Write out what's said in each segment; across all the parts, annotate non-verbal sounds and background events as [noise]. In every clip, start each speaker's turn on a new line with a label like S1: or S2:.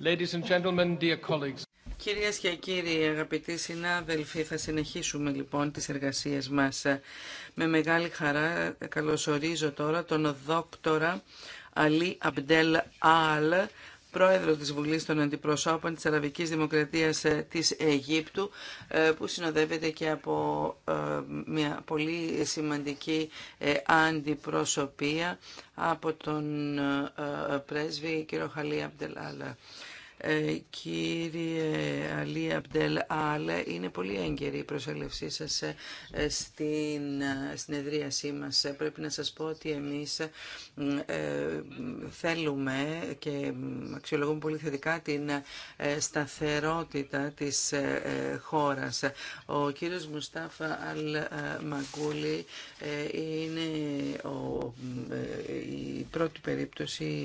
S1: Ladies and gentlemen,
S2: dear colleagues. Κυρίες και κύριοι, αγαπητοί συνάδελφοι, θα συνεχίσουμε λοιπόν τις εργασίες μας. Με μεγάλη χαρά καλωσορίζω τώρα τον δόκτορα Αλή Αμπντέλ Αλ Πρόεδρο της Βουλής των Αντιπροσώπων της Αραβικής Δημοκρατίας ε, της Αιγύπτου, ε, που συνοδεύεται και από ε, μια πολύ σημαντική αντιπροσωπεία από τον πρέσβη κ. Χαλή Αμπτελάλα. Ε, κύριε Αλή Αμπτέλ Άλε, είναι πολύ έγκαιρη η προσέλευσή σας ε, στην ε, συνεδρίασή μας. Πρέπει να σας πω ότι εμείς θέλουμε και αξιολογούμε πολύ θετικά την σταθερότητα της χώρας. Ο κύριος Μουστάφα Αλ Μαγκούλη είναι η πρώτη περίπτωση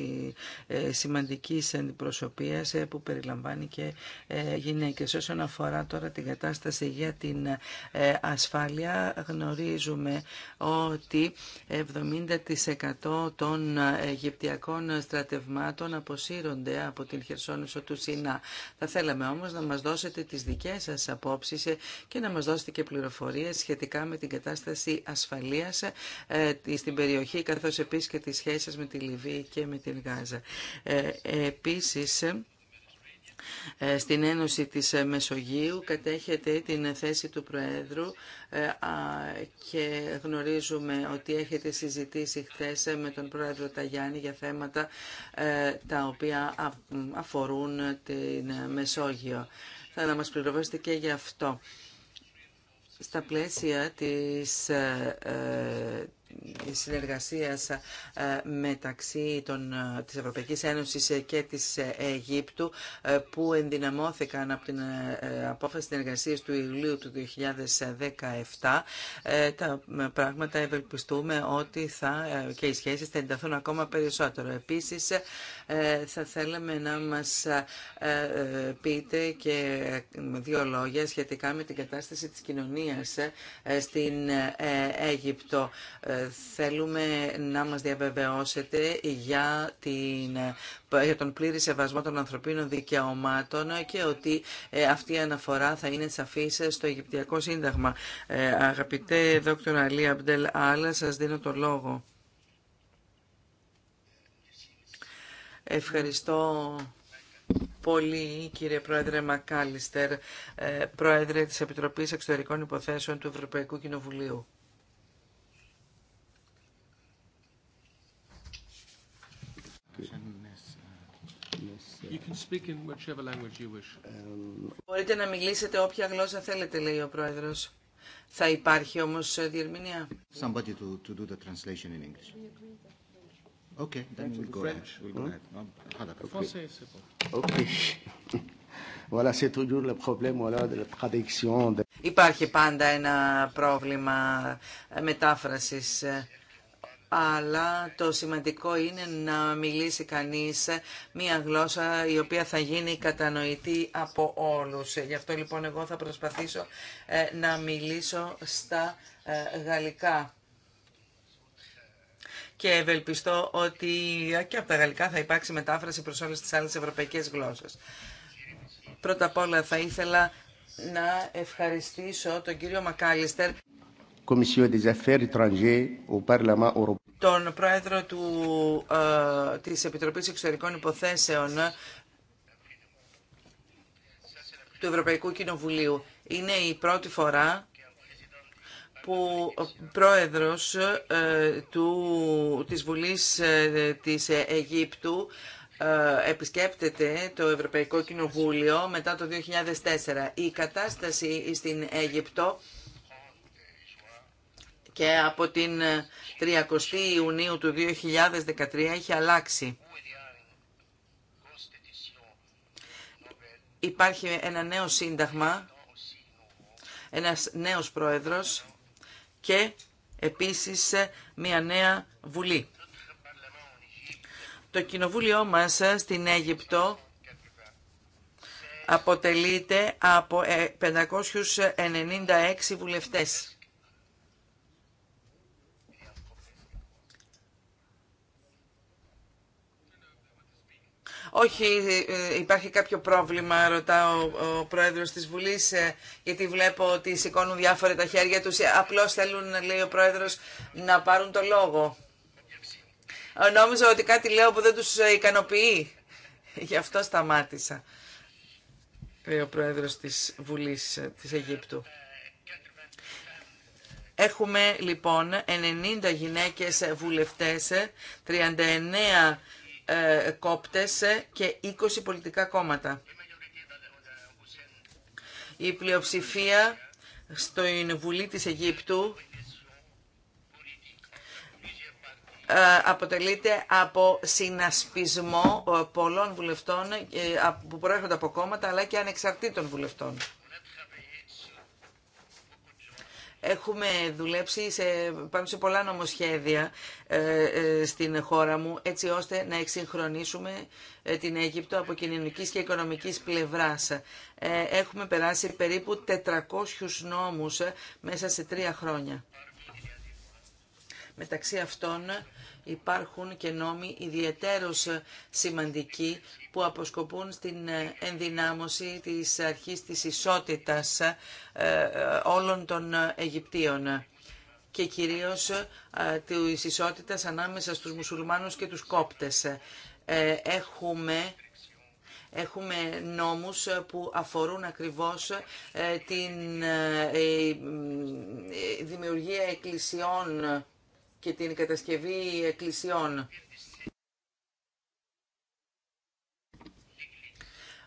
S2: σημαντικής αντιπροσωπείας που περιλαμβάνει και ε, γυναίκες. Όσον αφορά τώρα την κατάσταση για την ε, ασφάλεια, γνωρίζουμε ότι 70% των Αιγυπτιακών στρατευμάτων αποσύρονται από την Χερσόνησο του Σινά. Θα θέλαμε όμως να μας δώσετε τις δικές σας απόψεις ε, και να μας δώσετε και πληροφορίες σχετικά με την κατάσταση ασφαλείας στην περιοχή καθώς επίσης και τις σχέσεις με τη Λιβύη και με την Γάζα. Επίσης, ε, στην Ένωση της ε, Μεσογείου κατέχετε την θέση του Προέδρου ε, και γνωρίζουμε ότι έχετε συζητήσει χθε με τον Πρόεδρο Ταγιάννη για θέματα τα οποία αφορούν την Μεσόγειο. Θα να μας πληροφορήσετε και γι' αυτό. Στα πλαίσια της συνεργασίας ε, μεταξύ των, ε, της Ευρωπαϊκής Ένωσης και της ε, Αιγύπτου που ενδυναμώθηκαν από την απόφαση συνεργασίας του Ιουλίου του 2017 τα πράγματα ευελπιστούμε ότι θα και οι σχέσεις θα ενταθούν ακόμα περισσότερο. Επίσης θα θέλαμε να μας πείτε και δύο λόγια σχετικά με την κατάσταση της κοινωνίας στην Αίγυπτο θέλουμε να μας διαβεβαιώσετε για, την, για τον πλήρη σεβασμό των ανθρωπίνων δικαιωμάτων και ότι ε, αυτή η αναφορά θα είναι σαφής στο Αιγυπτιακό Σύνταγμα. Ε, αγαπητέ Δόκτωρ Αλή Αμπτελ Άλλα, σας δίνω το λόγο. Ευχαριστώ πολύ κύριε Πρόεδρε Μακάλιστερ, ε, Πρόεδρε της Επιτροπής Εξωτερικών Υποθέσεων του Ευρωπαϊκού
S1: Κοινοβουλίου. You can speak in whichever language
S3: you wish.
S2: Μπορείτε να μιλήσετε όποια γλώσσα θέλετε, λέει ο πρόεδρος. Θα υπάρχει όμως διερμηνία.
S3: Somebody to, to do the translation in English. Okay, then we'll go ahead. We'll go ahead. Okay.
S4: Voilà, c'est toujours le problème voilà, de la traduction.
S2: Υπάρχει πάντα ένα πρόβλημα μετάφρασης αλλά το σημαντικό είναι να μιλήσει κανείς μία γλώσσα η οποία θα γίνει κατανοητή από όλους. Γι' αυτό λοιπόν εγώ θα προσπαθήσω ε, να μιλήσω στα ε, γαλλικά. Και ευελπιστώ ότι και από τα γαλλικά θα υπάρξει μετάφραση προς όλες τις άλλες ευρωπαϊκές γλώσσες. Πρώτα απ' όλα θα ήθελα να ευχαριστήσω τον κύριο Μακάλιστερ τον πρόεδρο του, ε, της Επιτροπής Εξωτερικών Υποθέσεων του Ευρωπαϊκού Κοινοβουλίου. Είναι η πρώτη φορά που ο πρόεδρος ε, του, της Βουλής ε, της Αιγύπτου ε, επισκέπτεται το Ευρωπαϊκό Κοινοβούλιο μετά το 2004. Η κατάσταση στην Αίγυπτο και από την 30 Ιουνίου του 2013 έχει αλλάξει. Υπάρχει ένα νέο σύνταγμα, ένας νέος πρόεδρος και επίσης μια νέα βουλή. Το κοινοβούλιο μας στην Αίγυπτο αποτελείται από 596 βουλευτές. Όχι, ε, υπάρχει κάποιο πρόβλημα, ρωτά ο, ο πρόεδρος της Βουλής, ε, γιατί βλέπω ότι σηκώνουν διάφορα τα χέρια τους. Ε, απλώς θέλουν, λέει ο πρόεδρος, να πάρουν το λόγο. Νόμιζα ότι κάτι λέω που δεν τους ικανοποιεί. Γι' αυτό σταμάτησα, λέει ο πρόεδρος της Βουλής της Αιγύπτου. Έχουμε λοιπόν 90 γυναίκες βουλευτές, 39 ε, κόπτες ε, και 20 πολιτικά κόμματα. Η πλειοψηφία στο Βουλή της Αιγύπτου ε, αποτελείται από συνασπισμό ε, πολλών βουλευτών που προέρχονται από κόμματα αλλά και ανεξαρτήτων βουλευτών. Έχουμε δουλέψει σε, πάνω σε πολλά νομοσχέδια ε, ε, στην χώρα μου, έτσι ώστε να εξυγχρονίσουμε ε, την Αίγυπτο από κοινωνικής και οικονομικής πλευράς. Έχουμε περάσει περίπου 400 νόμους μέσα σε τρία χρόνια. Μεταξύ αυτών υπάρχουν και νόμοι ιδιαίτερως σημαντικοί που αποσκοπούν στην ενδυνάμωση της αρχής της ισότητας ε, ε, όλων των Αιγυπτίων και κυρίως ε, της ισότητας ανάμεσα στους μουσουλμάνους και τους κόπτες. Έχουμε Έχουμε νόμους που αφορούν ακριβώς την δημιουργία εκκλησιών και την κατασκευή εκκλησιών.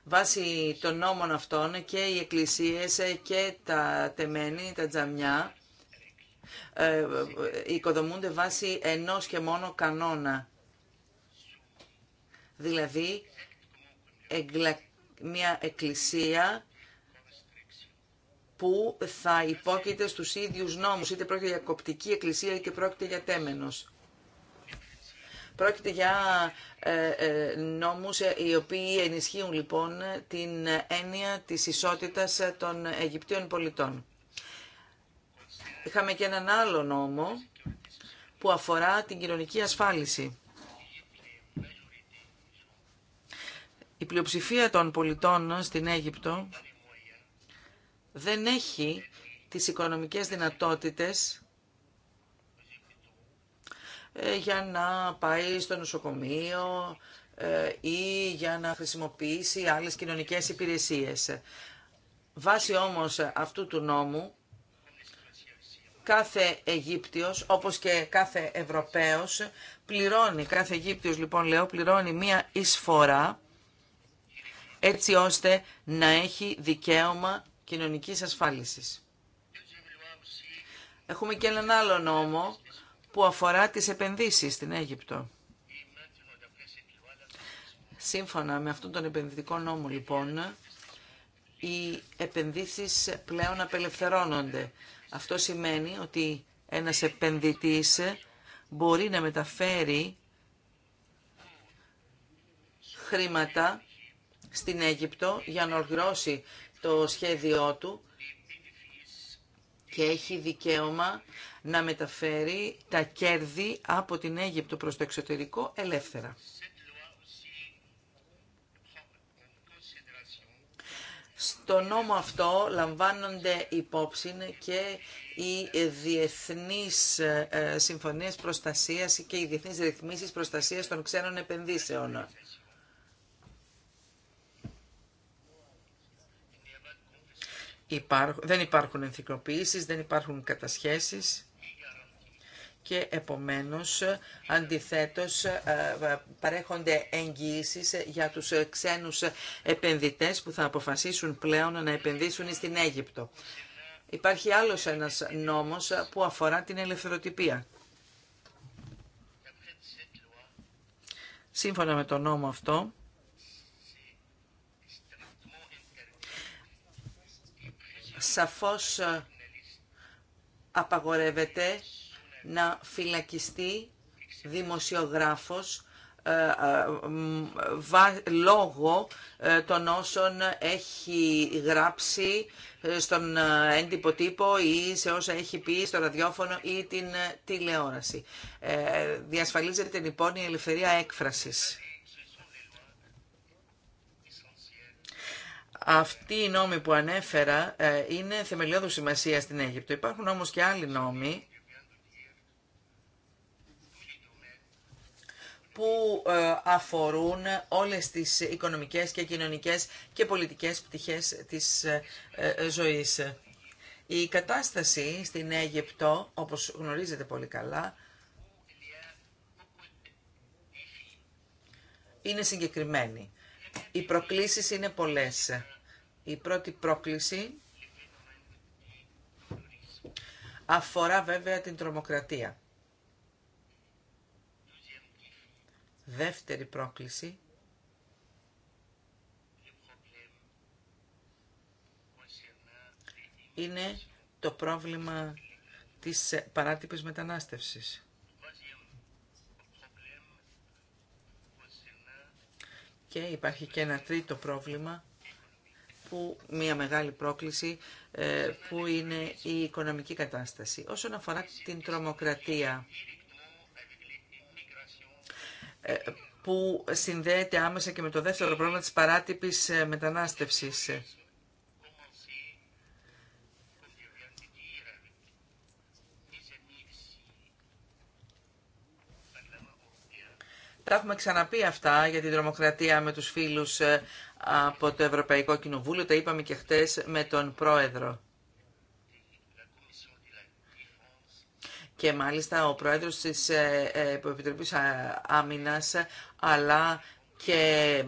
S2: Βάσει των νόμων αυτών και οι εκκλησίες και τα τεμένη, τα τζαμιά, ε, ε, οικοδομούνται βάσει ενός και μόνο κανόνα. Δηλαδή, μια εκκλησία που θα υπόκειται στους ίδιους νόμους, είτε πρόκειται για κοπτική εκκλησία είτε πρόκειται για τέμενος. Πρόκειται για ε, ε, νόμους ε, οι οποίοι ενισχύουν λοιπόν την έννοια της ισότητας των Αιγυπτίων πολιτών. Είχαμε και έναν άλλο νόμο που αφορά την κοινωνική ασφάλιση. Η πλειοψηφία των πολιτών στην Αίγυπτο δεν έχει τις οικονομικές δυνατότητες ε, για να πάει στο νοσοκομείο ε, ή για να χρησιμοποιήσει άλλες κοινωνικές υπηρεσίες. Βάσει όμως αυτού του νόμου, κάθε Αιγύπτιος, όπως και κάθε Ευρωπαίος, πληρώνει, κάθε Αιγύπτιος λοιπόν λέω, πληρώνει μία εισφορά, έτσι ώστε να έχει δικαίωμα κοινωνικής ασφάλισης. Έχουμε και έναν άλλο νόμο που αφορά τις επενδύσεις στην Αίγυπτο. Σύμφωνα με αυτόν τον επενδυτικό νόμο, λοιπόν, οι επενδύσεις πλέον απελευθερώνονται. Αυτό σημαίνει ότι ένας επενδυτής μπορεί να μεταφέρει χρήματα στην Αίγυπτο για να οργυρώσει το σχέδιό του και έχει δικαίωμα να μεταφέρει τα κέρδη από την Αίγυπτο προς το εξωτερικό ελεύθερα. Στο νόμο αυτό λαμβάνονται υπόψη και οι διεθνείς ε, συμφωνίες προστασίας και οι διεθνείς ρυθμίσεις προστασίας των ξένων επενδύσεων. δεν υπάρχουν ενθυκλοποιήσεις, δεν υπάρχουν κατασχέσεις και επομένως αντιθέτως ε, ε, παρέχονται εγγυήσει για τους ξένους επενδυτές που θα αποφασίσουν πλέον να επενδύσουν στην Αίγυπτο. Υπάρχει άλλος ένας νόμος που αφορά την ελευθεροτυπία. Σύμφωνα με τον νόμο αυτό, σαφώς ε, απαγορεύεται να φυλακιστεί δημοσιογράφος ε, ε, λόγω των όσων έχει γράψει στον έντυπο τύπο ή σε όσα έχει πει στο ραδιόφωνο ή την τηλεόραση. Διασφαλίζεται λοιπόν η ελευθερία έκφρασης. αυτή οι νόμοι που ανέφερα ε, είναι θεμελιώδους σημασία στην Αίγυπτο. Υπάρχουν όμως και άλλοι νόμοι που ε, αφορούν όλες τις οικονομικές και κοινωνικές και πολιτικές πτυχές της ε, ζωής. Η κατάσταση στην Αίγυπτο, όπως γνωρίζετε πολύ καλά, είναι συγκεκριμένη. Οι προκλήσεις είναι πολλές. Η πρώτη πρόκληση αφορά βέβαια την τρομοκρατία. Δεύτερη πρόκληση είναι το πρόβλημα της παράτυπης μετανάστευσης. Και υπάρχει και ένα τρίτο πρόβλημα που μια μεγάλη πρόκληση ε, που είναι η οικονομική κατάσταση. Όσον αφορά την τρομοκρατία ε, που συνδέεται άμεσα και με το δεύτερο πρόβλημα της παράτυπης ε, μετανάστευσης. Τα έχουμε ξαναπεί αυτά για την τρομοκρατία με τους φίλους ε, από το Ευρωπαϊκό Κοινοβούλιο. Τα είπαμε και χτες με τον Πρόεδρο. Και μάλιστα ο Πρόεδρος της ε, ε, Επιτροπής Άμυνας, αλλά και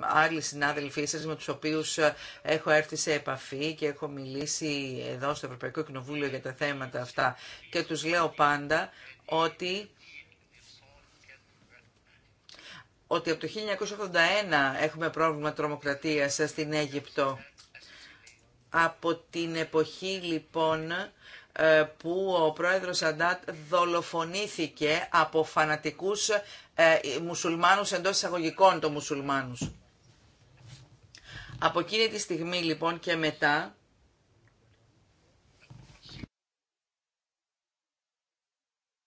S2: άλλοι συνάδελφοί σας με τους οποίους έχω έρθει σε επαφή και έχω μιλήσει εδώ στο Ευρωπαϊκό Κοινοβούλιο για τα θέματα αυτά και τους λέω πάντα ότι ότι από το 1981 έχουμε πρόβλημα τρομοκρατίας στην Αίγυπτο. Από την εποχή λοιπόν ε, που ο πρόεδρος Αντάτ δολοφονήθηκε από φανατικούς ε, μουσουλμάνους εντός εισαγωγικών των μουσουλμάνους. Από εκείνη τη στιγμή λοιπόν και μετά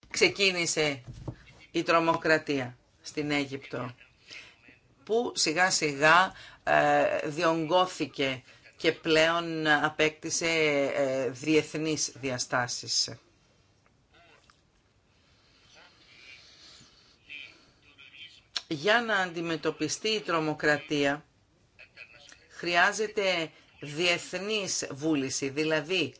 S2: ξεκίνησε η τρομοκρατία στην Αίγυπτο που σιγά σιγά ε, διονγκώθηκε και πλέον απέκτησε ε, διεθνείς διαστάσεις. Για να αντιμετωπιστεί η τρομοκρατία χρειάζεται διεθνής βούληση, δηλαδή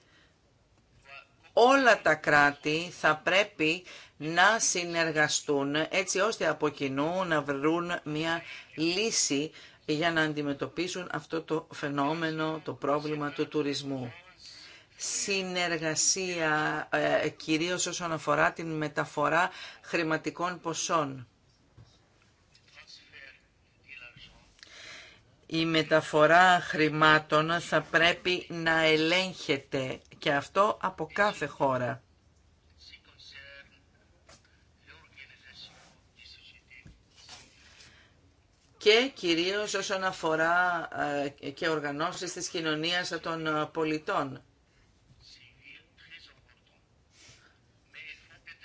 S2: όλα τα κράτη θα πρέπει να συνεργαστούν έτσι ώστε από κοινού να βρουν μια λύση για να αντιμετωπίσουν αυτό το φαινόμενο, το πρόβλημα του τουρισμού. Συνεργασία ε, κυρίως όσον αφορά την μεταφορά χρηματικών ποσών. Η μεταφορά χρημάτων θα πρέπει να ελέγχεται και αυτό από κάθε χώρα. και κυρίως όσον αφορά ε, και οργανώσεις της κοινωνίας των ε, πολιτών.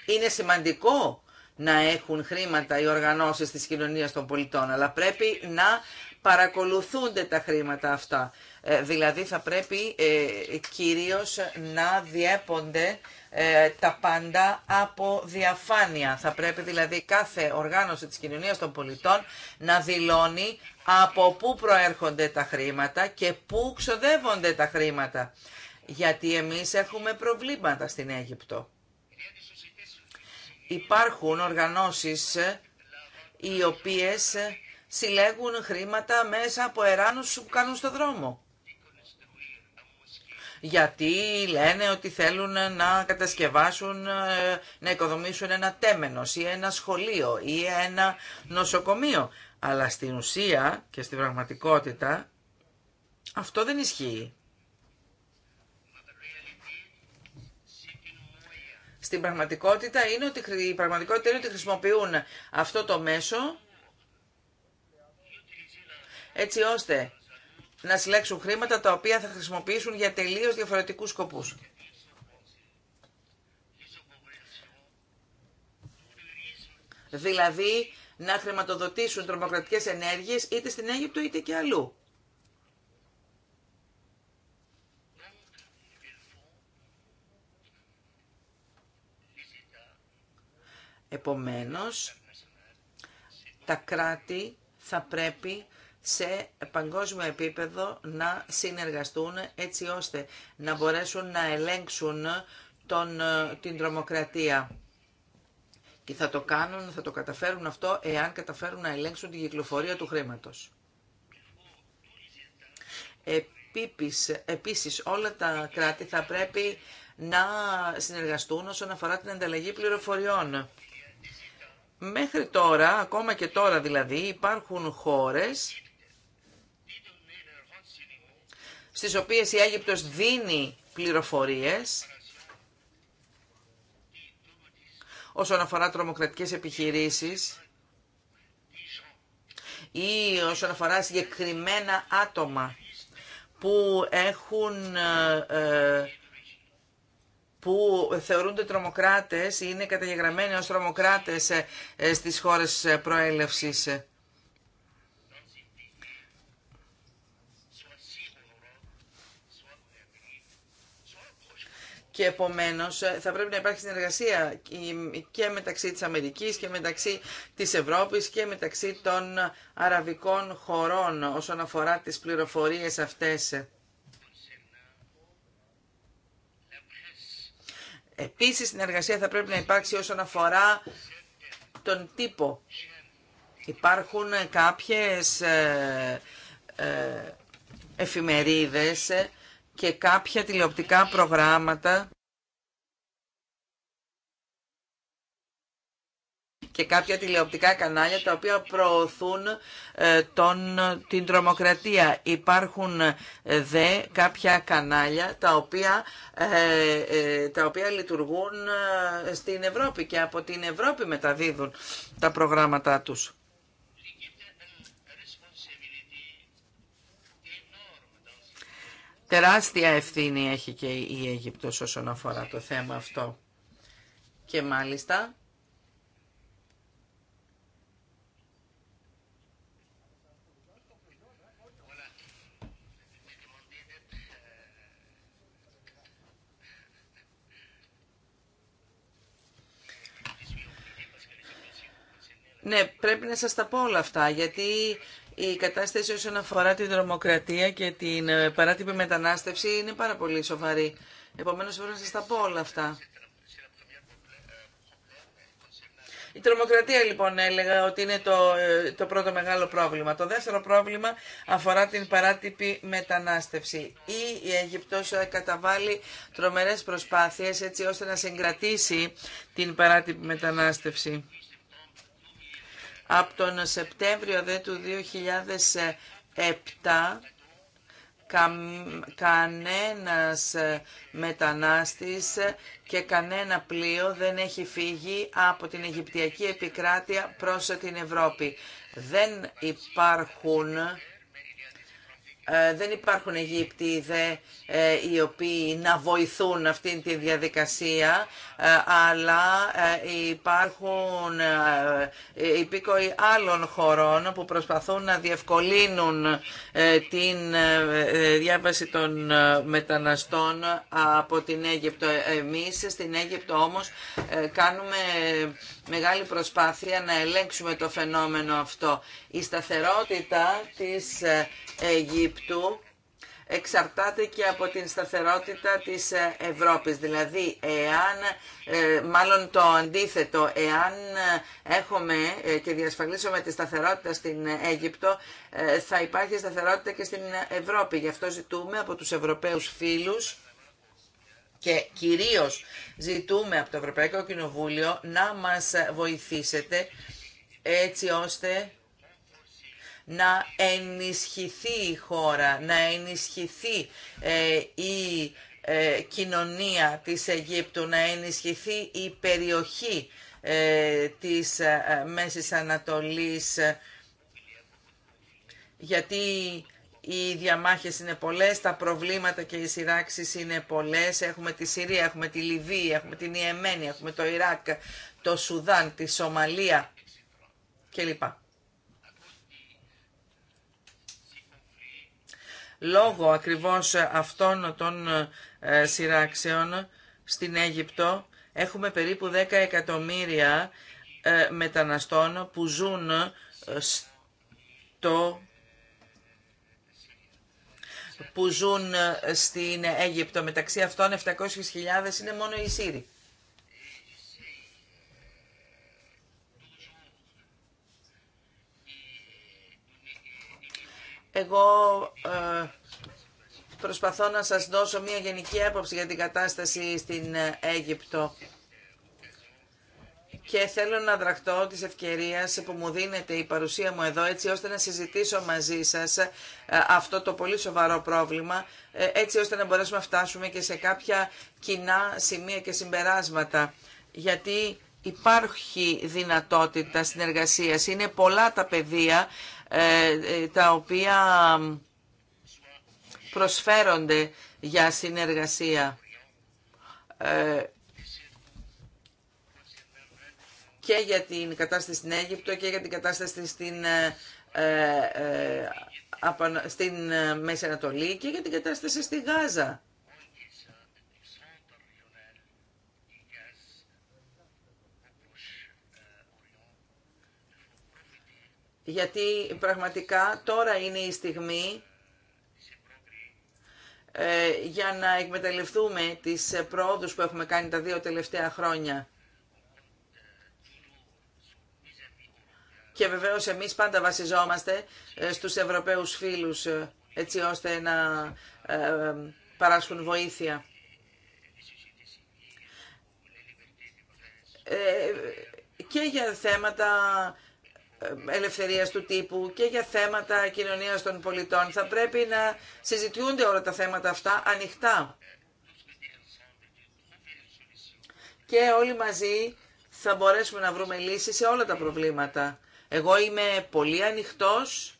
S2: Είναι σημαντικό να έχουν χρήματα οι οργανώσεις της κοινωνίας των πολιτών, αλλά πρέπει να παρακολουθούνται τα χρήματα αυτά. Ε, δηλαδή θα πρέπει ε, κυρίως να διέπονται ε, τα πάντα από διαφάνεια. Θα πρέπει δηλαδή κάθε οργάνωση της κοινωνίας των πολιτών να δηλώνει από πού προέρχονται τα χρήματα και πού ξοδεύονται τα χρήματα. Γιατί εμείς έχουμε προβλήματα στην Αίγυπτο. Υπάρχουν οργανώσεις οι οποίες συλλέγουν χρήματα μέσα από εράνους που κάνουν στο δρόμο. Γιατί λένε ότι θέλουν να κατασκευάσουν, ε, να οικοδομήσουν ένα τέμενος ή ένα σχολείο ή ένα νοσοκομείο. Αλλά στην ουσία και στην πραγματικότητα αυτό δεν ισχύει. Στην πραγματικότητα είναι ότι, η πραγματικότητα είναι ότι χρησιμοποιούν αυτό το μέσο έτσι ώστε να συλλέξουν χρήματα τα οποία θα χρησιμοποιήσουν για τελείως διαφορετικούς σκοπούς. Δηλαδή να χρηματοδοτήσουν τρομοκρατικές ενέργειες είτε στην Αίγυπτο είτε και αλλού. Επομένως, τα κράτη θα πρέπει σε παγκόσμιο επίπεδο να συνεργαστούν έτσι ώστε να μπορέσουν να ελέγξουν τον, ε, την τρομοκρατία. Και θα το κάνουν, θα το καταφέρουν αυτό εάν καταφέρουν να ελέγξουν την κυκλοφορία του χρήματος. Επίπης, επίσης όλα τα κράτη θα πρέπει να συνεργαστούν όσον αφορά την ανταλλαγή πληροφοριών. Μέχρι τώρα, ακόμα και τώρα δηλαδή, υπάρχουν χώρες στις οποίες η Αίγυπτος δίνει πληροφορίες όσον αφορά τρομοκρατικές επιχειρήσεις ή όσον αφορά συγκεκριμένα άτομα που έχουν ε, που θεωρούνται τρομοκράτες ή είναι καταγεγραμμένοι ως τρομοκράτες ε, ε, στις χώρες προέλευσης. και επομένως ε, θα πρέπει να υπάρχει συνεργασία και μεταξύ της Αμερικής και μεταξύ της Ευρώπης και μεταξύ των αραβικών χωρών όσον αφορά τι πληροφορίες αυτέ. Επίσης, συνεργασία θα πρέπει να υπάρξει όσον αφορά τον τύπο. Υπάρχουν κάποιες ε, ε, εφημερίδες και κάποια τηλεοπτικά προγράμματα και κάποια τηλεοπτικά κανάλια τα οποία προωθούν ε, τον, την τρομοκρατία. Υπάρχουν ε, δε κάποια κανάλια τα οποία, ε, τα οποία λειτουργούν στην Ευρώπη και από την Ευρώπη μεταδίδουν τα προγράμματά τους. Τεράστια ευθύνη έχει και η Αίγυπτος όσον αφορά το θέμα αυτό. Και μάλιστα Ναι, πρέπει να σας τα πω όλα αυτά, γιατί η κατάσταση όσον αφορά την δρομοκρατία και την ε, παράτυπη μετανάστευση είναι πάρα πολύ σοβαρή. Επομένως, πρέπει να σας τα πω όλα αυτά. Η τρομοκρατία λοιπόν έλεγα ότι είναι το, ε, το πρώτο μεγάλο πρόβλημα. Το δεύτερο πρόβλημα αφορά την παράτυπη μετανάστευση. Η, η Αιγυπτός καταβάλει τρομερές προσπάθειες έτσι ώστε να συγκρατήσει την παράτυπη μετανάστευση. Από τον Σεπτέμβριο του 2007 κα, κανένας μετανάστης και κανένα πλοίο δεν έχει φύγει από την Αιγυπτιακή επικράτεια προς την Ευρώπη. Δεν υπάρχουν ε, δεν υπάρχουν Αιγύπτιοι δε ε, οι οποίοι να βοηθούν αυτή τη διαδικασία ε, αλλά υπάρχουν υπήκοοι άλλων χωρών που προσπαθούν να διευκολύνουν την διάβαση των μεταναστών από την Αίγυπτο. Εμείς στην Αίγυπτο όμως κάνουμε μεγάλη προσπάθεια να ελέγξουμε το φαινόμενο αυτό. Η σταθερότητα της Αιγύπτου εξαρτάται και από την σταθερότητα της Ευρώπης. Δηλαδή, εάν, ε, μάλλον το αντίθετο, εάν ε, έχουμε ε, και διασφαλίσουμε τη σταθερότητα στην Αίγυπτο, θα υπάρχει σταθερότητα και στην Ευρώπη. Γι' αυτό ζητούμε από τους Ευρωπαίους φίλους και κυρίως ζητούμε από το Ευρωπαϊκό Κοινοβούλιο να μας βοηθήσετε έτσι ώστε να ενισχυθεί η χώρα, να ενισχυθεί ε, η ε, κοινωνία της Αιγύπτου, να ενισχυθεί η περιοχή ε, της Μέσης Ανατολής, γιατί οι διαμάχες είναι πολλές, τα προβλήματα και οι σειράξεις είναι πολλές. Έχουμε τη Συρία, έχουμε τη Λιβύη, έχουμε την Ιεμένη, έχουμε το Ιράκ, το Σουδάν, τη Σομαλία κλπ. λόγω ακριβώς αυτών των ε, σειράξεων στην Αίγυπτο έχουμε περίπου 10 εκατομμύρια ε, μεταναστών που ζουν ε, στο που στην Αίγυπτο. Μεταξύ αυτών 700.000 είναι μόνο οι Σύριοι. Εγώ ε, προσπαθώ να σας δώσω μια γενική έποψη για την κατάσταση στην ε, Αίγυπτο και θέλω να δραχτώ της ευκαιρίας που μου δίνεται η παρουσία μου εδώ έτσι ώστε να συζητήσω μαζί σας ε, αυτό το πολύ σοβαρό πρόβλημα έτσι ώστε να μπορέσουμε να φτάσουμε και σε κάποια κοινά σημεία και συμπεράσματα γιατί υπάρχει δυνατότητα συνεργασίας. Είναι πολλά τα πεδία ε, ε, τα οποία προσφέρονται για συνεργασία ε, και για την κατάσταση στην Αίγυπτο και για την κατάσταση στην, στην Μέση Ανατολή και για την κατάσταση στη Γάζα. γιατί πραγματικά τώρα είναι η στιγμή ε, για να εκμεταλλευτούμε τις πρόοδους που έχουμε κάνει τα δύο τελευταία χρόνια. Και βεβαίως εμείς πάντα βασιζόμαστε ε, στους Ευρωπαίους φίλους ε, έτσι ώστε να παράσχουν βοήθεια. Και για θέματα ε, ελευθερίας του τύπου και για θέματα κοινωνίας των πολιτών. Θα πρέπει να συζητιούνται όλα τα θέματα αυτά ανοιχτά. Και όλοι μαζί θα μπορέσουμε να βρούμε λύσεις σε όλα τα προβλήματα. Εγώ είμαι πολύ ανοιχτός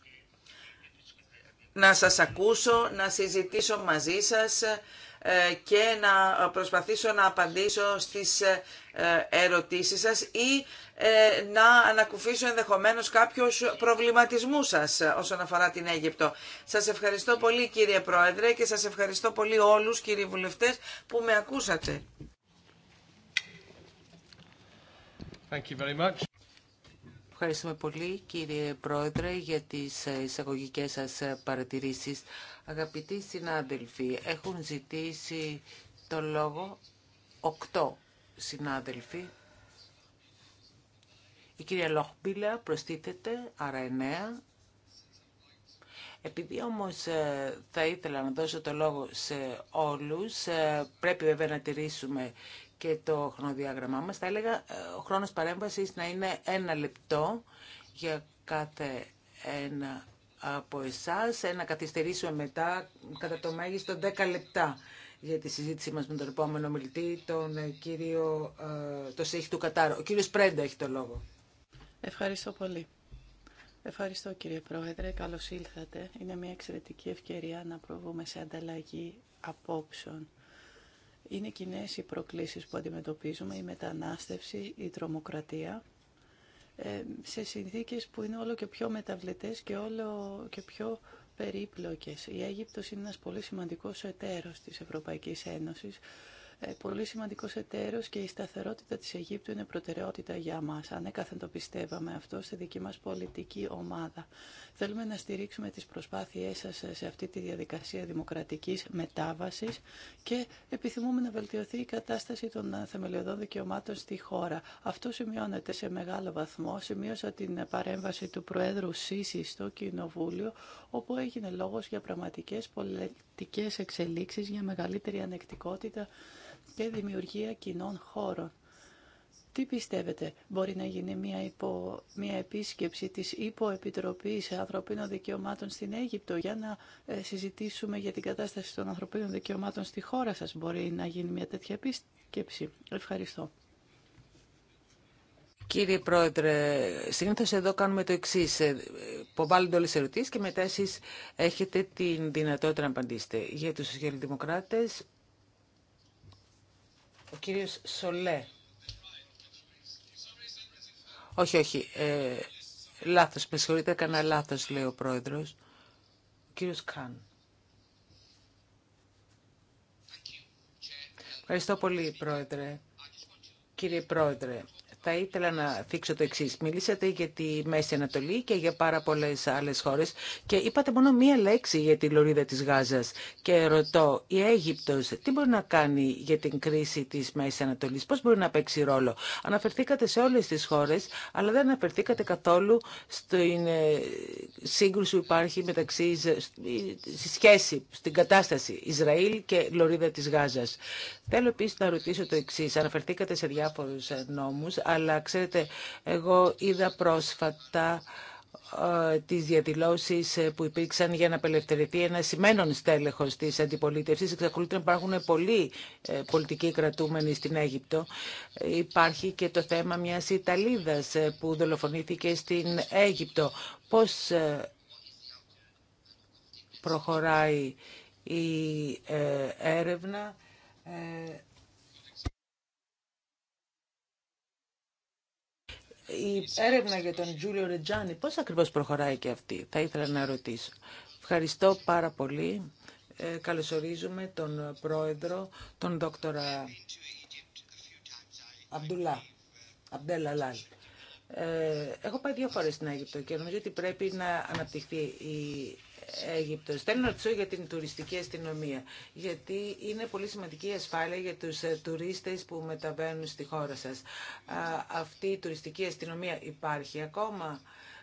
S2: να σας ακούσω, να συζητήσω μαζί σας ε, και να προσπαθήσω να απαντήσω στις ε, ερωτήσεις σας ή ε, να ανακουφίσω ενδεχομένως κάποιους προβληματισμού σας όσον αφορά την Αίγυπτο. Σας ευχαριστώ πολύ κύριε Πρόεδρε και σας ευχαριστώ πολύ όλους κύριοι βουλευτές που με ακούσατε.
S1: Ευχαριστούμε πολύ
S5: κύριε Πρόεδρε για τις εισαγωγικές σας παρατηρήσεις. Αγαπητοί συνάδελφοι, έχουν ζητήσει το λόγο οκτώ συνάδελφοι. Η κυρία Λοχμπίλα προστίθεται, άρα εννέα. Επειδή όμως ε, θα ήθελα να δώσω το λόγο σε όλους, ε, πρέπει βέβαια να τηρήσουμε και το χρονοδιάγραμμά μας. Θα έλεγα ε, ο χρόνος παρέμβασης να είναι ένα λεπτό για κάθε ένα από εσάς ε, να καθυστερήσουμε μετά κατά το μέγιστο 10 λεπτά για τη συζήτησή μας με τον επόμενο μιλητή, τον ε, κύριο ε, το Σέχη του Κατάρ. Ο κύριος Πρέντα έχει το λόγο.
S6: Ευχαριστώ πολύ. Ευχαριστώ κύριε Πρόεδρε, καλώς ήλθατε. Είναι μια εξαιρετική ευκαιρία να προβούμε σε ανταλλαγή απόψεων. Είναι κοινέ οι προκλήσεις που αντιμετωπίζουμε, η μετανάστευση, η τρομοκρατία, ε, σε συνθήκες που είναι όλο και πιο μεταβλητές και όλο και πιο περίπλοκες. Η Αίγυπτος είναι ένας πολύ σημαντικός εταίρος της Ευρωπαϊκής Ένωσης ε, πολύ σημαντικός εταίρος και η σταθερότητα της Αιγύπτου είναι προτεραιότητα για μας. Ανέκαθεν το πιστεύαμε αυτό στη δική μας πολιτική ομάδα. Θέλουμε να στηρίξουμε τις προσπάθειές σας σε αυτή τη διαδικασία δημοκρατικής μετάβασης και επιθυμούμε να βελτιωθεί η κατάσταση των θεμελιωδών δικαιωμάτων στη χώρα. Αυτό σημειώνεται σε μεγάλο βαθμό. Σημείωσα την παρέμβαση του Προέδρου Σίση στο Κοινοβούλιο, όπου έγινε λόγος για πραγματικές πολιτικές εξελίξεις, για μεγαλύτερη ανεκτικότητα και δημιουργία κοινών χώρων. Τι πιστεύετε, μπορεί να γίνει μια, υπο, μια επίσκεψη της Υποεπιτροπής Ανθρωπίνων Δικαιωμάτων στην Αίγυπτο για να ε, συζητήσουμε για την κατάσταση των ανθρωπίνων δικαιωμάτων στη χώρα σας. Μπορεί να γίνει μια τέτοια επίσκεψη. Ευχαριστώ.
S5: Κύριε Πρόεδρε, συνήθω εδώ κάνουμε το εξή. Ε, Ποβάλλονται όλε τι ερωτήσει και μετά εσεί έχετε την δυνατότητα να απαντήσετε. Για του σοσιαλδημοκράτε, ο κύριος Σολέ. Όχι, όχι. Ε, λάθος, με συγχωρείτε, έκανα λάθος, λέει ο πρόεδρος. Ο κύριος Καν. Ευχαριστώ πολύ, πρόεδρε. Κύριε Πρόεδρε, θα ήθελα να θίξω το εξή. Μιλήσατε για τη Μέση Ανατολή και για πάρα πολλέ άλλε χώρε και είπατε μόνο μία λέξη για τη λωρίδα τη Γάζα. Και ρωτώ, η Αίγυπτος τι μπορεί να κάνει για την κρίση τη Μέση Ανατολή, πώ μπορεί να παίξει ρόλο. Αναφερθήκατε σε όλε τι χώρε, αλλά δεν αναφερθήκατε καθόλου στην ε, σύγκρουση που υπάρχει μεταξύ, στη σχέση, στην κατάσταση Ισραήλ και λωρίδα τη Γάζα. Θέλω επίση να ρωτήσω το εξή. Αναφερθήκατε σε διάφορου ε, νόμου, αλλά ξέρετε, εγώ είδα πρόσφατα ε, τις διαδηλώσεις ε, που υπήρξαν για να απελευθερηθεί ένα σημαίνον στέλεχος της αντιπολίτευσης. Εξακολουθεί να υπάρχουν πολλοί ε, πολιτικοί κρατούμενοι στην Αίγυπτο. Υπάρχει και το θέμα μιας Ιταλίδας που δολοφονήθηκε στην Αίγυπτο. Πώς προχωράει η έρευνα η έρευνα για τον Τζούλιο Ρετζάνη, πώς ακριβώς προχωράει και αυτή, θα ήθελα να ρωτήσω. Ευχαριστώ πάρα πολύ. Ε, καλωσορίζουμε τον πρόεδρο, τον δόκτορα Αμπτουλά, Αμπτέλα Λάλ. Ε, έχω πάει δύο φορές στην Αίγυπτο και νομίζω ότι πρέπει να αναπτυχθεί η Αίγυπτος. Θέλω να ρωτήσω για την τουριστική αστυνομία, γιατί είναι πολύ σημαντική η ασφάλεια για τους ε, τουρίστες που μεταβαίνουν στη χώρα σας. Αυτή η τουριστική αστυνομία υπάρχει ακόμα.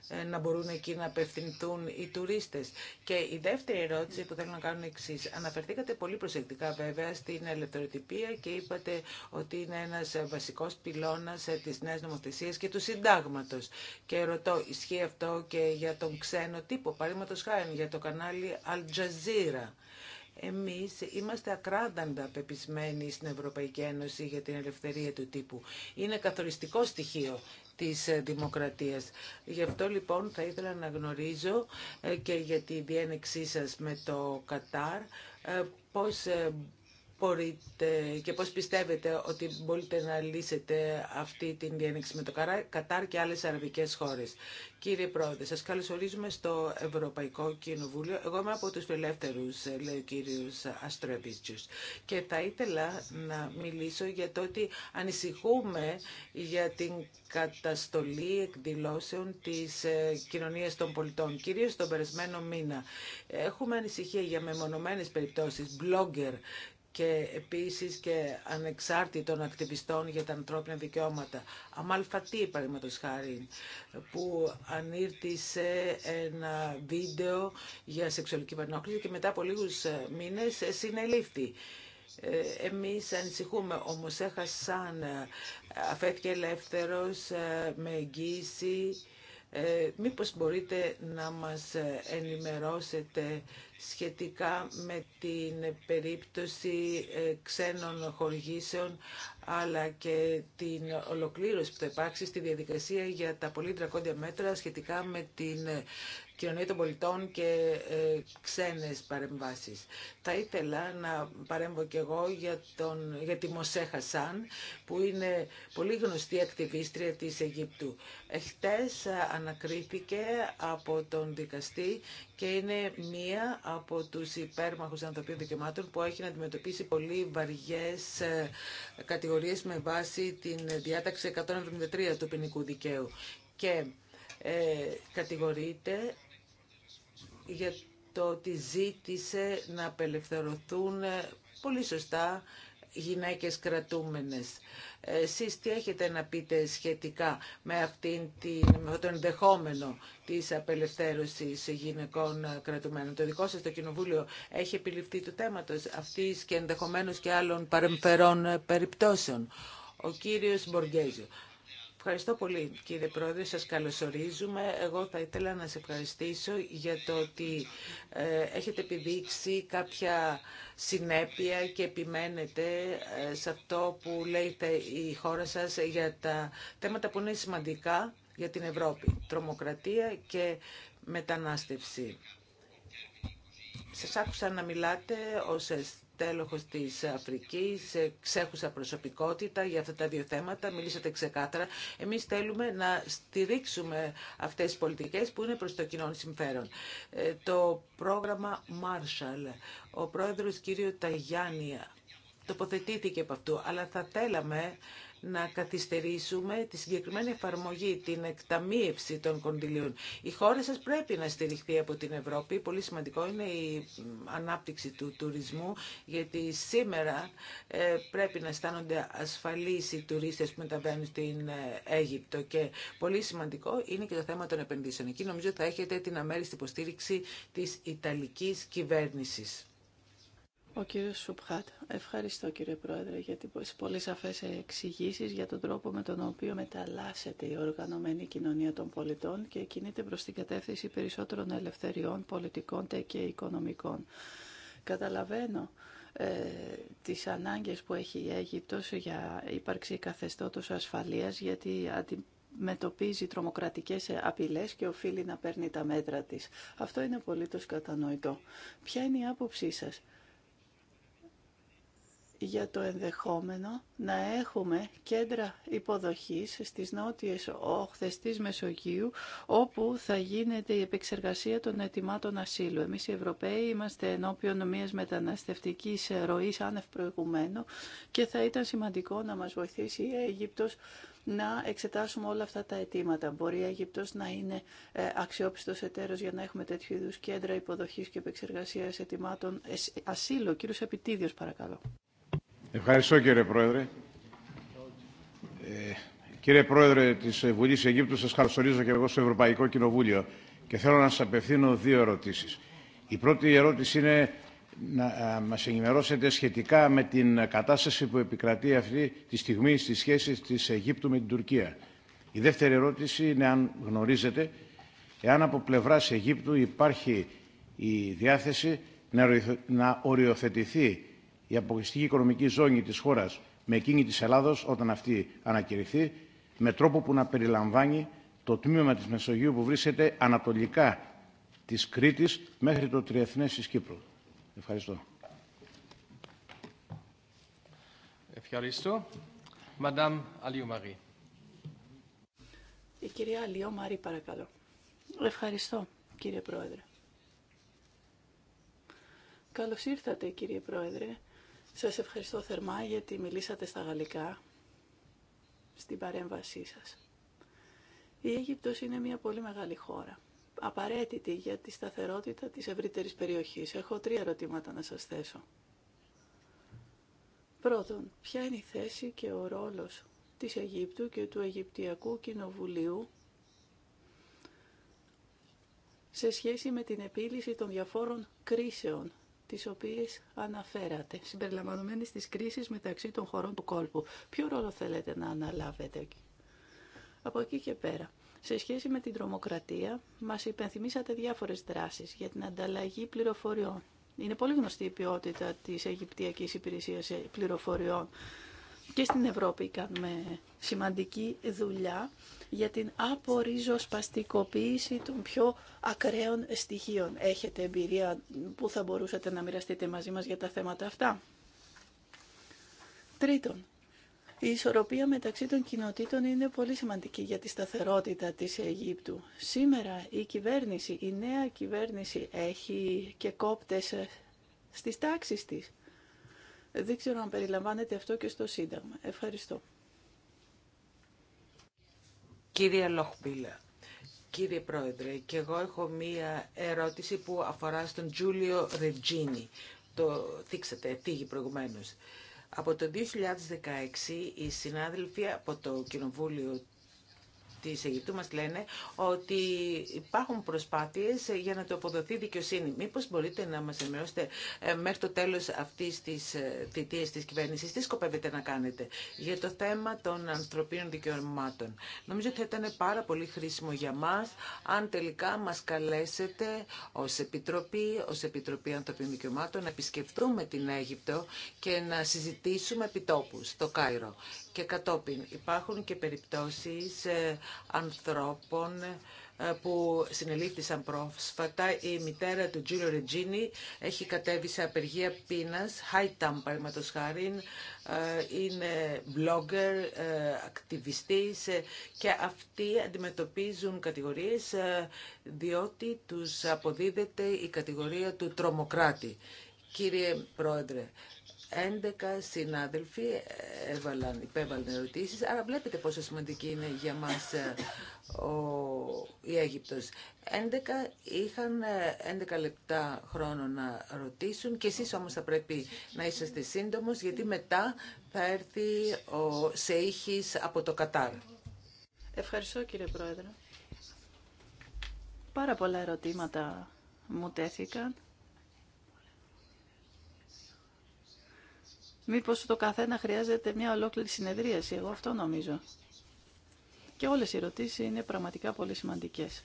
S5: Ε, να μπορούν εκεί να απευθυνθούν οι τουρίστες. Και η δεύτερη ερώτηση που θέλω να κάνω εξή. Αναφερθήκατε πολύ προσεκτικά βέβαια στην ελευθεροτυπία και είπατε ότι είναι ένας βασικός πυλώνας ε, της νέας νομοθεσίας και του συντάγματος. Και ρωτώ, ισχύει αυτό και για τον ξένο τύπο, παρήματος χάρη για το κανάλι Al Jazeera. Εμείς είμαστε ακράδαντα πεπισμένοι στην Ευρωπαϊκή Ένωση για την ελευθερία του τύπου. Είναι καθοριστικό στοιχείο της ε, δημοκρατίας. Γι' αυτό λοιπόν θα ήθελα να γνωρίζω ε, και για τη διένεξή σας με το Κατάρ ε, πώς μπορείτε και πώς πιστεύετε ότι μπορείτε να λύσετε αυτή την διένεξη με το Κατάρ και άλλες αραβικές χώρες. Κύριε Πρόεδρε, σας καλωσορίζουμε στο Ευρωπαϊκό Κοινοβούλιο. Εγώ είμαι από τους φιλελεύθερους, λέει ο κύριος Και θα ήθελα να μιλήσω για το ότι ανησυχούμε για την καταστολή εκδηλώσεων της ε, κοινωνίας των πολιτών, κυρίως τον περασμένο μήνα. Έχουμε ανησυχία για μεμονωμένες περιπτώσεις, blogger, και επίσης και ανεξάρτητων ακτιβιστών για τα ανθρώπινα δικαιώματα. Αμαλφατή, παραδείγματος χάρη, που ανήρτησε ένα βίντεο για σεξουαλική παρενόχληση και μετά από λίγους μήνες συνελήφθη. Ε, εμείς ανησυχούμε, όμως έχασαν, ε, αφέθηκε ελεύθερος ε, με εγγύηση ε, μήπως μπορείτε να μας ενημερώσετε σχετικά με την περίπτωση ε, ξένων χορηγήσεων αλλά και την ολοκλήρωση που θα υπάρξει στη διαδικασία για τα πολύ δρακόντια μέτρα σχετικά με την κοινωνία των πολιτών και ε, ξένες παρεμβάσεις. Θα ήθελα να παρέμβω και εγώ για, τον, για τη Μωσέ Χασάν, που είναι πολύ γνωστή ακτιβίστρια της Αιγύπτου. Εχθές ε, ανακρίθηκε από τον δικαστή και είναι μία από τους υπέρμαχους ανθρωπίνων δικαιωμάτων που έχει να αντιμετωπίσει πολύ βαριές ε, κατηγορίες με βάση την διάταξη 173 του ποινικού δικαίου. Και ε, κατηγορείται για το ότι ζήτησε να απελευθερωθούν ε, πολύ σωστά γυναίκες κρατούμενες. Εσείς τι έχετε να πείτε σχετικά με, αυτήν την, με το ενδεχόμενο της απελευθέρωσης γυναικών ε, κρατουμένων. Το δικό σας το Κοινοβούλιο έχει επιληφθεί του θέματος αυτής και ενδεχομένως και άλλων παρεμφερών ε, περιπτώσεων. Ο κύριος Μποργέζιο. Ευχαριστώ πολύ κύριε Πρόεδρε, σας καλωσορίζουμε. Εγώ θα ήθελα να σε ευχαριστήσω για το ότι ε, έχετε επιδείξει κάποια συνέπεια και επιμένετε ε, σε αυτό που λέει η χώρα σας για τα θέματα που είναι σημαντικά για την Ευρώπη. Τρομοκρατία και μετανάστευση. Σας άκουσα να μιλάτε ως τέλοχος της Αφρικής, ξέχουσα προσωπικότητα για αυτά τα δύο θέματα, μιλήσατε ξεκάθαρα. Εμείς θέλουμε να στηρίξουμε αυτές τις πολιτικές που είναι προς το κοινό συμφέρον. Ε, το πρόγραμμα Marshall, ο πρόεδρος κύριο Ταγιάννη τοποθετήθηκε από αυτού, αλλά θα θέλαμε να καθυστερήσουμε τη συγκεκριμένη εφαρμογή, την εκταμείευση των κονδυλίων. Η χώρα σας πρέπει να στηριχθεί από την Ευρώπη. Πολύ σημαντικό είναι η ανάπτυξη του τουρισμού, γιατί σήμερα ε, πρέπει να αισθάνονται ασφαλείς οι τουρίστες που μεταβαίνουν στην ε, Αίγυπτο και πολύ σημαντικό είναι και το θέμα των επενδύσεων. Εκεί νομίζω θα έχετε την αμέριστη υποστήριξη της Ιταλικής κυβέρνησης.
S6: Ο κύριος Σουπχάτ, ευχαριστώ κύριε Πρόεδρε για τις πολύ σαφές εξηγήσει για τον τρόπο με τον οποίο μεταλλάσσεται η οργανωμένη κοινωνία των πολιτών και κινείται προς την κατεύθυνση περισσότερων ελευθεριών πολιτικών και οικονομικών. Καταλαβαίνω ε, τις ανάγκες που έχει η Αίγυπτος για ύπαρξη καθεστώτος ασφαλείας γιατί αντιμετωπίζει τρομοκρατικές απειλές και οφείλει να παίρνει τα μέτρα της. Αυτό είναι απολύτως κατανοητό. Ποια είναι η άποψή σας για το ενδεχόμενο να έχουμε κέντρα υποδοχής στις νότιες όχθες της Μεσογείου όπου θα γίνεται η επεξεργασία των αιτημάτων ασύλου. Εμείς οι Ευρωπαίοι είμαστε ενώπιον μιας μεταναστευτικής ροής άνευ προηγουμένου και θα ήταν σημαντικό να μας βοηθήσει η Αίγυπτος να εξετάσουμε όλα αυτά τα αιτήματα. Μπορεί η Αίγυπτος να είναι ε, αξιόπιστος εταίρος για να έχουμε τέτοιου είδους κέντρα υποδοχής και επεξεργασίας αιτημάτων ε, ασύλου. Κύριος Επιτίδιος παρακαλώ.
S3: Ευχαριστώ κύριε Πρόεδρε. Ε, κύριε Πρόεδρε της Βουλής Αιγύπτου, σας καλωσορίζω και εγώ στο Ευρωπαϊκό Κοινοβούλιο και θέλω να σας απευθύνω δύο ερωτήσεις. Η πρώτη ερώτηση είναι να μας ενημερώσετε σχετικά με την κατάσταση που επικρατεί αυτή τη στιγμή στις σχέσεις της Αιγύπτου με την Τουρκία. Η δεύτερη ερώτηση είναι αν γνωρίζετε εάν από πλευρά Αιγύπτου υπάρχει η διάθεση να οριοθετηθεί η αποκλειστική οικονομική ζώνη της χώρας με εκείνη της Ελλάδος όταν αυτή ανακηρυχθεί με τρόπο που να περιλαμβάνει το τμήμα της Μεσογείου που βρίσκεται ανατολικά της Κρήτης μέχρι το Τριεθνές της Κύπρου. Ευχαριστώ.
S1: Ευχαριστώ. Μαντάμ Αλίου
S6: Η κυρία Αλίου παρακαλώ. Ευχαριστώ, κύριε Πρόεδρε. Καλώς ήρθατε, κύριε Πρόεδρε, σας ευχαριστώ θερμά γιατί μιλήσατε στα γαλλικά στην παρέμβασή σας. Η Αίγυπτος είναι μια πολύ μεγάλη χώρα, απαραίτητη για τη σταθερότητα της ευρύτερης περιοχής. Έχω τρία ερωτήματα να σας θέσω. Πρώτον, ποια είναι η θέση και ο ρόλος της Αιγύπτου και του Αιγυπτιακού Κοινοβουλίου σε σχέση με την επίλυση των διαφόρων κρίσεων τις οποίες αναφέρατε, συμπεριλαμβανομένες της κρίσης μεταξύ των χωρών του κόλπου. Ποιο ρόλο θέλετε να αναλάβετε εκεί. από εκεί και πέρα. Σε σχέση με την τρομοκρατία, μας υπενθυμίσατε διάφορες δράσεις για την ανταλλαγή πληροφοριών. Είναι πολύ γνωστή η ποιότητα της Αιγυπτιακής Υπηρεσίας Πληροφοριών και στην Ευρώπη κάνουμε σημαντική δουλειά για την απορριζοσπαστικοποίηση των πιο ακραίων στοιχείων. Έχετε εμπειρία που θα μπορούσατε να μοιραστείτε μαζί μας για τα θέματα αυτά. Τρίτον, η ισορροπία μεταξύ των κοινοτήτων είναι πολύ σημαντική για τη σταθερότητα της Αιγύπτου. Σήμερα η κυβέρνηση, η νέα κυβέρνηση έχει και κόπτες στις τάξεις της. Δεν ξέρω αν περιλαμβάνεται αυτό και στο Σύνταγμα. Ευχαριστώ.
S5: Κύριε Λοχμπίλα, κύριε Πρόεδρε, και εγώ έχω μία ερώτηση που αφορά στον Τζούλιο Ρετζίνη. Το θίξατε, εφήγη προηγουμένως. Από το 2016 οι συνάδελφοι από το Κοινοβούλιο τη Αιγυπτού μας λένε ότι υπάρχουν προσπάθειες για να το αποδοθεί δικαιοσύνη. Μήπως μπορείτε να μας ενημερώσετε ε, μέχρι το τέλος αυτής της ε, θητεία της κυβέρνηση, τι σκοπεύετε να κάνετε για το θέμα των ανθρωπίνων δικαιωμάτων. Νομίζω ότι θα ήταν πάρα πολύ χρήσιμο για μα αν τελικά μας καλέσετε ω Επιτροπή, ως Επιτροπή Ανθρωπίνων Δικαιωμάτων να επισκεφτούμε την Αίγυπτο και να συζητήσουμε επιτόπου στο Κάιρο. Και κατόπιν υπάρχουν και περιπτώσεις ε, ανθρώπων ε, που συνελήφθησαν πρόσφατα. Η μητέρα του Τζούλιο Ρετζίνη έχει κατέβει σε απεργία πείνας. Χάιταμ, παραδείγματος χάρη, ε, είναι blogger, ακτιβιστής και αυτοί αντιμετωπίζουν κατηγορίες διότι τους αποδίδεται η κατηγορία του τρομοκράτη. Κύριε Πρόεδρε, 11 συνάδελφοι έβαλαν, υπέβαλαν ερωτήσεις, άρα βλέπετε πόσο σημαντική είναι για μας ε, η Αίγυπτος. 11 είχαν 11 ε, λεπτά χρόνο να ρωτήσουν και εσείς όμως θα πρέπει να είσαστε σύντομος γιατί μετά θα έρθει ο Σέιχης
S6: από το Κατάρ. Ευχαριστώ κύριε Πρόεδρε. Πάρα πολλά ερωτήματα μου τέθηκαν. Μήπως το καθένα χρειάζεται μια ολόκληρη συνεδρίαση, εγώ αυτό νομίζω. Και όλες οι ερωτήσεις είναι πραγματικά πολύ σημαντικές.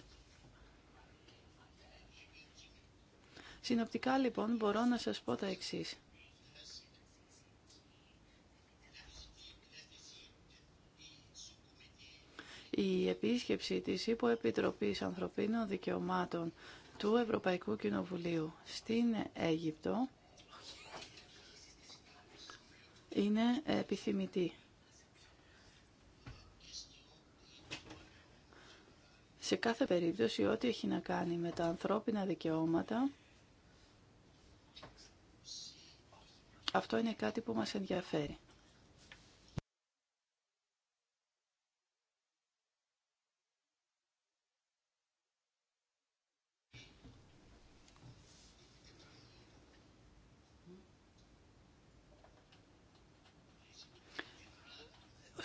S6: Συνοπτικά λοιπόν μπορώ να σας πω τα εξής. Η επίσκεψη της Υποεπιτροπής Ανθρωπίνων Δικαιωμάτων του Ευρωπαϊκού Κοινοβουλίου στην Αίγυπτο είναι επιθυμητή. Σε κάθε περίπτωση, ό,τι έχει να κάνει με τα ανθρώπινα δικαιώματα, αυτό είναι κάτι που μας ενδιαφέρει.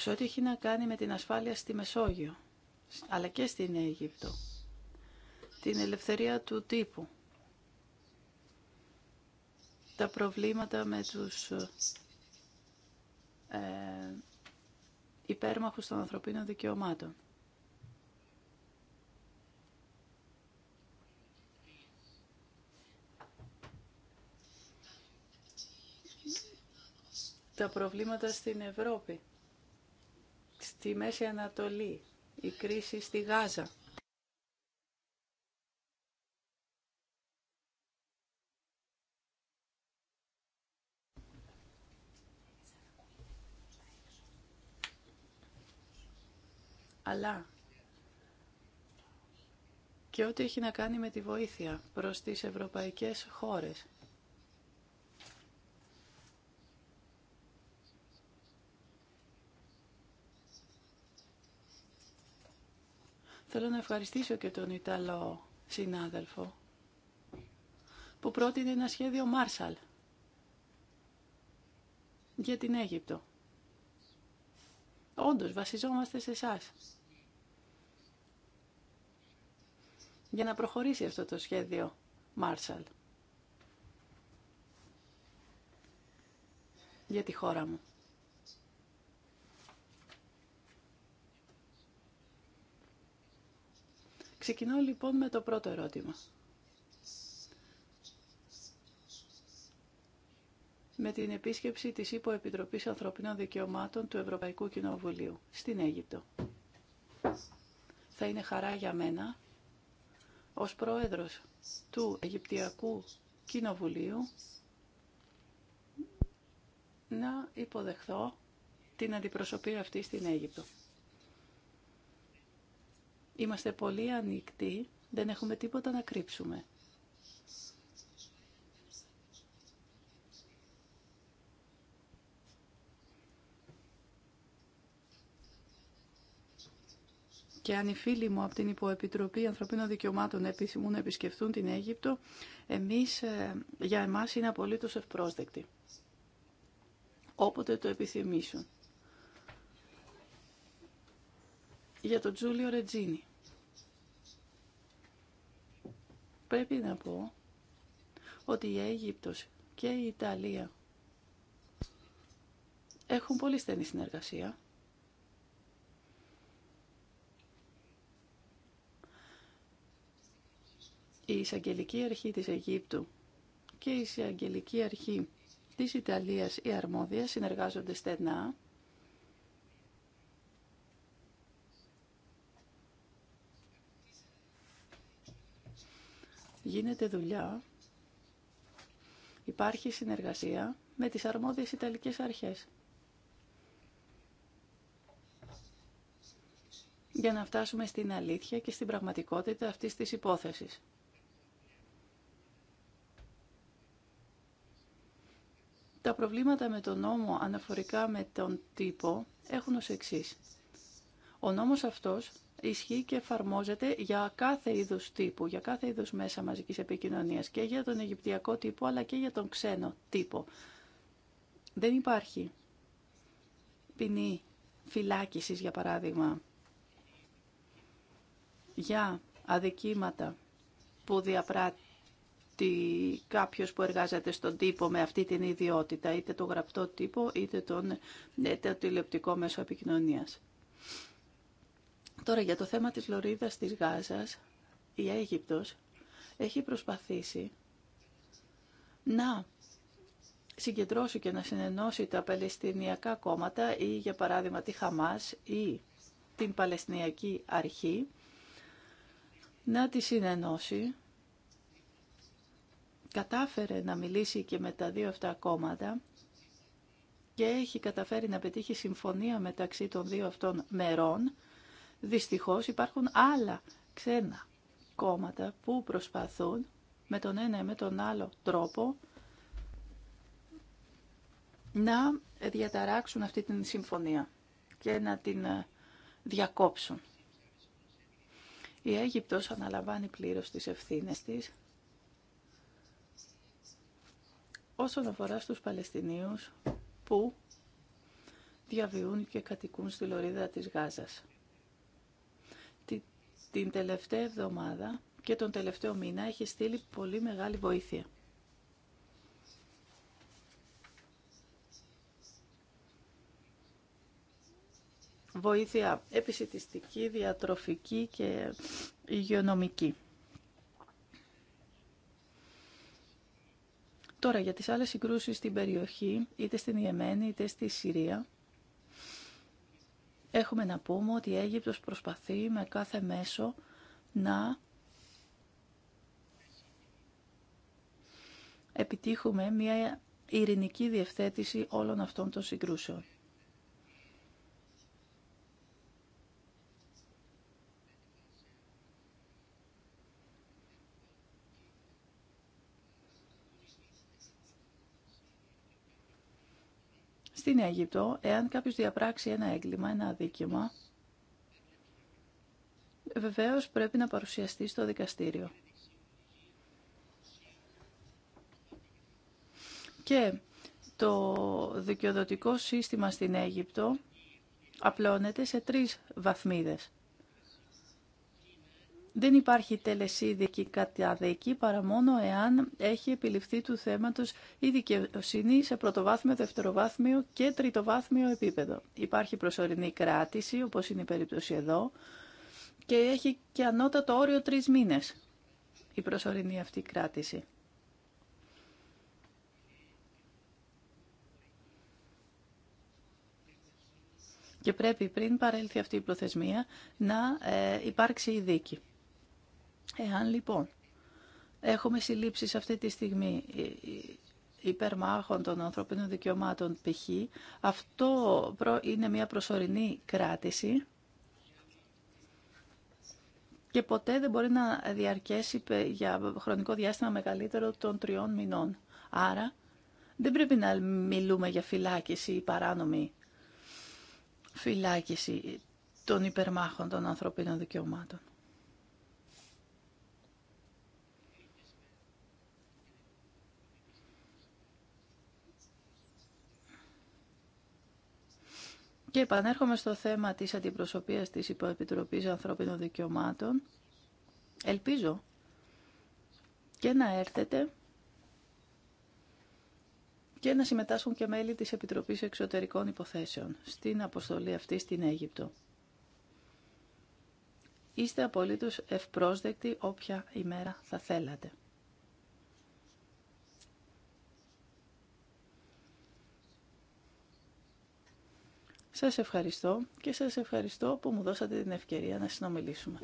S6: σε ό,τι έχει να κάνει με την ασφάλεια στη Μεσόγειο, αλλά και στην Αίγυπτο, την ελευθερία του τύπου, τα προβλήματα με τους ε, υπέρμαχους των ανθρωπίνων δικαιωμάτων. Τα προβλήματα στην Ευρώπη τη Μέση Ανατολή, η κρίση στη Γάζα. Αλλά και ό,τι έχει να κάνει με τη βοήθεια προς τις ευρωπαϊκές χώρες. Θέλω να ευχαριστήσω και τον Ιταλό συνάδελφο που πρότεινε ένα σχέδιο Μάρσαλ για την Αίγυπτο. Όντως, βασιζόμαστε σε εσά. για να προχωρήσει αυτό το σχέδιο Μάρσαλ για τη χώρα μου. Ξεκινώ λοιπόν με το πρώτο ερώτημα. με την επίσκεψη της Υποεπιτροπής Ανθρωπίνων Δικαιωμάτων του Ευρωπαϊκού Κοινοβουλίου στην Αίγυπτο. Θα είναι χαρά για μένα, ως πρόεδρος του Αιγυπτιακού Κοινοβουλίου, να υποδεχθώ την αντιπροσωπεία αυτή στην Αίγυπτο. Είμαστε πολύ ανοιχτοί, δεν έχουμε τίποτα να κρύψουμε. Και αν οι φίλοι μου από την Υποεπιτροπή Ανθρωπίνων Δικαιωμάτων επιθυμούν να επισκεφθούν την Αίγυπτο, εμείς, ε, για εμάς είναι απολύτως ευπρόσδεκτοι. Όποτε το επιθυμήσουν. για τον Τζούλιο Ρετζίνη. Πρέπει να πω ότι η Αίγυπτος και η Ιταλία έχουν πολύ στενή συνεργασία. Η εισαγγελική αρχή της Αιγύπτου και η εισαγγελική αρχή της Ιταλίας, οι Αρμόδια, συνεργάζονται στενά γίνεται δουλειά, υπάρχει συνεργασία με τις αρμόδιες Ιταλικές αρχές. για να φτάσουμε στην αλήθεια και στην πραγματικότητα αυτής της υπόθεσης. Τα προβλήματα με τον νόμο αναφορικά με τον τύπο έχουν ως εξής. Ο νόμος αυτός ισχύει και εφαρμόζεται για κάθε είδους τύπου, για κάθε είδους μέσα μαζικής επικοινωνίας και για τον Αιγυπτιακό τύπο αλλά και για τον ξένο τύπο. Δεν υπάρχει ποινή φυλάκισης για παράδειγμα για αδικήματα που διαπράττει κάποιος που εργάζεται στον τύπο με αυτή την ιδιότητα, είτε το γραπτό τύπο, είτε τον, το τηλεοπτικό μέσο επικοινωνίας. Τώρα για το θέμα της Λωρίδας της Γάζας, η Αίγυπτος έχει προσπαθήσει να συγκεντρώσει και να συνενώσει τα Παλαιστινιακά κόμματα ή για παράδειγμα τη Χαμάς ή την Παλαιστινιακή Αρχή να τη συνενώσει. Κατάφερε να μιλήσει και με τα δύο αυτά κόμματα και έχει καταφέρει να πετύχει συμφωνία μεταξύ των δύο αυτών μερών Δυστυχώς υπάρχουν άλλα ξένα κόμματα που προσπαθούν με τον ένα ή με τον άλλο τρόπο να διαταράξουν αυτή την συμφωνία και να την ε, διακόψουν. Η Αίγυπτος αναλαμβάνει πλήρως τις ευθύνες της όσον αφορά στους Παλαιστινίους που διαβιούν και κατοικούν στη λωρίδα της Γάζας την τελευταία εβδομάδα και τον τελευταίο μήνα έχει στείλει πολύ μεγάλη βοήθεια. Βοήθεια επισητιστική, διατροφική και υγειονομική. Τώρα για τις άλλες συγκρούσεις στην περιοχή, είτε στην Ιεμένη είτε στη Συρία, έχουμε να πούμε ότι η Αίγυπτος προσπαθεί με κάθε μέσο να επιτύχουμε μια ειρηνική διευθέτηση όλων αυτών των συγκρούσεων. Στην Αίγυπτο, εάν κάποιος διαπράξει ένα έγκλημα, ένα αδίκημα, βεβαίως πρέπει να παρουσιαστεί στο δικαστήριο. Και το δικαιοδοτικό σύστημα στην Αίγυπτο απλώνεται σε τρεις βαθμίδες. Δεν υπάρχει τελεσίδικη καταδίκη παρά μόνο εάν έχει επιληφθεί του θέματος η δικαιοσύνη σε πρωτοβάθμιο, δευτεροβάθμιο και τριτοβάθμιο επίπεδο. Υπάρχει προσωρινή κράτηση, όπως είναι η περίπτωση εδώ, και έχει και ανώτατο όριο τρεις μήνες η προσωρινή αυτή κράτηση. Και πρέπει πριν παρέλθει αυτή η προθεσμία να ε, υπάρξει η δίκη. Εάν λοιπόν έχουμε σε αυτή τη στιγμή ε, ε, υπερμάχων των ανθρώπινων δικαιωμάτων π.χ. Αυτό είναι μια προσωρινή κράτηση και ποτέ δεν μπορεί να διαρκέσει για χρονικό διάστημα μεγαλύτερο των τριών μηνών. Άρα δεν πρέπει να μιλούμε για φυλάκιση ή παράνομη φυλάκιση των υπερμάχων των ανθρωπίνων δικαιωμάτων. Και επανέρχομαι στο θέμα της αντιπροσωπείας της Υποεπιτροπής Ανθρώπινων Δικαιωμάτων. Ελπίζω και να έρθετε και να συμμετάσχουν και μέλη της Επιτροπής Εξωτερικών Υποθέσεων στην αποστολή αυτή στην Αίγυπτο. Είστε απολύτως ευπρόσδεκτοι όποια ημέρα θα θέλατε. Σας ευχαριστώ και σας ευχαριστώ που μου δώσατε την ευκαιρία να συνομιλήσουμε.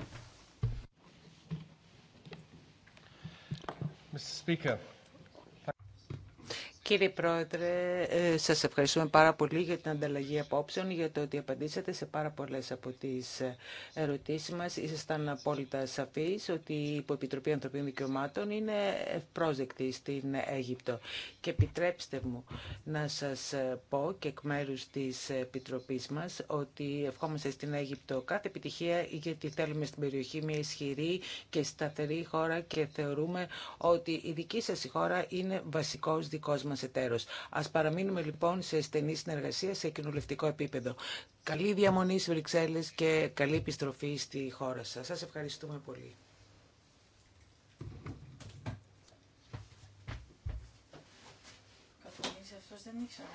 S6: Κύριε
S5: Πρόεδρε, ε, σας ευχαριστούμε πάρα πολύ για την ανταλλαγή απόψεων, για το ότι απαντήσατε σε πάρα πολλές από τις ε, ερωτήσεις μας. Ήσασταν απόλυτα σαφείς ότι η Υποεπιτροπή Ανθρωπίνων Δικαιωμάτων είναι ευπρόσδεκτη στην Αίγυπτο. Και επιτρέψτε μου να σας ε, πω και εκ μέρους της Επιτροπής μας ότι ευχόμαστε στην Αίγυπτο κάθε επιτυχία γιατί θέλουμε στην περιοχή μια ισχυρή και σταθερή χώρα και θεωρούμε ότι η δική σας χώρα είναι βασικός δικός μας μας εταίρος. Ας παραμείνουμε λοιπόν σε στενή συνεργασία σε κοινοβουλευτικό επίπεδο. Καλή διαμονή στις Βρυξέλλες και καλή επιστροφή στη χώρα σας. Σας ευχαριστούμε πολύ.
S6: δεν ήξερα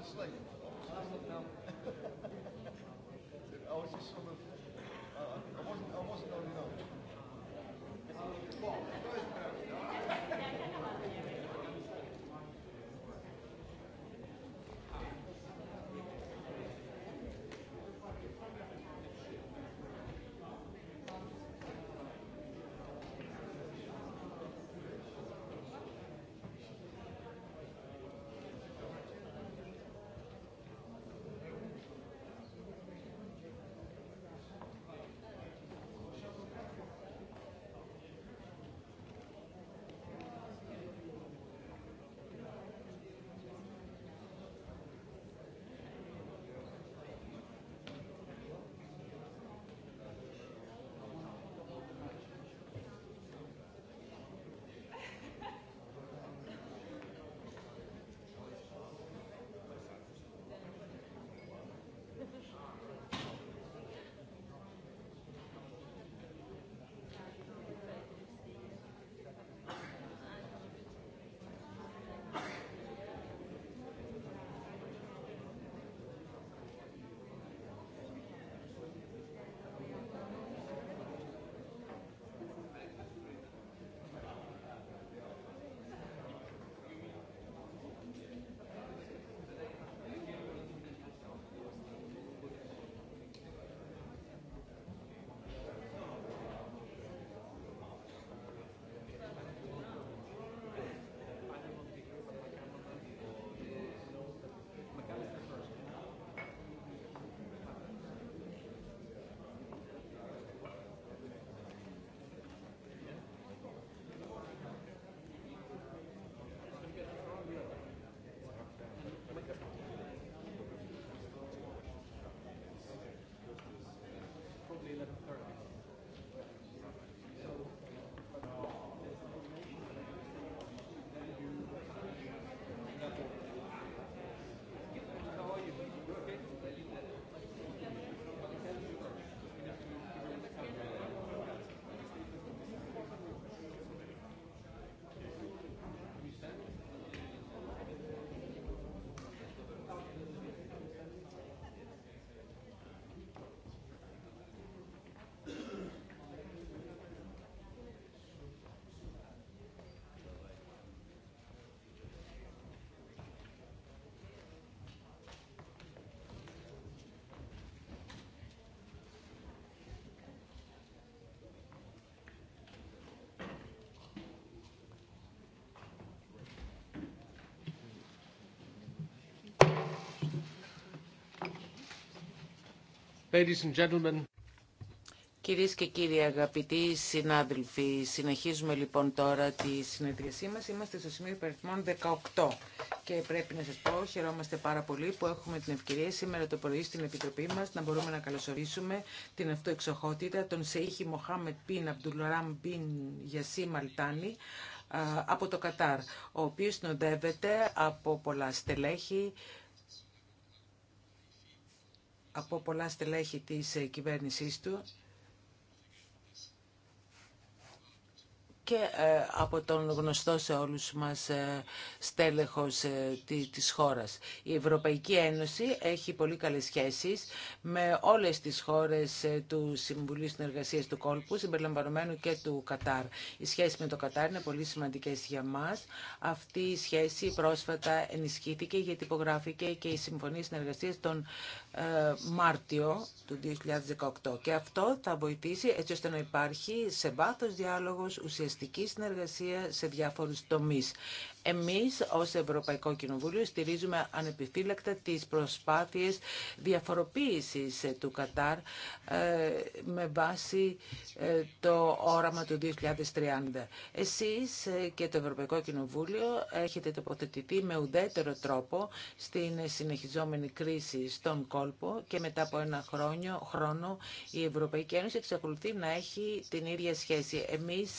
S4: I wasn't,
S1: I wasn't Ladies
S5: Κυρίες και κύριοι αγαπητοί συνάδελφοι, συνεχίζουμε λοιπόν τώρα τη συνεδρίασή μας. Είμαστε στο σημείο υπερθμών 18 και πρέπει να σας πω, χαιρόμαστε πάρα πολύ που έχουμε την ευκαιρία σήμερα το πρωί στην Επιτροπή μας να μπορούμε να καλωσορίσουμε την αυτοεξοχότητα των Σεήχη Μοχάμετ Πιν Αμπτουλουράμ Πιν Γιασί Μαλτάνη, από το Κατάρ, ο οποίος συνοδεύεται από πολλά στελέχη, από πολλά στελέχη της ε, κυβέρνησής του και ε, από τον γνωστό σε όλους μας ε, στέλεχος ε, της χώρας. Η Ευρωπαϊκή Ένωση έχει πολύ καλές σχέσεις με όλες τις χώρες του Συμβουλίου Συνεργασίας του Κόλπου, συμπεριλαμβανομένου και του Κατάρ. Οι σχέση με το Κατάρ είναι πολύ σημαντικές για μας. Αυτή η σχέση πρόσφατα ενισχύθηκε γιατί υπογράφηκε και η Συμφωνία Συνεργασίας τον Μάρτιο του 2018. Και αυτό θα βοηθήσει έτσι ώστε να υπάρχει σε βάθος διάλογος ουσιαστικά ουσιαστική συνεργασία σε διάφορους τομείς. Εμείς ως Ευρωπαϊκό Κοινοβούλιο στηρίζουμε ανεπιφύλακτα τις προσπάθειες διαφοροποίησης ε, του Κατάρ ε, με βάση ε, το όραμα του 2030. Εσείς και το Ευρωπαϊκό Κοινοβούλιο έχετε τοποθετηθεί με ουδέτερο τρόπο στην συνεχιζόμενη κρίση στον κόλπο και μετά από ένα χρόνιο, χρόνο η Ευρωπαϊκή Ένωση εξακολουθεί να έχει την ίδια σχέση. Εμείς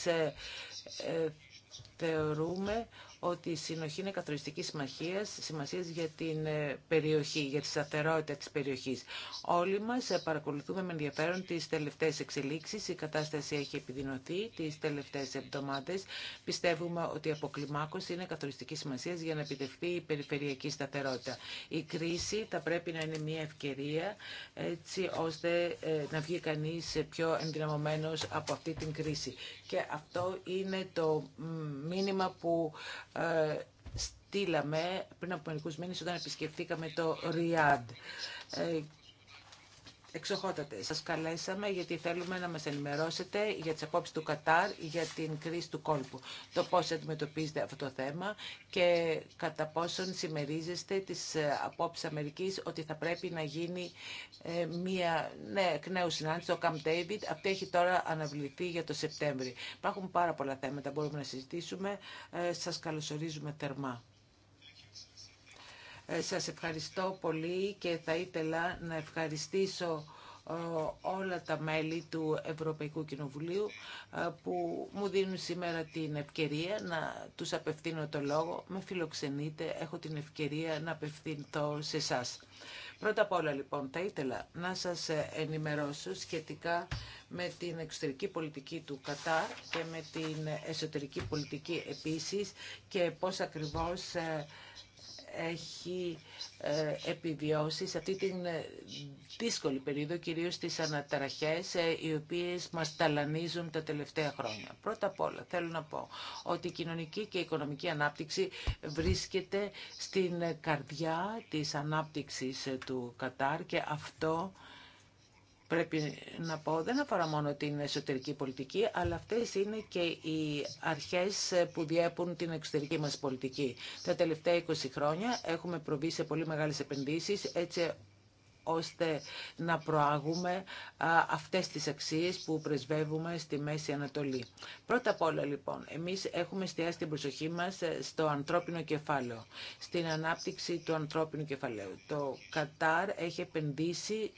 S5: θεωρούμε ότι η συνοχή είναι καθοριστική σημασία σημασίας για την ε, περιοχή, για τη σταθερότητα τη περιοχή. Όλοι μα ε, παρακολουθούμε με ενδιαφέρον τι τελευταίε εξελίξει. Η κατάσταση έχει επιδεινωθεί τι τελευταίε εβδομάδε. Πιστεύουμε ότι η αποκλιμάκωση είναι καθοριστική σημασία για να επιτευχθεί η περιφερειακή σταθερότητα. Η κρίση θα πρέπει να είναι μια ευκαιρία έτσι ώστε ε, να βγει κανεί πιο ενδυναμωμένο από αυτή την κρίση. Και αυτό είναι το μήνυμα που ε, στείλαμε πριν από μερικούς μήνες όταν επισκεφτήκαμε το Ριάντ ε, Εξοχότατε, σας καλέσαμε γιατί θέλουμε να μας ενημερώσετε για τις απόψεις του Κατάρ για την κρίση του κόλπου, το πώς αντιμετωπίζετε αυτό το θέμα και κατά πόσον συμμερίζεστε τις ε, απόψεις Αμερικής ότι θα πρέπει να γίνει ε, μια ναι, εκ νέου συνάντηση, το Camp David, αυτή έχει τώρα αναβληθεί για το Σεπτέμβρη. Υπάρχουν πάρα πολλά θέματα που μπορούμε να συζητήσουμε. Ε, σας καλωσορίζουμε θερμά. Ε, σας ευχαριστώ πολύ και θα ήθελα να ευχαριστήσω ε, όλα τα μέλη του Ευρωπαϊκού Κοινοβουλίου ε, που μου δίνουν σήμερα την ευκαιρία να τους απευθύνω το λόγο. Με φιλοξενείτε, έχω την ευκαιρία να απευθυνθώ σε εσά. Πρώτα απ' όλα λοιπόν θα ήθελα να σας ενημερώσω σχετικά με την εξωτερική πολιτική του Κατάρ και με την εσωτερική πολιτική επίσης και πώς ακριβώς έχει ε, επιβιώσει σε αυτή την ε, δύσκολη περίοδο, κυρίως στις αναταραχές ε, οι οποίες μας ταλανίζουν τα τελευταία χρόνια. Πρώτα απ' όλα θέλω να πω ότι η κοινωνική και η οικονομική ανάπτυξη βρίσκεται στην καρδιά της ανάπτυξης του Κατάρ και αυτό πρέπει να πω, δεν αφορά μόνο την εσωτερική πολιτική, αλλά αυτές είναι και οι αρχές που διέπουν την εξωτερική μας πολιτική. Τα τελευταία 20 χρόνια έχουμε προβεί σε πολύ μεγάλες επενδύσεις, έτσι ώστε να προάγουμε αυτές τις αξίες που πρεσβεύουμε στη Μέση Ανατολή. Πρώτα απ' όλα λοιπόν, εμείς έχουμε εστιάσει την προσοχή μας στο ανθρώπινο κεφάλαιο, στην ανάπτυξη του ανθρώπινου κεφαλαίου. Το Κατάρ έχει επενδύσει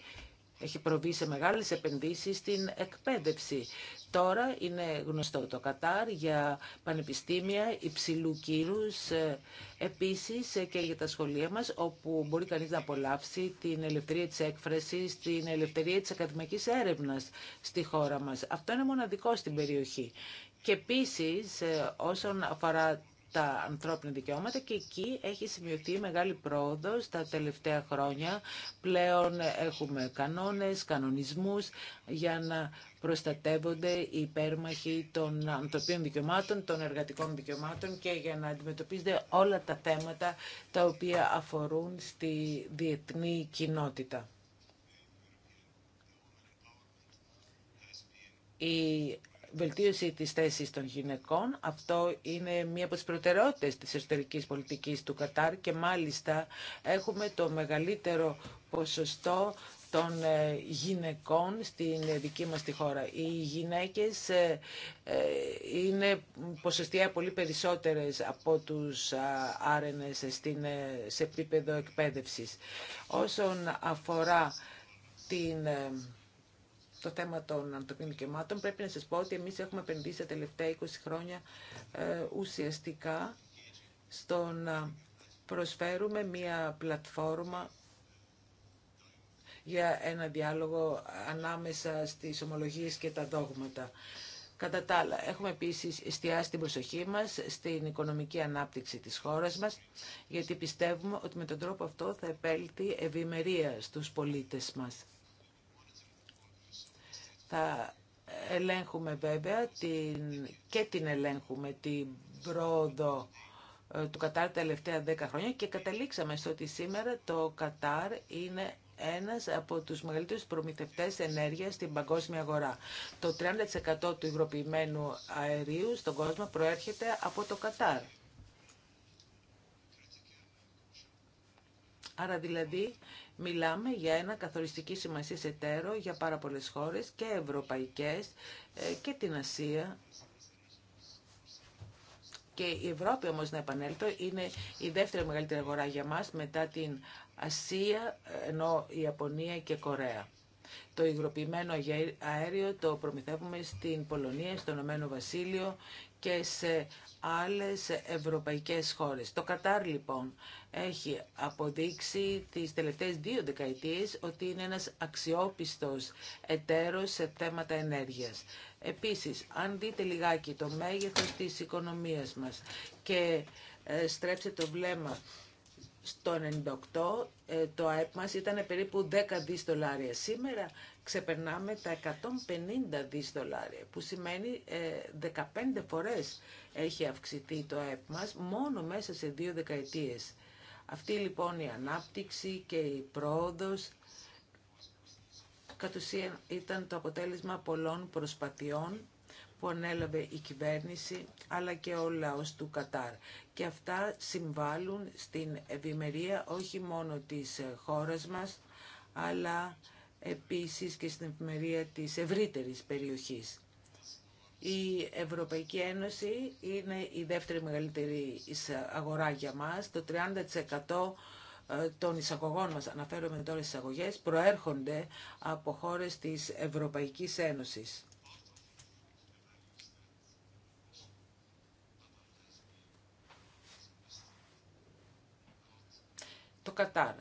S5: έχει προβεί σε μεγάλες επενδύσεις στην εκπαίδευση. Τώρα είναι γνωστό το Κατάρ για πανεπιστήμια υψηλού κύρους, ε, επίσης ε, και για τα σχολεία μας, όπου μπορεί κανείς να απολαύσει την ελευθερία της έκφρασης, την ελευθερία της ακαδημαϊκής έρευνας στη χώρα μας. Αυτό είναι μοναδικό στην περιοχή. Και επίσης, ε, όσον αφορά τα ανθρώπινα δικαιώματα και εκεί έχει σημειωθεί μεγάλη πρόοδος τα τελευταία χρόνια. Πλέον έχουμε κανόνες, κανονισμούς για να προστατεύονται οι υπέρμαχοι των ανθρωπίνων δικαιωμάτων, των εργατικών δικαιωμάτων και για να αντιμετωπίζονται όλα τα θέματα τα οποία αφορούν στη διεθνή κοινότητα. Η βελτίωση της θέσης των γυναικών. Αυτό είναι μία από τις προτεραιότητες της εσωτερικής πολιτικής του Κατάρ και μάλιστα έχουμε το μεγαλύτερο ποσοστό των ε, γυναικών στην ε, δική μας τη χώρα. Οι γυναίκες ε, είναι ποσοστιαία πολύ περισσότερες από τους άρενες στην, σε επίπεδο εκπαίδευσης. Όσον αφορά την στο θέμα των ανθρωπίνων δικαιωμάτων, πρέπει να σας πω ότι εμείς έχουμε επενδύσει τα τελευταία 20 χρόνια ε, ουσιαστικά στο να προσφέρουμε μία πλατφόρμα για ένα διάλογο ανάμεσα στις ομολογίες και τα δόγματα. Κατά τα άλλα, έχουμε επίσης εστιάσει την προσοχή μας στην οικονομική ανάπτυξη της χώρας μας, γιατί πιστεύουμε ότι με τον τρόπο αυτό θα επέλθει ευημερία στους πολίτες μας. Θα ελέγχουμε βέβαια την, και την ελέγχουμε την πρόοδο ε, του Κατάρ τα τελευταία 10 χρόνια και καταλήξαμε στο ότι σήμερα το Κατάρ είναι ένας από τους μεγαλύτερους προμηθευτές ενέργειας στην παγκόσμια αγορά. Το 30% του υγροποιημένου αερίου στον κόσμο προέρχεται από το Κατάρ. Άρα δηλαδή Μιλάμε για ένα καθοριστική σημασία εταίρο για πάρα πολλές χώρες και ευρωπαϊκές ε, και την Ασία. Και η Ευρώπη όμως να επανέλθω είναι η δεύτερη μεγαλύτερη αγορά για μας μετά την Ασία, ενώ η Ιαπωνία και Κορέα. Το υγροποιημένο αέριο το προμηθεύουμε στην Πολωνία, στον Ηνωμένο Βασίλειο και σε άλλες ευρωπαϊκές χώρες. Το Κατάρ λοιπόν έχει αποδείξει τις τελευταίες δύο δεκαετίες ότι είναι ένας αξιόπιστος εταίρος σε θέματα ενέργειας. Επίσης, αν δείτε λιγάκι το μέγεθος της οικονομίας μας και ε, στρέψτε το βλέμμα στο 98 ε, το ΑΕΠ μας ήταν περίπου 10 δις δολάρια. Σήμερα ξεπερνάμε τα 150 δις δολάρια, που σημαίνει 15 ε, φορές έχει αυξηθεί το ΑΕΠ μας μόνο μέσα σε δύο δεκαετίες. Αυτή λοιπόν η ανάπτυξη και η πρόοδος κατ' ήταν το αποτέλεσμα πολλών προσπαθειών που ανέλαβε η κυβέρνηση αλλά και ο λαός του Κατάρ. Και αυτά συμβάλλουν στην ευημερία όχι μόνο της ε, χώρας μας αλλά επίσης και στην ευημερία της ευρύτερης περιοχής. Η Ευρωπαϊκή Ένωση είναι η δεύτερη μεγαλύτερη αγορά για μας. Το 30% ε, των εισαγωγών μας, αναφέρομαι τώρα στις εισαγωγές, προέρχονται από χώρες της Ευρωπαϊκής Ένωσης. Το Κατάρ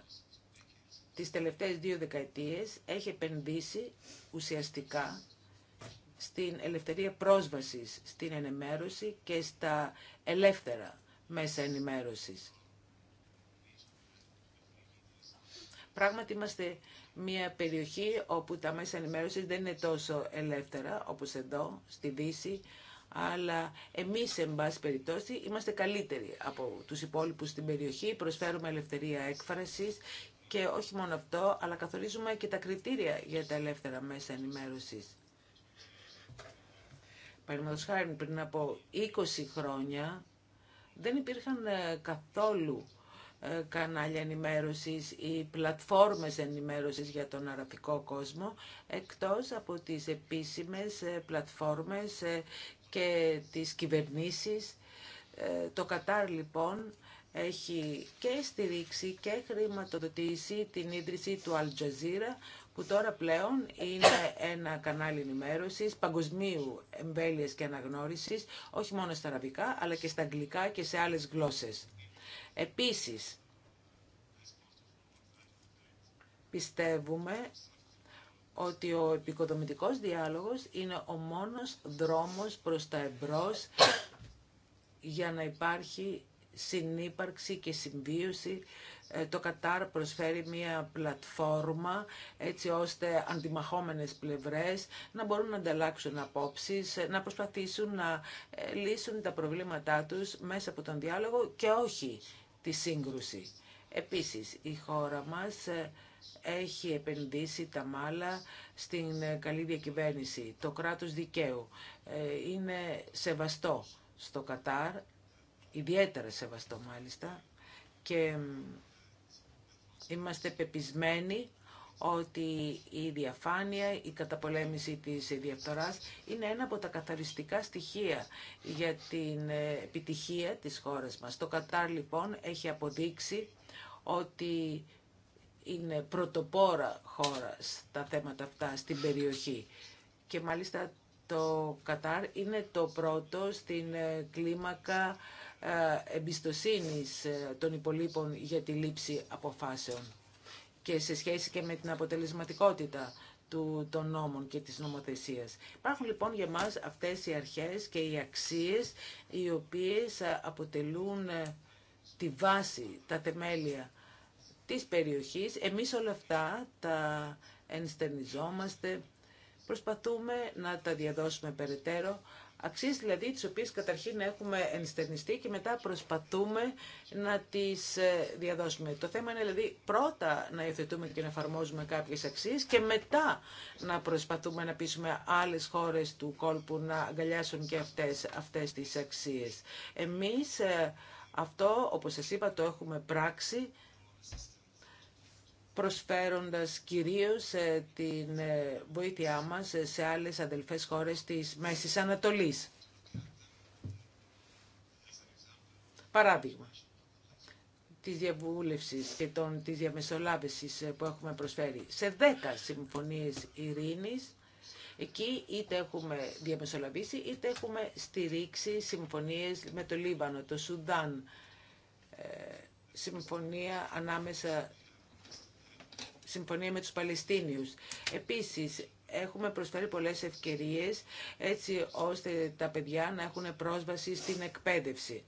S5: τις τελευταίες δύο δεκαετίες έχει επενδύσει ουσιαστικά στην ελευθερία πρόσβασης στην ενημέρωση και στα ελεύθερα μέσα ενημέρωσης. Πράγματι είμαστε μια περιοχή όπου τα μέσα ενημέρωσης δεν είναι τόσο ελεύθερα όπως εδώ, στη Δύση, αλλά εμείς, εν πάση περιπτώσει, είμαστε καλύτεροι από τους υπόλοιπους στην περιοχή, προσφέρουμε ελευθερία έκφρασης και όχι μόνο αυτό, αλλά καθορίζουμε και τα κριτήρια για τα ελεύθερα μέσα ενημέρωσης. Παραδείγματος χάρη, πριν από 20 χρόνια δεν υπήρχαν ε, καθόλου ε, κανάλια ενημέρωσης ή πλατφόρμες ενημέρωσης για τον αραβικό κόσμο, εκτός από τις επίσημες ε, πλατφόρμες και τις κυβερνήσεις. Ε, το Κατάρ λοιπόν έχει και στηρίξει και χρηματοδοτήσει την ίδρυση του Al Jazeera, που τώρα πλέον είναι ένα κανάλι ενημέρωση παγκοσμίου εμβέλεια και αναγνώριση, όχι μόνο στα αραβικά, αλλά και στα αγγλικά και σε άλλε γλώσσε. Επίση, πιστεύουμε ότι ο επικοδομητικός διάλογος είναι ο μόνος δρόμος προς τα εμπρός για να υπάρχει συνύπαρξη και συμβίωση. Ε, το Κατάρ προσφέρει μια πλατφόρμα έτσι ώστε αντιμαχόμενες πλευρές να μπορούν να ανταλλάξουν απόψεις, ε, να προσπαθήσουν να ε, λύσουν τα προβλήματά τους μέσα από τον διάλογο και όχι τη σύγκρουση. Επίσης, η χώρα μας έχει επενδύσει τα μάλα στην ε, καλή διακυβέρνηση. Το κράτος δικαίου ε, είναι σεβαστό στο Κατάρ, ιδιαίτερα σεβαστό μάλιστα, και είμαστε πεπισμένοι ότι η διαφάνεια, η καταπολέμηση της διαφθοράς είναι ένα από τα καθαριστικά στοιχεία για την ε, επιτυχία της χώρας μας. Το Κατάρ λοιπόν έχει αποδείξει ότι είναι πρωτοπόρα χώρα τα θέματα αυτά στην περιοχή. Και μάλιστα το Κατάρ είναι το πρώτο στην ε, κλίμακα ε, εμπιστοσύνης ε, των υπολείπων για τη λήψη αποφάσεων και σε σχέση και με την αποτελεσματικότητα του, των νόμων και της νομοθεσίας. Υπάρχουν λοιπόν για μας αυτές οι αρχές και οι αξίες οι οποίες αποτελούν τη βάση, τα θεμέλια της περιοχής. Εμείς όλα αυτά τα ενστερνιζόμαστε, προσπαθούμε να τα διαδώσουμε περαιτέρω, αξίες δηλαδή τις οποίες καταρχήν έχουμε ενστερνιστεί και μετά προσπαθούμε να τις ε, διαδώσουμε. Το θέμα είναι δηλαδή πρώτα να υιοθετούμε και να εφαρμόζουμε κάποιες αξίες και μετά να προσπαθούμε να πείσουμε άλλες χώρες του κόλπου να αγκαλιάσουν και αυτές, αυτές τις αξίες. Εμείς ε, αυτό, όπως σας είπα, το έχουμε πράξει προσφέροντας κυρίως ε, την ε, βοήθειά μας ε, σε άλλες αδελφές χώρες της Μέσης Ανατολής. Παράδειγμα της διαβούλευσης και των, της διαμεσολάβησης που έχουμε προσφέρει σε 10 συμφωνίες ειρήνης, εκεί είτε έχουμε διαμεσολαβήσει είτε έχουμε στηρίξει συμφωνίες με το Λίβανο, το Σουδάν, συμφωνία ανάμεσα συμφωνία με τους Παλαιστίνιους. Επίσης, έχουμε προσφέρει πολλές ευκαιρίες έτσι ώστε τα παιδιά να έχουν πρόσβαση στην εκπαίδευση.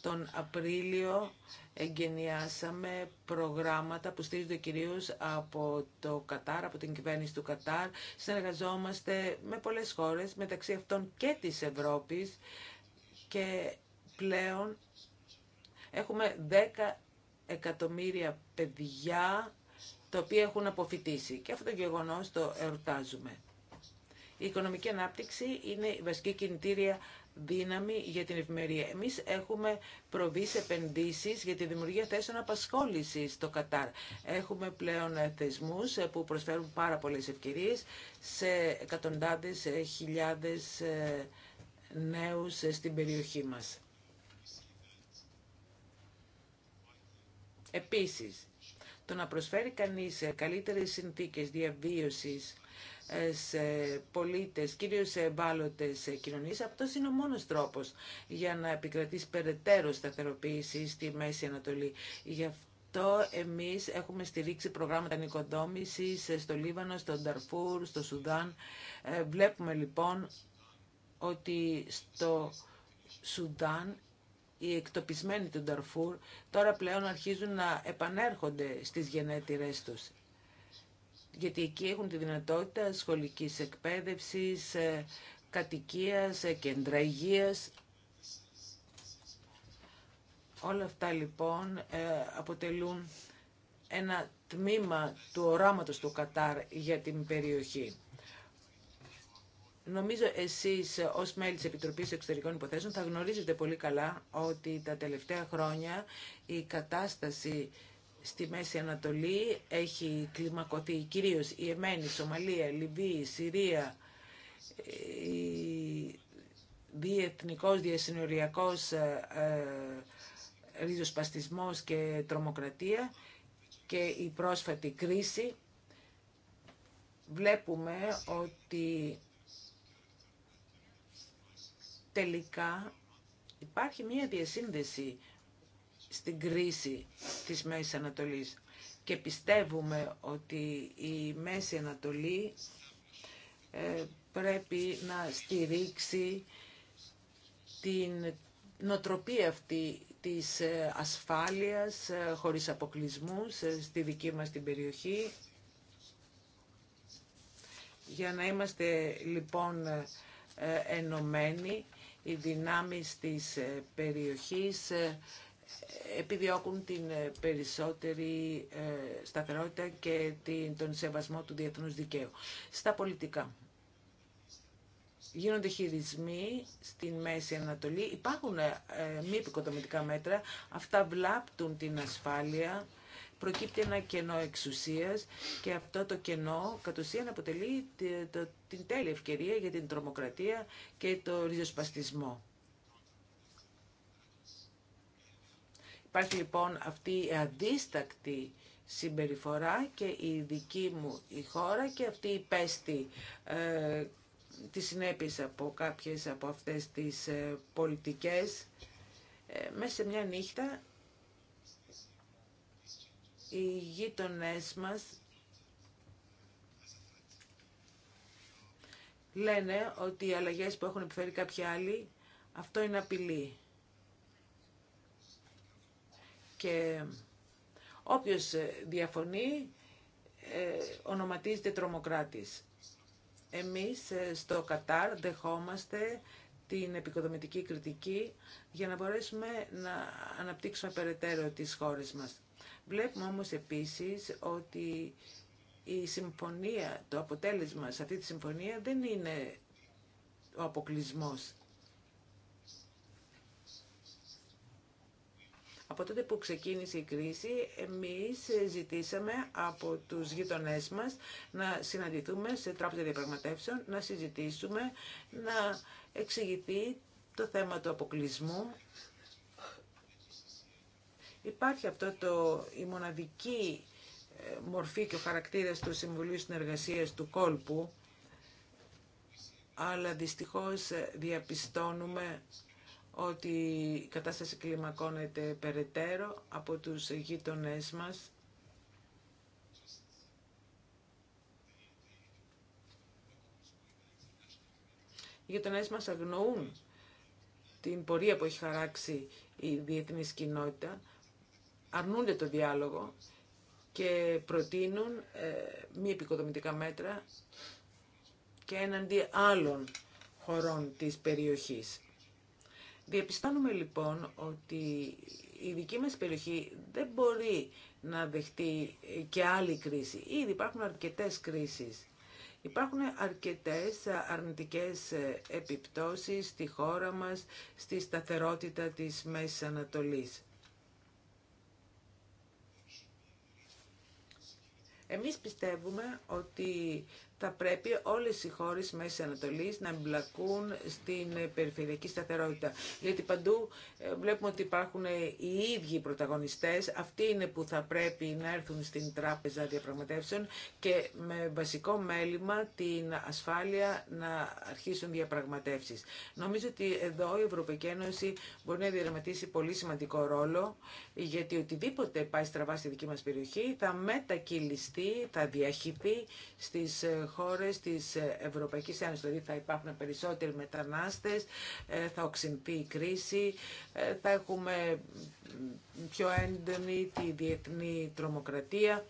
S5: Τον Απρίλιο εγκαινιάσαμε προγράμματα που στήριζονται κυρίως από το Κατάρ, από την κυβέρνηση του Κατάρ. Συνεργαζόμαστε με πολλές χώρες, μεταξύ αυτών και της Ευρώπης και πλέον έχουμε 10 εκατομμύρια παιδιά τα οποία έχουν αποφυτίσει. Και αυτό το γεγονός το εορτάζουμε. Η οικονομική ανάπτυξη είναι η βασική κινητήρια δύναμη για την ευημερία. Εμεί έχουμε προβεί σε επενδύσεις για τη δημιουργία θέσεων απασχόληση στο Κατάρ. Έχουμε πλέον θεσμού που προσφέρουν πάρα πολλέ ευκαιρίες σε εκατοντάδες ε, χιλιάδες ε, νέους ε, στην περιοχή μας. Επίσης, το να προσφέρει κανείς ε, καλύτερες συνθήκες διαβίωσης ε, σε πολίτες, κυρίως σε ευάλωτες ε, κοινωνίες, αυτός είναι ο μόνος τρόπος για να επικρατήσει περαιτέρω σταθεροποίηση στη Μέση Ανατολή. Γι' αυτό εμείς έχουμε στηρίξει προγράμματα νοικοδόμησης στο Λίβανο, στο Νταρφούρ, στο Σουδάν. Βλέπουμε λοιπόν ότι στο Σουδάν οι εκτοπισμένοι του Νταρφούρ τώρα πλέον αρχίζουν να επανέρχονται στις γενέτηρές τους. Γιατί εκεί έχουν τη δυνατότητα σχολικής εκπαίδευσης, ε, κατοικίας, ε, κέντρα υγείας. Όλα αυτά λοιπόν ε, αποτελούν ένα τμήμα του οράματος του Κατάρ για την περιοχή. Νομίζω εσείς ως μέλη της Επιτροπής Εξωτερικών Υποθέσεων θα γνωρίζετε πολύ καλά ότι τα τελευταία χρόνια η κατάσταση στη Μέση Ανατολή έχει κλιμακωθεί κυρίως η Εμένη, η Σομαλία, η Λιβύη, η Συρία, η διεθνικός, διασυνοριακό ε, ε, και τρομοκρατία και η πρόσφατη κρίση βλέπουμε ότι τελικά υπάρχει μια διασύνδεση στην κρίση της Μέσης Ανατολής και πιστεύουμε ότι η Μέση Ανατολή ε, πρέπει να στηρίξει την νοτροπία αυτή της ε, ασφάλειας ε, χωρίς αποκλεισμούς στη δική μας την περιοχή. Για να είμαστε λοιπόν ενωμένοι οι δυνάμεις της ε, περιοχής ε, επιδιώκουν την ε, περισσότερη σταθερότητα και τον σεβασμό του διεθνούς δικαίου. Στα πολιτικά. Γίνονται χειρισμοί στην Μέση Ανατολή. Υπάρχουν μη επικοδομητικά μέτρα. Αυτά βλάπτουν την ασφάλεια προκύπτει ένα κενό εξουσίας και αυτό το κενό κατ' ουσίαν αποτελεί την τέλεια ευκαιρία για την τρομοκρατία και το ριζοσπαστισμό. Υπάρχει λοιπόν αυτή η αντίστακτη συμπεριφορά και η δική μου η χώρα και αυτή η πέστη ε, τη από κάποιες από αυτές τις ε, πολιτικές ε, μέσα σε μια νύχτα οι γείτονές μας λένε ότι οι αλλαγές που έχουν επιφέρει κάποιοι άλλοι, αυτό είναι απειλή. Και όποιος ε, διαφωνεί, ε, ονοματίζεται τρομοκράτης. Εμείς ε, στο Κατάρ δεχόμαστε την επικοδομητική κριτική για να μπορέσουμε να αναπτύξουμε περαιτέρω τις χώρες μας. Βλέπουμε όμως επίσης ότι η συμφωνία, το αποτέλεσμα σε αυτή τη συμφωνία δεν είναι ο αποκλεισμός. Από τότε που ξεκίνησε η κρίση, εμείς ζητήσαμε από τους γειτονές μας να συναντηθούμε σε τράπεζα διαπραγματεύσεων, να συζητήσουμε, να εξηγηθεί το θέμα του αποκλεισμού Υπάρχει αυτό το, η μοναδική ε, μορφή και ο χαρακτήρας του Συμβουλίου Συνεργασίας του Κόλπου, αλλά δυστυχώς ε, διαπιστώνουμε ότι η κατάσταση κλιμακώνεται περαιτέρω από τους γείτονές μας. Οι γείτονές μας αγνοούν την πορεία που έχει χαράξει η διεθνής κοινότητα αρνούνται το διάλογο και προτείνουν ε, μη επικοδομητικά μέτρα και έναντι άλλων χωρών της περιοχής. Διαπιστώνουμε λοιπόν ότι η δική μας περιοχή δεν μπορεί να δεχτεί και άλλη κρίση. Ήδη υπάρχουν αρκετές κρίσεις. Υπάρχουν αρκετές αρνητικές ε, επιπτώσεις στη χώρα μας, στη σταθερότητα της Μέσης Ανατολής. Εμείς πιστεύουμε ότι θα πρέπει όλες οι χώρες μέση Ανατολής να εμπλακούν στην ε, περιφερειακή σταθερότητα. Γιατί παντού ε, βλέπουμε ότι υπάρχουν ε, οι ίδιοι πρωταγωνιστές, αυτοί είναι που θα πρέπει να έρθουν στην τράπεζα διαπραγματεύσεων και με βασικό μέλημα την ασφάλεια να αρχίσουν διαπραγματεύσεις. Νομίζω ότι εδώ η Ευρωπαϊκή Ένωση μπορεί να διαδραματίσει πολύ σημαντικό ρόλο, γιατί οτιδήποτε πάει στραβά στη δική μας περιοχή θα μετακυλιστεί, θα διαχυθεί στις χώρες της Ευρωπαϊκής Ένωσης. Δηλαδή θα υπάρχουν περισσότεροι μετανάστες, ε, θα οξυνθεί η κρίση, ε, θα έχουμε πιο έντονη τη διεθνή τρομοκρατία.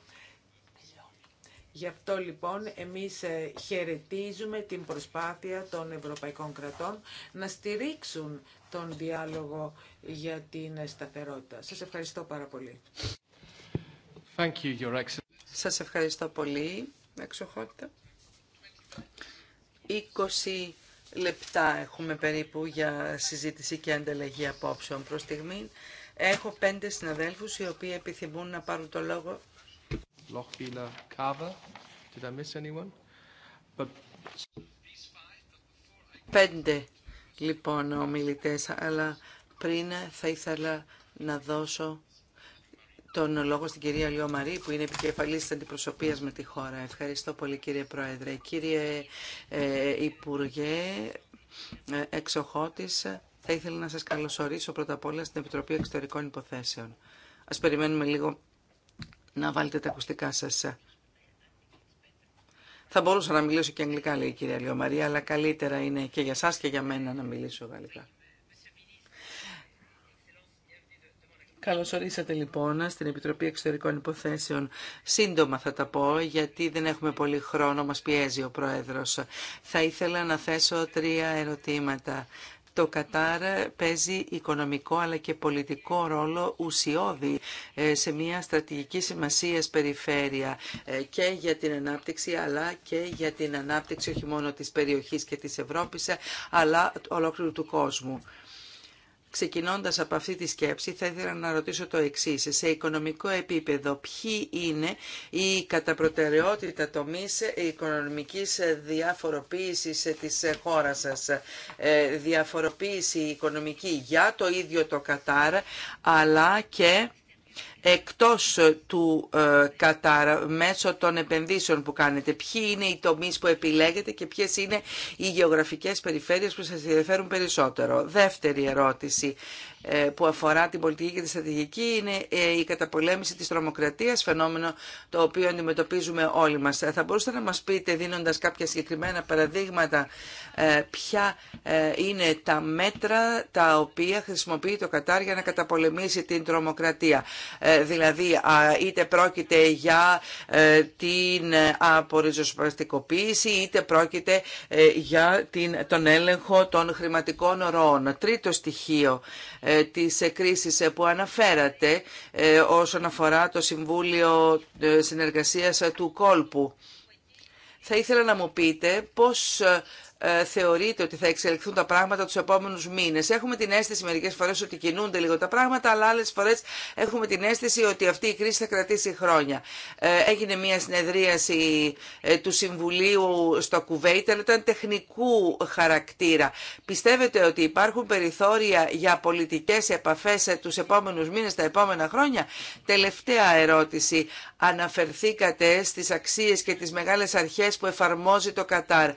S5: Γι' αυτό λοιπόν εμείς ε, χαιρετίζουμε την προσπάθεια των ευρωπαϊκών κρατών να στηρίξουν τον διάλογο για την σταθερότητα. Σας ευχαριστώ πάρα πολύ.
S2: Thank you, Your Σας ευχαριστώ πολύ, εξοχότητα. 20 λεπτά έχουμε περίπου για συζήτηση και ανταλλαγή απόψεων. Προς στιγμή έχω πέντε συναδέλφους οι οποίοι επιθυμούν να πάρουν το λόγο. Λοχπίλα Πέντε λοιπόν ομιλητές, αλλά πριν θα ήθελα να δώσω τον λόγο στην κυρία Λιωμαρή που είναι επικεφαλής της αντιπροσωπείας με τη χώρα. Ευχαριστώ πολύ κύριε Πρόεδρε. Κύριε ε, Υπουργέ, ε, εξοχότης, θα ήθελα να σας καλωσορίσω πρώτα απ' όλα στην Επιτροπή Εξωτερικών Υποθέσεων. Ας περιμένουμε λίγο να βάλετε τα ακουστικά σας. Θα μπορούσα να μιλήσω και αγγλικά, λέει η κυρία Λιωμαρία, αλλά καλύτερα είναι και για σας και για μένα να μιλήσω γαλλικά. Καλώς ορίσατε λοιπόν στην Επιτροπή Εξωτερικών Υποθέσεων. Σύντομα θα τα πω, γιατί δεν έχουμε πολύ χρόνο, μας πιέζει ο Πρόεδρος. Θα ήθελα να θέσω τρία ερωτήματα. Το Κατάρ παίζει οικονομικό αλλά και πολιτικό ρόλο ουσιώδη ε, σε μια στρατηγική σημασία περιφέρεια ε, και για την ανάπτυξη αλλά και για την ανάπτυξη όχι μόνο της περιοχής και της Ευρώπης ε, αλλά ολόκληρου του κόσμου. Ξεκινώντα από αυτή τη σκέψη, θα ήθελα να ρωτήσω το εξή Σε οικονομικό επίπεδο, ποιοι είναι οι κατά προτεραιότητα τομείς οικονομικής διαφοροποίησης της χώρας σας. Ε, διαφοροποίηση οικονομική για το ίδιο το Κατάρ, αλλά και εκτός του ε, Κατάρ μέσω των επενδύσεων που κάνετε. Ποιοι είναι οι τομείς που επιλέγετε και ποιες είναι οι γεωγραφικές περιφέρειες που σας ενδιαφέρουν περισσότερο. Δεύτερη ερώτηση ε, που αφορά την πολιτική και τη στρατηγική είναι ε, η καταπολέμηση της τρομοκρατίας, φαινόμενο το οποίο αντιμετωπίζουμε όλοι μας. Θα μπορούσατε να μας πείτε, δίνοντας κάποια συγκεκριμένα παραδείγματα, ποια είναι τα μέτρα τα οποία χρησιμοποιεί το Κατάρ για να καταπολεμήσει την τρομοκρατία. Ε, δηλαδή είτε πρόκειται για ε, την απορριζοσπαστικοποίηση είτε πρόκειται ε, για την, τον έλεγχο των χρηματικών ροών. Τρίτο στοιχείο της κρίσης που αναφέρατε όσον αφορά το Συμβούλιο Συνεργασίας του Κόλπου. Θα ήθελα να μου πείτε πώς ε, θεωρείτε ότι θα εξελιχθούν τα πράγματα του επόμενου μήνε. Έχουμε την αίσθηση μερικέ φορέ ότι κινούνται λίγο τα πράγματα, αλλά άλλε φορέ έχουμε την αίσθηση ότι αυτή η κρίση θα κρατήσει χρόνια. Ε, έγινε μια συνεδρίαση ε, του Συμβουλίου στο Κουβέιτ, αλλά ήταν τεχνικού χαρακτήρα. Πιστεύετε ότι υπάρχουν περιθώρια για πολιτικές επαφέ του επόμενου μήνε, τα επόμενα χρόνια. Τελευταία ερώτηση. Αναφερθήκατε στι αξίε και τι μεγάλε αρχέ που εφαρμόζει το Κατάρ.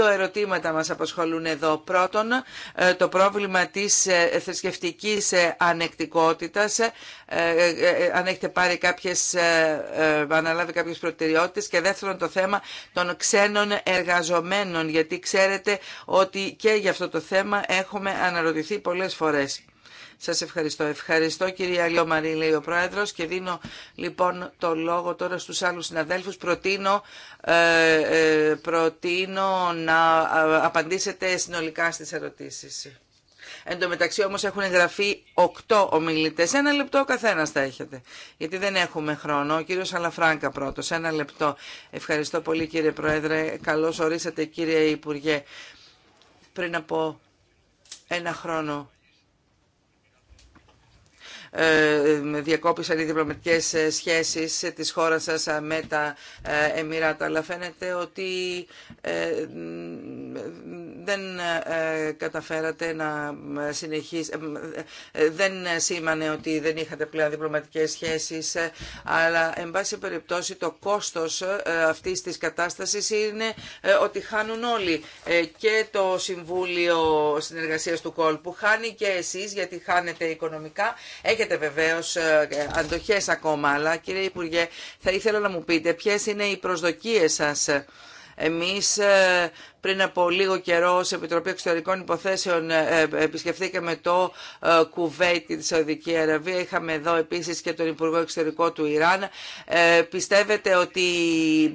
S2: Δύο ερωτήματα μας απασχολούν εδώ. Πρώτον, ε, το πρόβλημα της ε, θρησκευτικής ε, ανεκτικότητας. Αν έχετε πάρει κάποιες, αναλάβει κάποιες προτεραιότητες. Και δεύτερον, το θέμα των ξένων εργαζομένων. Γιατί ξέρετε ότι και για αυτό το θέμα έχουμε αναρωτηθεί πολλές φορές. Σα ευχαριστώ. Ευχαριστώ κυρία Λιωμαρή, λέει ο Πρόεδρο και δίνω λοιπόν το λόγο τώρα στου άλλου συναδέλφου. Προτείνω, ε, ε, να ε, απαντήσετε συνολικά στι ερωτήσει. Εν τω μεταξύ όμως έχουν εγγραφεί οκτώ ομιλητές. Ένα λεπτό ο καθένας θα έχετε. Γιατί δεν έχουμε χρόνο. Ο κύριος Αλαφράγκα πρώτος. Ένα λεπτό. Ευχαριστώ πολύ κύριε Πρόεδρε. Καλώς ορίσατε κύριε Υπουργέ. Πριν από ένα χρόνο ε, ε, διακόπησαν οι διπλωματικές ε, σχέσεις της χώρας σας με τα Εμμυράτα, αλλά φαίνεται ότι δεν καταφέρατε να συνεχίσετε, δεν σήμανε ότι δεν είχατε πλέον διπλωματικές σχέσεις, αλλά εν πάση περιπτώσει το κόστος αυτής της κατάστασης είναι ότι χάνουν όλοι και το Συμβούλιο Συνεργασίας του Κόλπου χάνει και εσείς γιατί χάνετε οικονομικά, έχετε βεβαίω ε, αντοχέ ακόμα, αλλά κύριε Υπουργέ, θα ήθελα να μου πείτε ποιε είναι οι προσδοκίε σα. Εμείς ε, πριν από λίγο καιρό σε Επιτροπή Εξωτερικών Υποθέσεων ε, ε, επισκεφθήκαμε το ε, Κουβέιτ και τη Σαουδική Αραβία. Είχαμε εδώ επίσης και τον Υπουργό Εξωτερικό του Ιράν. Πιστεύετε ότι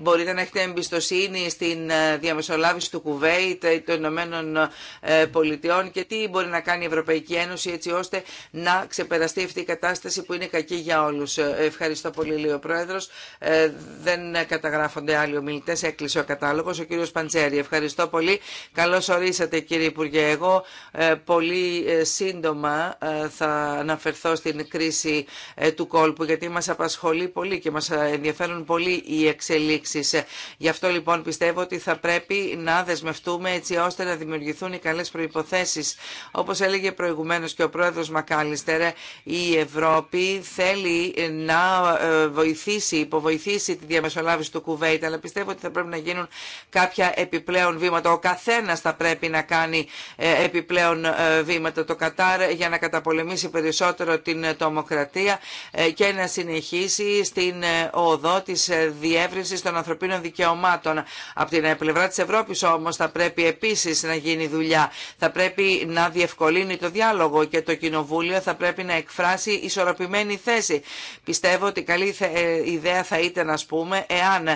S2: μπορείτε να έχετε εμπιστοσύνη στην διαμεσολάβηση του Κουβέιτ των Ηνωμένων Πολιτειών και τι μπορεί να κάνει η Ευρωπαϊκή Ένωση έτσι ώστε να ξεπεραστεί αυτή η κατάσταση που είναι κακή για όλους. Ευχαριστώ πολύ, λέει ο Πρόεδρος. Δεν καταγράφονται άλλοι ομιλητέ Έκλεισε ο κατάλογος. Ο κύριος Παντζέρη, Ευχαριστώ. Ευχαριστώ πολύ. Καλώς ορίσατε κύριε Υπουργέ. Εγώ ε, πολύ ε, σύντομα ε, θα αναφερθώ στην κρίση του κόλπου γιατί μας απασχολεί πολύ και μας ενδιαφέρουν πολύ οι εξελίξεις. Γι' αυτό λοιπόν πιστεύω ότι θα πρέπει να δεσμευτούμε έτσι ώστε να δημιουργηθούν οι καλές προϋποθέσεις. Όπως έλεγε προηγουμένως και ο πρόεδρος Μακάλιστερ, η Ευρώπη θέλει να βοηθήσει, υποβοηθήσει τη διαμεσολάβηση του Κουβέιτ, αλλά πιστεύω ότι θα πρέπει να γίνουν κάποια επιπλέον βήματα. Ο καθένα θα πρέπει να κάνει ε, επιπλέον ε, βήματα. Το Κατάρ για να καταπολεμήσει περισσότερο την τομοκρατία ε, και να συνεχίσει στην οδό της διεύρυνσης των ανθρωπίνων δικαιωμάτων. Από την πλευρά τη Ευρώπη, όμως θα πρέπει επίσης να γίνει δουλειά. Θα πρέπει να διευκολύνει το διάλογο και το Κοινοβούλιο θα πρέπει να εκφράσει ισορροπημένη θέση. Πιστεύω ότι καλή ιδέα θα ήταν, α πούμε, εάν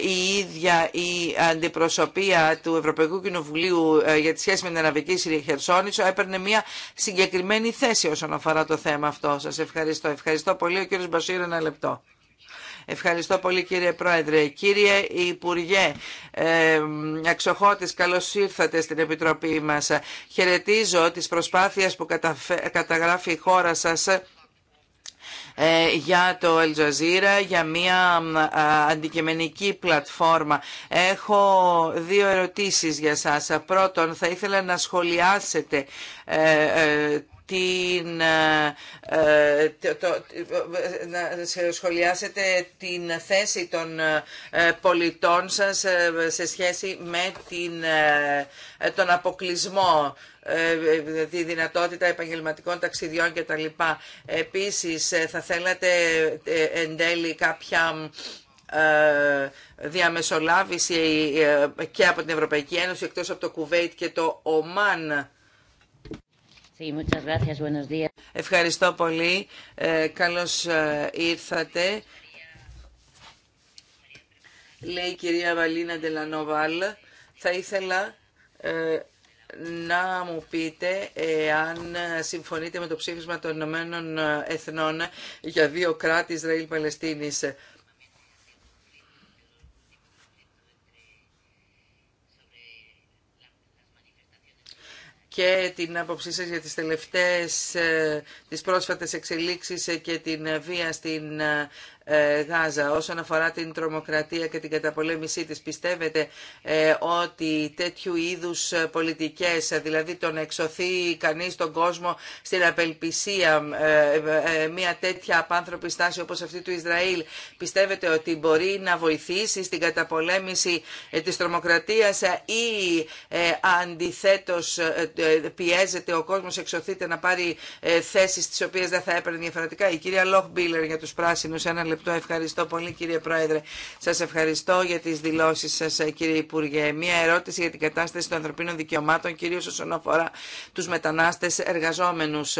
S2: η ίδια η αντιπροσωπεία του Ευρωπαϊκού Κοινοβουλίου ε, για τη σχέση με την Αναβική Χερσόνησο έπαιρνε μια συγκεκριμένη θέση όσον αφορά το θέμα αυτό. Σας ευχαριστώ. Ευχαριστώ πολύ. Ο κύριο Μπασίρ, ένα λεπτό. Ευχαριστώ πολύ κύριε Πρόεδρε. Κύριε Υπουργέ, ε, αξιοχώτης, καλώς ήρθατε στην Επιτροπή μας. Χαιρετίζω τις προσπάθειες που καταγράφει η χώρα σας ε, για το Jazeera, για μια αντικειμενική πλατφόρμα. Έχω δύο ερωτήσεις για σας. Πρώτον, θα ήθελα να σχολιάσετε ε, ε, την, το, να σχολιάσετε την θέση των πολιτών σας σε σχέση με την, τον αποκλεισμό δηλαδή δυνατότητα επαγγελματικών ταξιδιών κτλ. Επίσης ε, θα θέλατε ε, εν τέλει κάποια διαμεσολάβηση και από την Ευρωπαϊκή Ένωση εκτός από το Κουβέιτ και το Ομάν. Ευχαριστώ πολύ. Καλώς ήρθατε. Λέει η κυρία Βαλίνα Ντελανόβαλ. Θα ήθελα να μου πείτε αν συμφωνείτε με το ψήφισμα των Ηνωμένων Εθνών για δύο κράτη Ισραήλ-Παλαιστίνης. και την άποψή σας για τις τελευταίες, ε, τις πρόσφατες εξελίξεις και την βία στην ε, ε, Γάζα. Όσον αφορά την τρομοκρατία και την καταπολέμησή της, πιστεύετε ε, ότι τέτοιου είδους πολιτικές, ε, δηλαδή τον εξωθεί κανείς τον κόσμο στην απελπισία, μια τέτοια απάνθρωπη στάση όπως αυτή του Ισραήλ, πιστεύετε ότι μπορεί να βοηθήσει στην καταπολέμηση της τρομοκρατίας ή αντιθέτως πιέζεται ο κόσμος, εξωθείται να πάρει θέσεις τις οποίες δεν θα έπαιρνε διαφορετικά. Η κυρία Λόχ Μπίλερ για τους πράσινους, ένα λεπτό. Ευχαριστώ πολύ κύριε Πρόεδρε. Σας ευχαριστώ για τις δηλώσει σας ε, κύριε Υπουργέ. Μία ερώτηση για την κατάσταση των ανθρωπίνων δικαιωμάτων κυρίω όσον αφορά τους μετανάστες εργαζόμενους.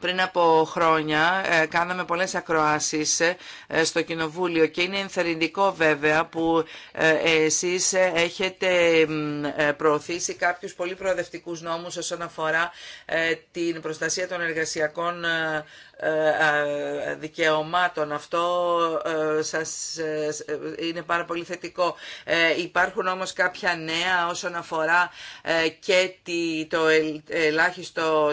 S2: Πριν από χρόνια ε, κάναμε πολλές ακροάσεις ε, στο Κοινοβούλιο και είναι ενθαρρυντικό βέβαια που εσείς έχετε προωθήσει κάποιους πολύ προοδευτικούς νόμους όσον αφορά την προστασία των εργασιακών ε, ε, δικαιωμάτων. Αυτό ε, σας είναι πάρα πολύ θετικό. Υπάρχουν όμως κάποια νέα όσον αφορά και το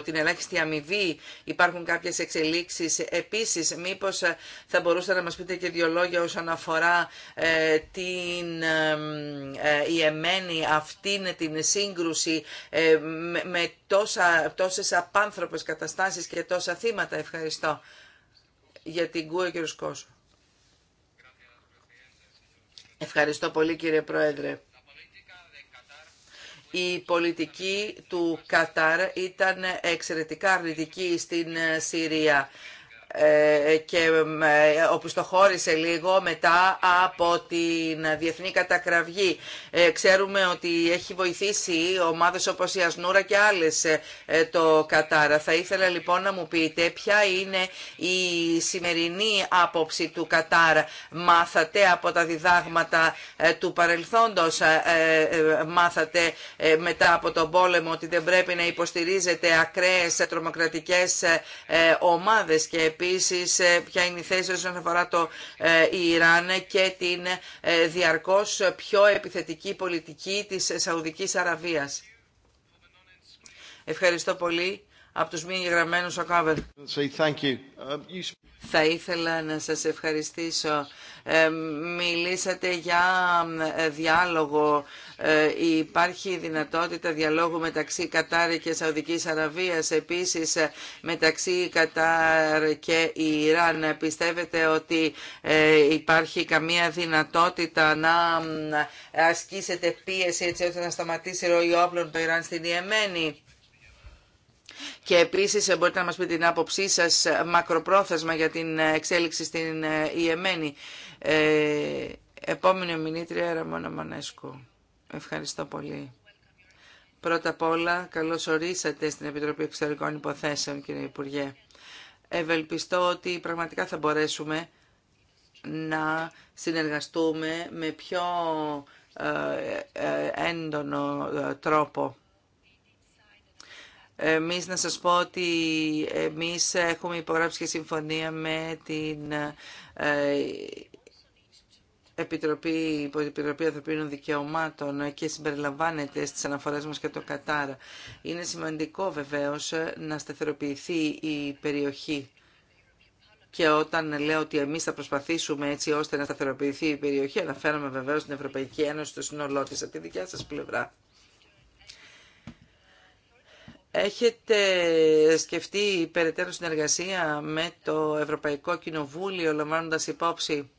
S2: την ελάχιστη αμοιβή. Υπάρχουν κάποιες εξελίξεις. Επίσης, μήπως θα μπορούσατε να μας πείτε και δύο λόγια όσον αφορά την ιεμένη αυτήν την σύγκρουση με τόσα, τόσες απάνθρωπες καταστάσεις και τόσα θύματα. Ευχαριστώ. Ευχαριστώ. Για την Ευχαριστώ πολύ, κύριε Πρόεδρε. Η πολιτική του Κατάρ ήταν εξαιρετικά αρνητική στην Συρία. Ε, και ε, χώρισε λίγο μετά από την διεθνή κατακραυγή. Ε, ξέρουμε ότι έχει βοηθήσει ομάδες όπως η Ασνούρα και άλλες το Κατάρα. Θα ήθελα λοιπόν να μου πείτε ποια είναι η σημερινή άποψη του Κατάρα. Μάθατε από τα διδάγματα του παρελθόντος, μάθατε μετά από τον πόλεμο ότι δεν πρέπει να υποστηρίζετε ακραίες τρομοκρατικές ομάδες και επίσης ε, ποια είναι η θέση όσον αφορά το ε, Ιράν και την ε, διαρκώς πιο επιθετική πολιτική της Σαουδικής Αραβίας. Ευχαριστώ πολύ. Από τους μη γραμμένους ο Κάβερ.
S4: Um,
S2: Θα ήθελα να σας ευχαριστήσω. μιλήσατε για διάλογο ε, υπάρχει δυνατότητα διαλόγου μεταξύ Κατάρ και Σαουδικής Αραβίας, επίσης ε, μεταξύ Κατάρ και Ιράν. Πιστεύετε ότι ε, υπάρχει καμία δυνατότητα να ασκήσετε πίεση έτσι ώστε να σταματήσει η ροή όπλων το Ιράν στην Ιεμένη. Και επίσης μπορείτε να μας πείτε την άποψή σας μακροπρόθεσμα για την εξέλιξη στην Ιεμένη. επόμενη ομιλήτρια Ραμόνα Μανέσκου. Ευχαριστώ πολύ. Πρώτα απ' όλα, καλώς ορίσατε στην Επιτροπή Εξωτερικών Υποθέσεων, κύριε Υπουργέ. Ευελπιστώ ότι πραγματικά θα μπορέσουμε να συνεργαστούμε με πιο ε, ε, έντονο ε, τρόπο. Εμείς να σας πω ότι έχουμε υπογράψει και συμφωνία με την Επιτροπή, Επιτροπή Ανθρωπίνων Δικαιωμάτων και συμπεριλαμβάνεται στις αναφορές μας και το Κατάρ. Είναι σημαντικό βεβαίως να σταθεροποιηθεί η περιοχή. Και όταν λέω ότι εμεί θα προσπαθήσουμε έτσι ώστε να σταθεροποιηθεί η περιοχή, αναφέρομαι βεβαίω στην Ευρωπαϊκή Ένωση, στο σύνολό τη, από τη δικιά σα πλευρά. Έχετε σκεφτεί περαιτέρω συνεργασία με το Ευρωπαϊκό Κοινοβούλιο, λαμβάνοντα υπόψη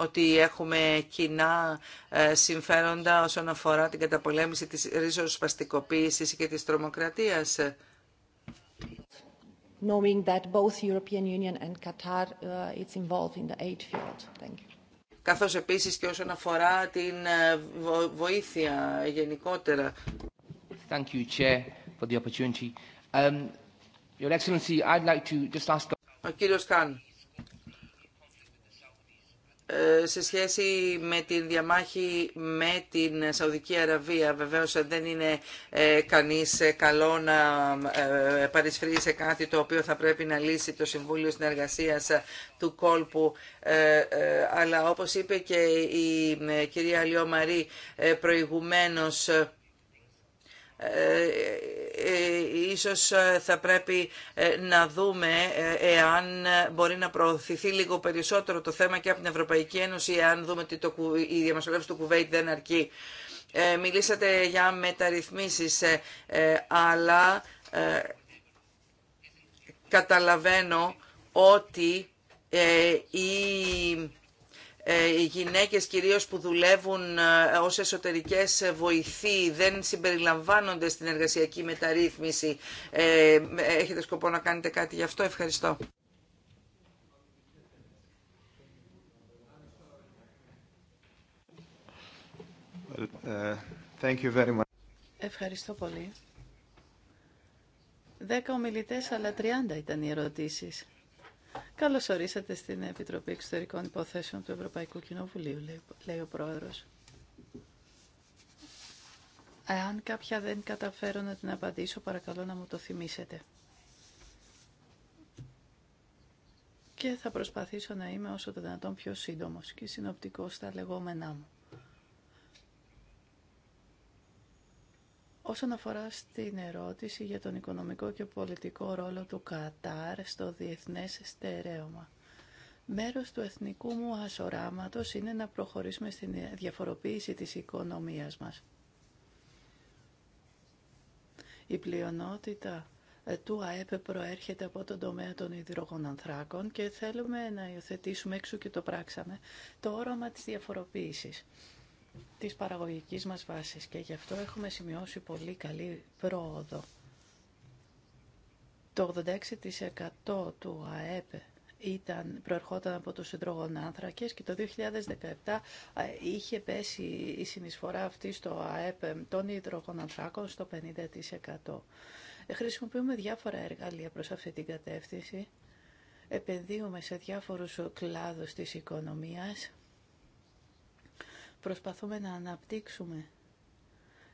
S2: ότι έχουμε κοινά ε, συμφέροντα όσον αφορά την καταπολέμηση της ριζοσπαστικοποίησης και της τρομοκρατίας. Καθώς επίσης και όσον αφορά την ε, βοήθεια γενικότερα. Ο κύριος Καν. Ε, σε σχέση με τη διαμάχη με την Σαουδική Αραβία. Βεβαίως δεν είναι ε, κανείς ε, καλό να παρισφρεί σε κάτι το οποίο θα πρέπει να λύσει το Συμβούλιο Συνεργασίας του Κόλπου. Αλλά όπως είπε και η κυρία Λιωμαρή προηγουμένως, ε, ε, ε, ίσως θα πρέπει να δούμε εάν μπορεί να προωθηθεί λίγο περισσότερο το θέμα και από την Ευρωπαϊκή Ένωση, εάν δούμε ότι το, η διαμεσολεύση του Κουβέιτ δεν αρκεί. μιλήσατε για μεταρρυθμίσεις, αλλά καταλαβαίνω ότι η ε, οι γυναίκες κυρίως που δουλεύουν ε, ως εσωτερικές βοηθοί δεν συμπεριλαμβάνονται στην εργασιακή μεταρρύθμιση. Ε, έχετε σκοπό να κάνετε κάτι γι' αυτό. Ευχαριστώ.
S6: Ευχαριστώ πολύ. Δέκα ομιλητές, αλλά τριάντα ήταν οι ερωτήσεις. Καλώς ορίσατε στην Επιτροπή Εξωτερικών Υποθέσεων του Ευρωπαϊκού Κοινοβουλίου, λέει ο Πρόεδρος. Εάν κάποια δεν καταφέρω να την απαντήσω, παρακαλώ να μου το θυμίσετε. Και θα προσπαθήσω να είμαι όσο το δυνατόν πιο σύντομος και συνοπτικός στα λεγόμενά μου. Όσον αφορά στην ερώτηση για τον οικονομικό και πολιτικό ρόλο του Κατάρ στο διεθνές στερέωμα. Μέρος του εθνικού μου ασοράματος είναι να προχωρήσουμε στην διαφοροποίηση της οικονομίας μας. Η πλειονότητα ε, του ΑΕΠ προέρχεται από τον τομέα των ανθράκων και θέλουμε να υιοθετήσουμε, έξω και το πράξαμε, το όραμα της διαφοροποίησης της παραγωγικής μας βάσης και γι' αυτό έχουμε σημειώσει πολύ καλή πρόοδο. Το 86% του ΑΕΠ ήταν, προερχόταν από τους υδρογονάνθρακες και το 2017 ε, είχε πέσει η συνεισφορά αυτή στο ΑΕΠ των υδρογονανθράκων στο 50%. Χρησιμοποιούμε διάφορα εργαλεία προς αυτή την κατεύθυνση. Επενδύουμε σε διάφορους κλάδους της οικονομίας Προσπαθούμε να αναπτύξουμε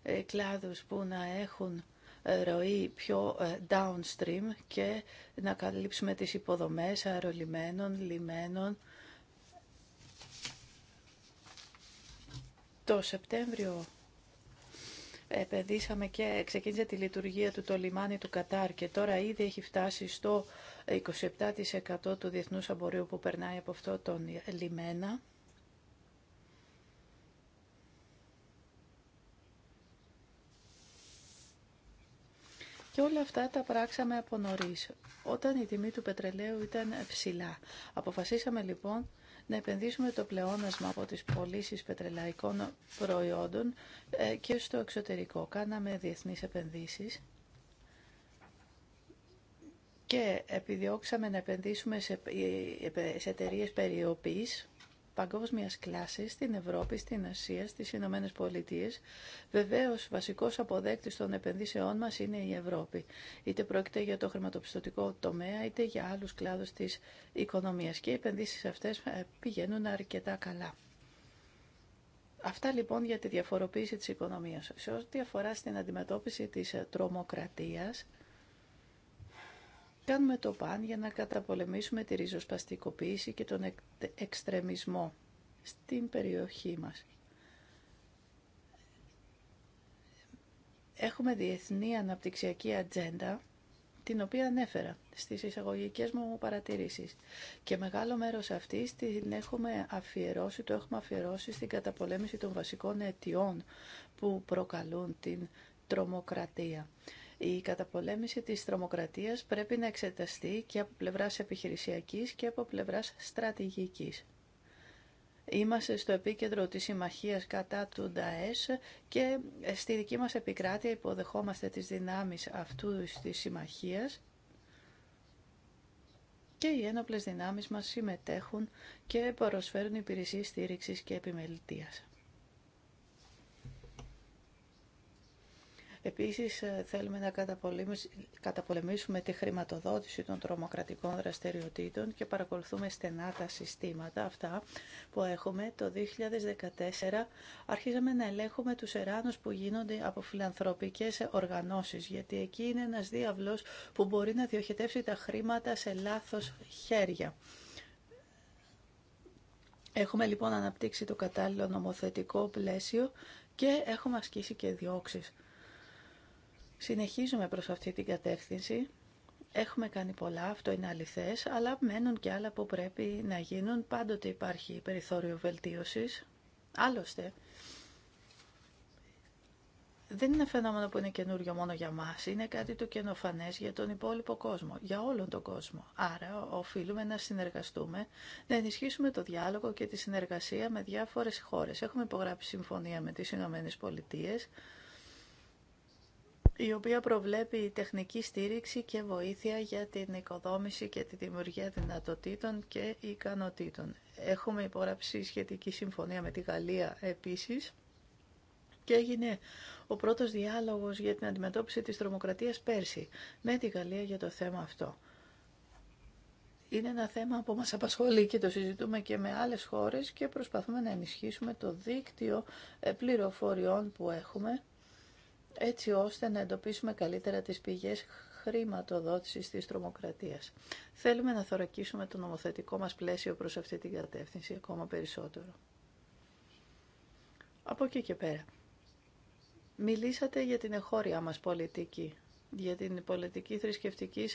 S6: ε, κλάδους που να έχουν ε, ροή πιο ε, downstream και να καλύψουμε τις υποδομές αερολιμένων, λιμένων. Το Σεπτέμβριο επενδύσαμε και ξεκίνησε τη λειτουργία του το λιμάνι του Κατάρ και τώρα ήδη έχει φτάσει στο 27% του διεθνούς αμπορίου που περνάει από αυτό τον λιμένα. Και όλα αυτά τα πράξαμε από νωρί, όταν η τιμή του πετρελαίου ήταν ψηλά. Αποφασίσαμε λοιπόν να επενδύσουμε το πλεόνασμα από τις πωλήσει πετρελαϊκών προϊόντων ε, και στο εξωτερικό. Κάναμε διεθνείς επενδύσεις και επιδιώξαμε να επενδύσουμε σε ε, εταιρείε περιοπής παγκόσμιας κλάσης στην Ευρώπη, στην Ασία, στις Ηνωμένες Πολιτείες. Βεβαίως, βασικός αποδέκτης των επενδύσεών μας είναι η Ευρώπη. Είτε πρόκειται για το χρηματοπιστωτικό τομέα, είτε για άλλους κλάδους της οικονομίας. Και οι επενδύσεις αυτές ε, πηγαίνουν αρκετά καλά. Αυτά λοιπόν για τη διαφοροποίηση της οικονομίας. Σε ό,τι αφορά στην αντιμετώπιση της ε, τρομοκρατίας, Κάνουμε το παν για να καταπολεμήσουμε τη ριζοσπαστικοποίηση και τον εξτρεμισμό στην περιοχή μας. Έχουμε διεθνή αναπτυξιακή ατζέντα, την οποία ανέφερα στις εισαγωγικές μου παρατηρήσεις. Και μεγάλο μέρος αυτής την έχουμε αφιερώσει, το έχουμε αφιερώσει στην καταπολέμηση των βασικών αιτιών που προκαλούν την τρομοκρατία. Η καταπολέμηση της τρομοκρατίας πρέπει να εξεταστεί και από πλευράς επιχειρησιακής και από πλευράς στρατηγικής. Είμαστε στο επίκεντρο της συμμαχίας κατά του ΝΤΑΕΣ και στη δική μας επικράτεια υποδεχόμαστε τις δυνάμεις αυτού της συμμαχίας και οι ένοπλες δυνάμεις μας συμμετέχουν και προσφέρουν υπηρεσίες στήριξης και επιμελητίας. Επίσης ε, θέλουμε να καταπολεμήσουμε τη χρηματοδότηση των τρομοκρατικών δραστηριοτήτων και παρακολουθούμε στενά τα συστήματα αυτά που έχουμε. Το 2014 αρχίζαμε να ελέγχουμε τους εράνους που γίνονται από φιλανθρωπικές οργανώσεις, γιατί εκεί είναι ένας διάβλος που μπορεί να διοχετεύσει τα χρήματα σε λάθος χέρια. Έχουμε λοιπόν αναπτύξει το κατάλληλο νομοθετικό πλαίσιο και έχουμε ασκήσει και διώξεις Συνεχίζουμε προς αυτή την κατεύθυνση. Έχουμε κάνει πολλά, αυτό είναι αληθές, αλλά μένουν και άλλα που πρέπει να γίνουν. Πάντοτε υπάρχει περιθώριο βελτίωσης. Άλλωστε, δεν είναι φαινόμενο που είναι καινούριο μόνο για μας, είναι κάτι το καινοφανές για τον υπόλοιπο κόσμο, για όλον τον κόσμο. Άρα οφείλουμε να συνεργαστούμε, να ενισχύσουμε το διάλογο και τη συνεργασία με διάφορες χώρες. Έχουμε υπογράψει συμφωνία με τις Ηνωμένε Πολιτείες, η οποία προβλέπει τεχνική στήριξη και βοήθεια για την οικοδόμηση και τη δημιουργία δυνατοτήτων και ικανοτήτων. Έχουμε υπογράψει σχετική συμφωνία με τη Γαλλία επίσης και έγινε ο πρώτος διάλογος για την αντιμετώπιση της τρομοκρατίας πέρσι με τη Γαλλία για το θέμα αυτό. Είναι ένα θέμα που μας απασχολεί και το συζητούμε και με άλλες χώρες και προσπαθούμε να ενισχύσουμε το δίκτυο ε, πληροφοριών που έχουμε έτσι ώστε να εντοπίσουμε καλύτερα τις πηγές χρηματοδότησης της τρομοκρατίας. Θέλουμε να θωρακίσουμε το νομοθετικό μας πλαίσιο προς αυτή την κατεύθυνση ακόμα περισσότερο. Από εκεί και πέρα. Μιλήσατε για την εχώρια μας πολιτική, για την πολιτική θρησκευτική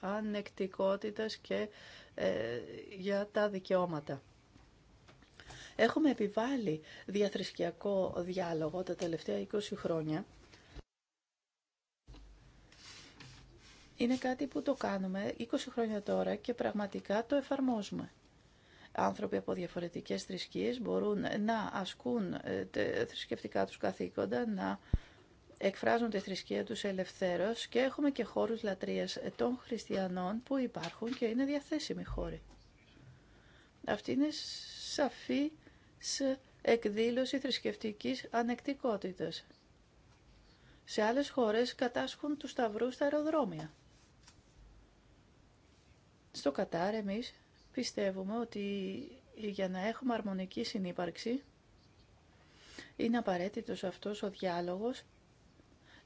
S6: ανεκτικότητας και ε, για τα δικαιώματα. Έχουμε επιβάλει διαθρησκιακό διάλογο τα τελευταία 20 χρόνια. Είναι κάτι που το κάνουμε 20 χρόνια τώρα και πραγματικά το εφαρμόζουμε. Άνθρωποι από διαφορετικές θρησκείες μπορούν να ασκούν ε, θρησκευτικά τους καθήκοντα, να εκφράζουν τη θρησκεία τους ελευθέρως και έχουμε και χώρους λατρείας των χριστιανών που υπάρχουν και είναι διαθέσιμοι χώροι. Αυτή είναι σαφή σε εκδήλωση θρησκευτικής ανεκτικότητας. Σε άλλες χώρες κατάσχουν τους σταυρούς στα αεροδρόμια. Στο Κατάρ εμείς πιστεύουμε ότι για να έχουμε αρμονική συνύπαρξη είναι απαραίτητος αυτός ο διάλογος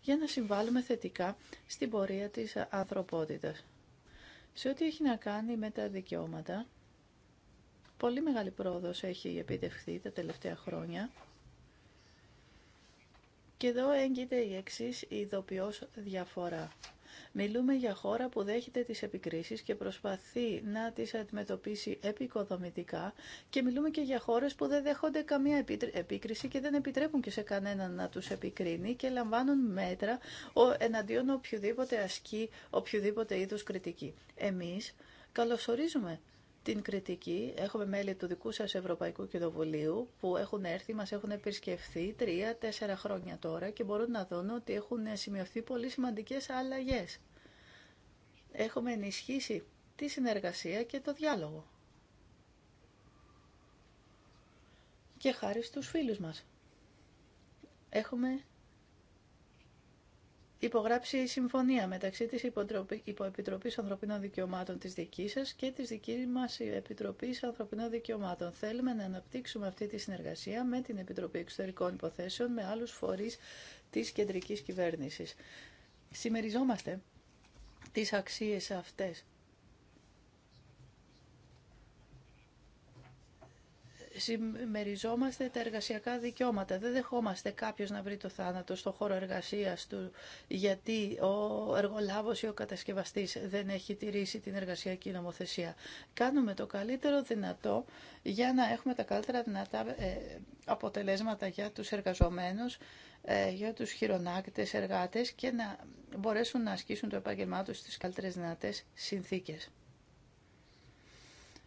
S6: για να συμβάλλουμε θετικά στην πορεία της ανθρωπότητας. Σε ό,τι έχει να κάνει με τα δικαιώματα, Πολύ μεγάλη πρόοδος έχει επιτευχθεί τα τελευταία χρόνια. Και εδώ έγκυται η εξή ειδοποιώ διαφορά. Μιλούμε για χώρα που δέχεται τις επικρίσεις και προσπαθεί να τις αντιμετωπίσει επικοδομητικά και μιλούμε και για χώρες που δεν δέχονται καμία επίκριση και δεν επιτρέπουν και σε κανέναν να τους επικρίνει και λαμβάνουν μέτρα εναντίον οποιοδήποτε ασκεί, οποιοδήποτε είδους κριτική. Εμείς καλωσορίζουμε την κριτική. Έχουμε μέλη του δικού σας Ευρωπαϊκού Κοινοβουλίου που έχουν έρθει, μας έχουν επισκεφθεί τρία-τέσσερα χρόνια τώρα και μπορούν να δουν ότι έχουν σημειωθεί πολύ σημαντικές αλλαγές. Έχουμε ενισχύσει τη συνεργασία και το διάλογο. Και χάρη στους φίλους μας. Έχουμε υπογράψει η συμφωνία μεταξύ της Υποεπιτροπής Ανθρωπίνων Δικαιωμάτων της δικής σας και της δικής μας Επιτροπής Ανθρωπίνων Δικαιωμάτων. Θέλουμε να αναπτύξουμε αυτή τη συνεργασία με την Επιτροπή Εξωτερικών Υποθέσεων, με άλλους φορείς της κεντρικής κυβέρνησης. Σημεριζόμαστε τις αξίες αυτές συμμεριζόμαστε τα εργασιακά δικαιώματα. Δεν δεχόμαστε κάποιος να βρει το θάνατο στο χώρο εργασίας του γιατί ο εργολάβος ή ο κατασκευαστής δεν έχει τηρήσει την εργασιακή νομοθεσία. Κάνουμε το καλύτερο δυνατό για να έχουμε τα καλύτερα δυνατά ε, αποτελέσματα για τους εργαζομένους, ε, για τους χειρονάκτες εργάτες και να μπορέσουν να ασκήσουν το επάγγελμά τους στις καλύτερες δυνατές συνθήκες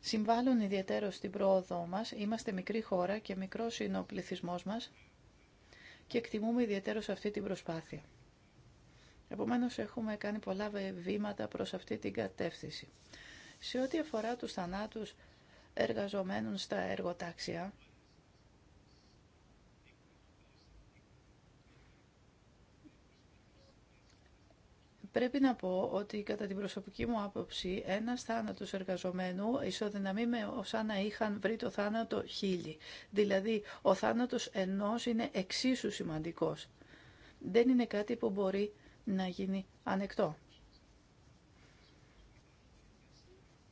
S6: συμβάλλουν ιδιαίτερο στην πρόοδό μας. Είμαστε μικρή χώρα και μικρός είναι ο μας και εκτιμούμε ιδιαίτερο σε αυτή την προσπάθεια. Επομένως έχουμε κάνει πολλά βήματα προς αυτή την κατεύθυνση. Σε ό,τι αφορά τους θανάτους εργαζομένων στα εργοτάξια, Πρέπει να πω ότι κατά την προσωπική μου άποψη ένας θάνατος εργαζομένου ισοδυναμεί με όσα να είχαν βρει το θάνατο χίλι. Δηλαδή ο θάνατος ενός είναι εξίσου σημαντικός. Δεν είναι κάτι που μπορεί να γίνει ανεκτό.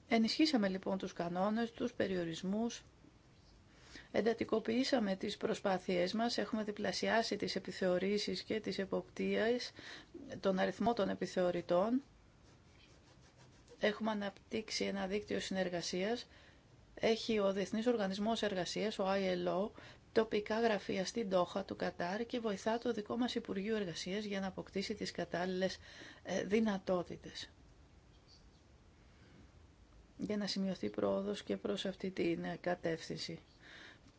S6: Ενισχύσαμε λοιπόν τους κανόνες, τους περιορισμούς, Εντατικοποιήσαμε τις προσπάθειές μας, έχουμε διπλασιάσει τις επιθεωρήσεις και τις εποπτείες, τον αριθμό των επιθεωρητών. Έχουμε αναπτύξει ένα δίκτυο συνεργασίας. Έχει ο Διεθνής Οργανισμός Εργασίας, ο ILO, τοπικά γραφεία στην Τόχα του Κατάρ και βοηθά το δικό μας Υπουργείο Εργασίας για να αποκτήσει τις κατάλληλες ε, δυνατότητες για να σημειωθεί πρόοδος και προς αυτή την κατεύθυνση.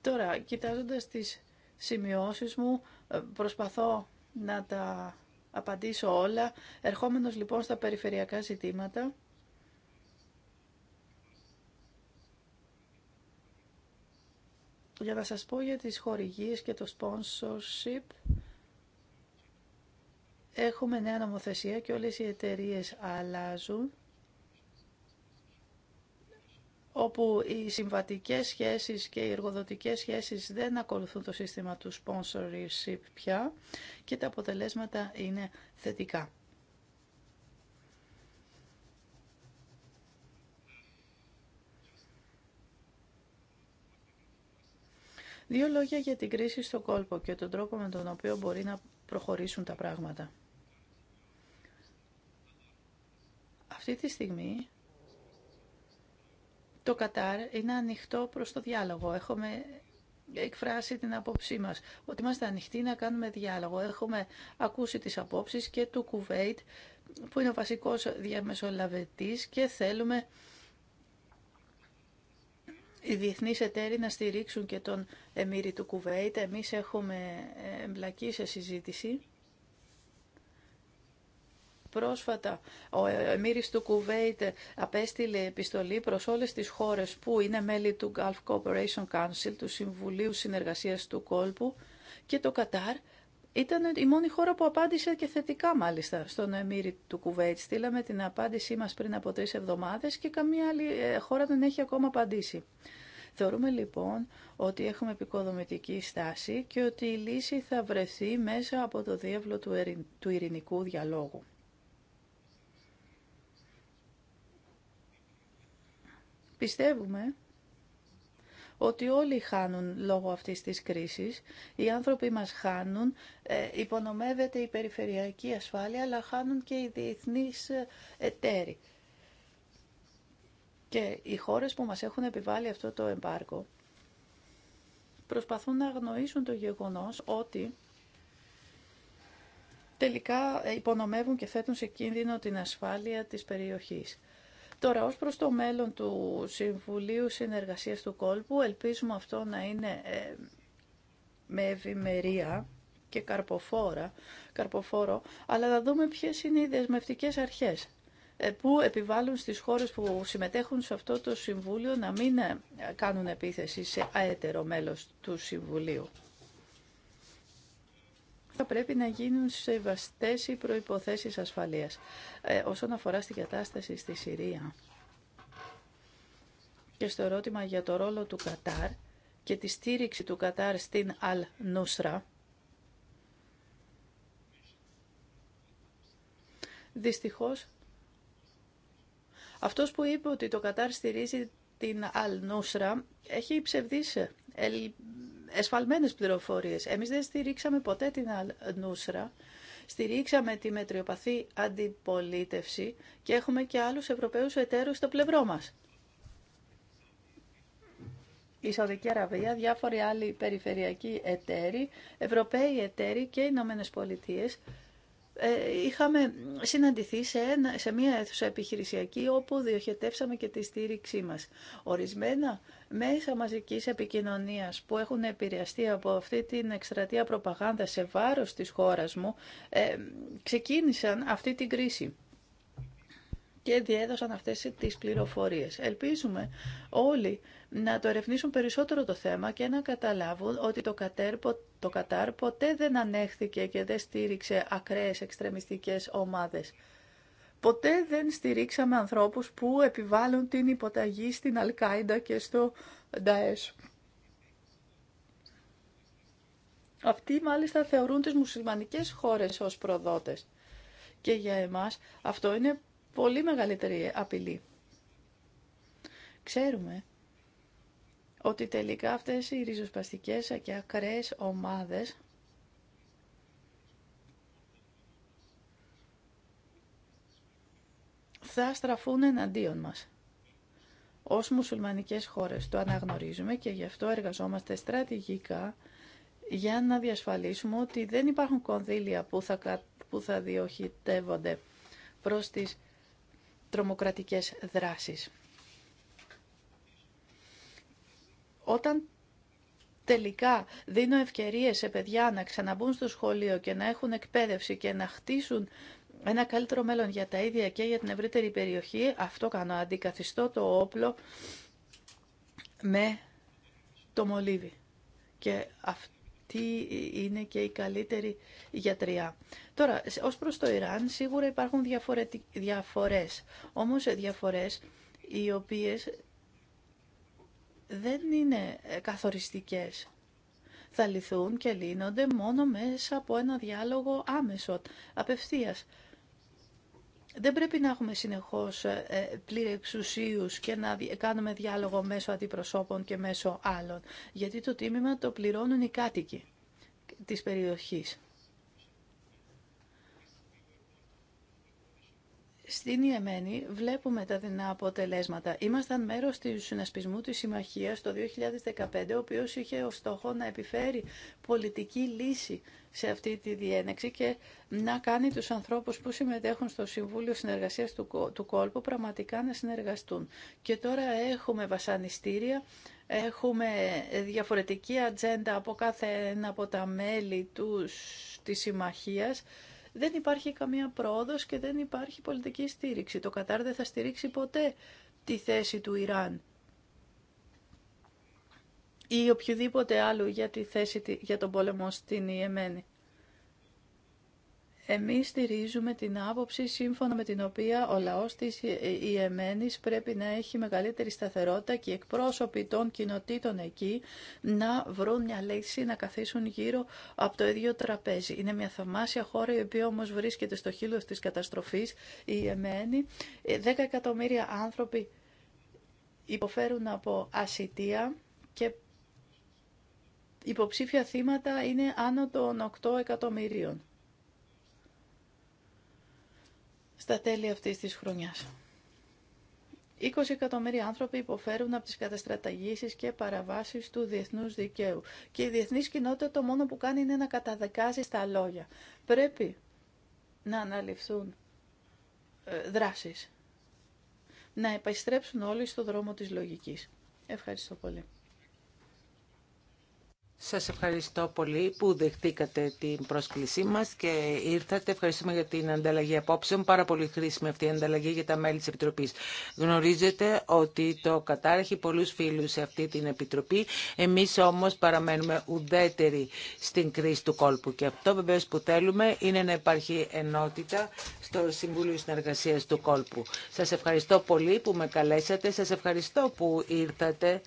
S6: Τώρα, κοιτάζοντας τις σημειώσεις μου, ε, προσπαθώ να τα απαντήσω όλα. Ερχόμενος λοιπόν στα περιφερειακά ζητήματα, για να σας πω για τις χορηγίες και το sponsorship, έχουμε νέα νομοθεσία και όλες οι εταιρείες αλλάζουν όπου οι συμβατικές σχέσεις και οι εργοδοτικές σχέσεις δεν ακολουθούν το σύστημα του sponsorship πια και τα αποτελέσματα είναι θετικά. Δύο λόγια για την κρίση στο κόλπο και τον τρόπο με τον οποίο μπορεί να προχωρήσουν τα πράγματα. Αυτή τη στιγμή το Κατάρ είναι ανοιχτό προς το διάλογο. Έχουμε εκφράσει την απόψή μας, ότι είμαστε ανοιχτοί να κάνουμε διάλογο. Έχουμε ακούσει τις απόψεις και του Κουβέιτ, που είναι ο βασικός διαμεσολαβητής και θέλουμε οι διεθνείς εταίροι να στηρίξουν και τον Εμμύρη του Κουβέιτ. Εμείς έχουμε εμπλακεί σε συζήτηση Πρόσφατα, ο Εμμύρης του Κουβέιτ απέστειλε επιστολή προς όλες τις χώρες που είναι μέλη του Gulf Cooperation Council, του Συμβουλίου Συνεργασίας του Κόλπου και το Κατάρ, ήταν η μόνη χώρα που απάντησε και θετικά μάλιστα στον Εμμύρη του Κουβέιτ. Στείλαμε την απάντησή μας πριν από τρεις εβδομάδες και καμία άλλη ε, χώρα δεν έχει ακόμα απαντήσει. Θεωρούμε λοιπόν ότι έχουμε επικοδομητική στάση και ότι η λύση θα βρεθεί μέσα από το διεύλο του ειρηνικού διαλόγου. Πιστεύουμε ότι όλοι χάνουν λόγω αυτής της κρίσης. Οι άνθρωποι μας χάνουν, ε, υπονομεύεται η περιφερειακή ασφάλεια, αλλά χάνουν και οι διεθνείς ε, εταίροι. Και οι χώρες που μας έχουν επιβάλει αυτό το εμπάρκο προσπαθούν να αγνοήσουν το γεγονός ότι τελικά υπονομεύουν και θέτουν σε κίνδυνο την ασφάλεια της περιοχής. Τώρα, ως προς το μέλλον του Συμβουλίου Συνεργασίας του Κόλπου, ελπίζουμε αυτό να είναι ε, με ευημερία και καρποφόρα, καρποφόρο, αλλά θα δούμε ποιες είναι οι δεσμευτικές αρχές ε, που επιβάλλουν στις χώρες που συμμετέχουν σε αυτό το Συμβούλιο να μην ε, κάνουν επίθεση σε αέτερο μέλος του Συμβουλίου θα πρέπει να γίνουν σεβαστές οι προϋποθέσεις ασφαλείας ε, όσον αφορά στην κατάσταση στη Συρία. Και στο ερώτημα για το ρόλο του Κατάρ και τη στήριξη του Κατάρ στην Αλ-Νούσρα, δυστυχώς αυτός που είπε ότι το Κατάρ στηρίζει την Αλ-Νούσρα έχει ψευδίσει εσφαλμένες πληροφορίες. Εμείς δεν στηρίξαμε ποτέ την Νούσρα, στηρίξαμε τη μετριοπαθή αντιπολίτευση και έχουμε και άλλους Ευρωπαίους εταίρους στο πλευρό μας. Η Σαουδική Αραβία, διάφοροι άλλοι περιφερειακοί εταίροι, Ευρωπαίοι εταίροι και οι Ηνωμένε Πολιτείε. Ε, είχαμε συναντηθεί σε, μια αίθουσα επιχειρησιακή όπου διοχετεύσαμε και τη στήριξή μας. Ορισμένα μέσα μαζικής επικοινωνίας που έχουν επηρεαστεί από αυτή την εκστρατεία προπαγάνδα σε βάρος της χώρας μου ε, ξεκίνησαν αυτή την κρίση και διέδωσαν αυτές τις πληροφορίες. Ελπίζουμε όλοι να το ερευνήσουν περισσότερο το θέμα και να καταλάβουν ότι το, το Κατάρ ποτέ δεν ανέχθηκε και δεν στήριξε ακραίες εξτρεμιστικές ομάδες. Ποτέ δεν στηρίξαμε ανθρώπους που επιβάλλουν την υποταγή στην Αλκάιντα και στο Νταέσ. Αυτοί μάλιστα θεωρούν τις μουσουλμανικές χώρες ως προδότες. Και για εμάς αυτό είναι πολύ μεγαλύτερη απειλή. Ξέρουμε ότι τελικά αυτές οι ριζοσπαστικές και ακραίες ομάδες θα στραφούν εναντίον μας ως μουσουλμανικές χώρες. Το αναγνωρίζουμε και γι' αυτό εργαζόμαστε στρατηγικά για να διασφαλίσουμε ότι δεν υπάρχουν κονδύλια που θα, που θα διοχητεύονται προς τις τρομοκρατικές δράσεις. Όταν τελικά δίνω ευκαιρίες σε παιδιά να ξαναμπούν στο σχολείο και να έχουν εκπαίδευση και να χτίσουν ένα καλύτερο μέλλον για τα ίδια και για την ευρύτερη περιοχή. Αυτό κάνω. Αντικαθιστώ το όπλο με το μολύβι. Και αυτή είναι και η καλύτερη γιατριά. Τώρα, ως προς το Ιράν, σίγουρα υπάρχουν διαφορές. Όμως διαφορές οι οποίες δεν είναι ε, καθοριστικές. Θα λυθούν και λύνονται μόνο μέσα από ένα διάλογο άμεσο, απευθείας δεν πρέπει να έχουμε συνεχώς ε, ε, πλήρη εξουσίους και να κάνουμε διάλογο μέσω αντιπροσώπων και μέσω άλλων, γιατί το τίμημα το πληρώνουν οι κάτοικοι της περιοχής. Στην Ιεμένη βλέπουμε τα δυνατά αποτελέσματα. Ήμασταν μέρος του συνασπισμού της Συμμαχίας το 2015, ο οποίος είχε ως στόχο να επιφέρει πολιτική λύση σε αυτή τη διένεξη και να κάνει τους ανθρώπους που συμμετέχουν στο Συμβούλιο Συνεργασίας του, του Κόλπου πραγματικά να συνεργαστούν. Και τώρα έχουμε βασανιστήρια, έχουμε διαφορετική ατζέντα από κάθε ένα από τα μέλη τους της συμμαχίας. Δεν υπάρχει καμία πρόοδος και δεν υπάρχει πολιτική στήριξη. Το Κατάρ δεν θα στηρίξει ποτέ τη θέση του Ιράν ή οποιοδήποτε άλλο για τη θέση για τον πόλεμο στην Ιεμένη. Εμείς στηρίζουμε την άποψη σύμφωνα με την οποία ο λαός της ε, Ιεμένης πρέπει να έχει μεγαλύτερη σταθερότητα και οι εκπρόσωποι των κοινοτήτων εκεί να βρουν μια λύση να καθίσουν γύρω από το ίδιο τραπέζι. Είναι μια θαυμάσια χώρα η οποία όμως βρίσκεται στο χείλος της καταστροφής η Ιεμένη. Ε, δέκα εκατομμύρια άνθρωποι υποφέρουν από ασυτεία και υποψήφια θύματα είναι άνω των 8 εκατομμυρίων στα τέλη αυτής της χρονιάς. 20 εκατομμύρια άνθρωποι υποφέρουν από τις καταστραταγήσεις και παραβάσεις του διεθνούς δικαίου. Και η διεθνής κοινότητα το μόνο που κάνει είναι να καταδεκάζει στα λόγια. Πρέπει να αναλυφθούν ε, δράσεις. Να επιστρέψουν όλοι στο δρόμο της λογικής. Ευχαριστώ πολύ.
S5: Σας ευχαριστώ πολύ που δεχτήκατε την πρόσκλησή μας και ήρθατε. Ευχαριστούμε για την ανταλλαγή απόψεων. Πάρα πολύ χρήσιμη αυτή η ανταλλαγή για τα μέλη της Επιτροπής. Γνωρίζετε ότι το Κατάρ έχει πολλούς φίλους σε αυτή την Επιτροπή. Εμείς όμως παραμένουμε ουδέτεροι στην κρίση του κόλπου. Και αυτό βεβαίω που θέλουμε είναι να υπάρχει ενότητα στο Συμβούλιο Συνεργασίας του Κόλπου. Σας ευχαριστώ πολύ που με καλέσατε. Σας ευχαριστώ που ήρθατε.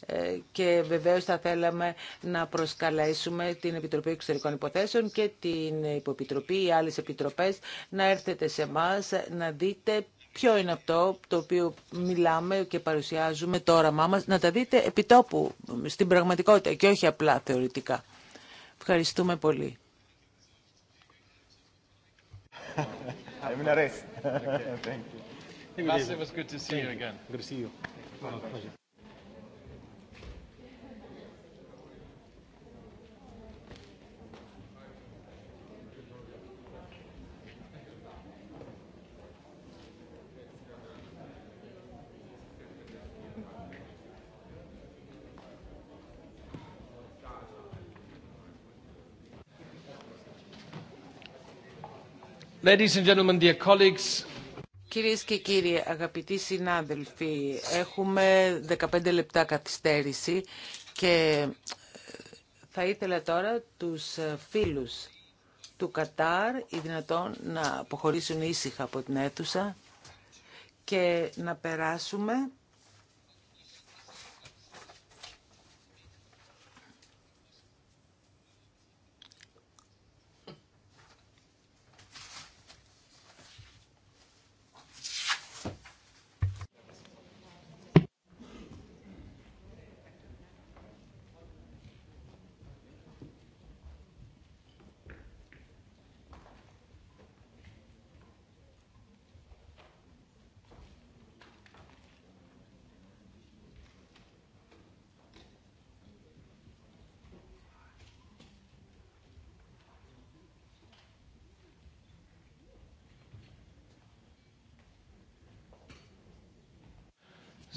S5: Ε, και βεβαίως θα θέλαμε να προσκαλέσουμε την Επιτροπή Εξωτερικών Υποθέσεων και την Υποπιτροπή ή άλλες επιτροπές να έρθετε σε εμά να δείτε ποιο είναι αυτό το οποίο μιλάμε και παρουσιάζουμε το όραμά μας, να τα δείτε επιτόπου, στην πραγματικότητα και όχι απλά θεωρητικά. Ευχαριστούμε πολύ.
S4: [laughs]
S1: Thank Ladies
S5: Κυρίες και κύριοι, αγαπητοί συνάδελφοι, έχουμε 15 λεπτά καθυστέρηση και ε, θα ήθελα τώρα τους ε, φίλους του Κατάρ, οι δυνατόν να αποχωρήσουν ήσυχα από την αίθουσα και να περάσουμε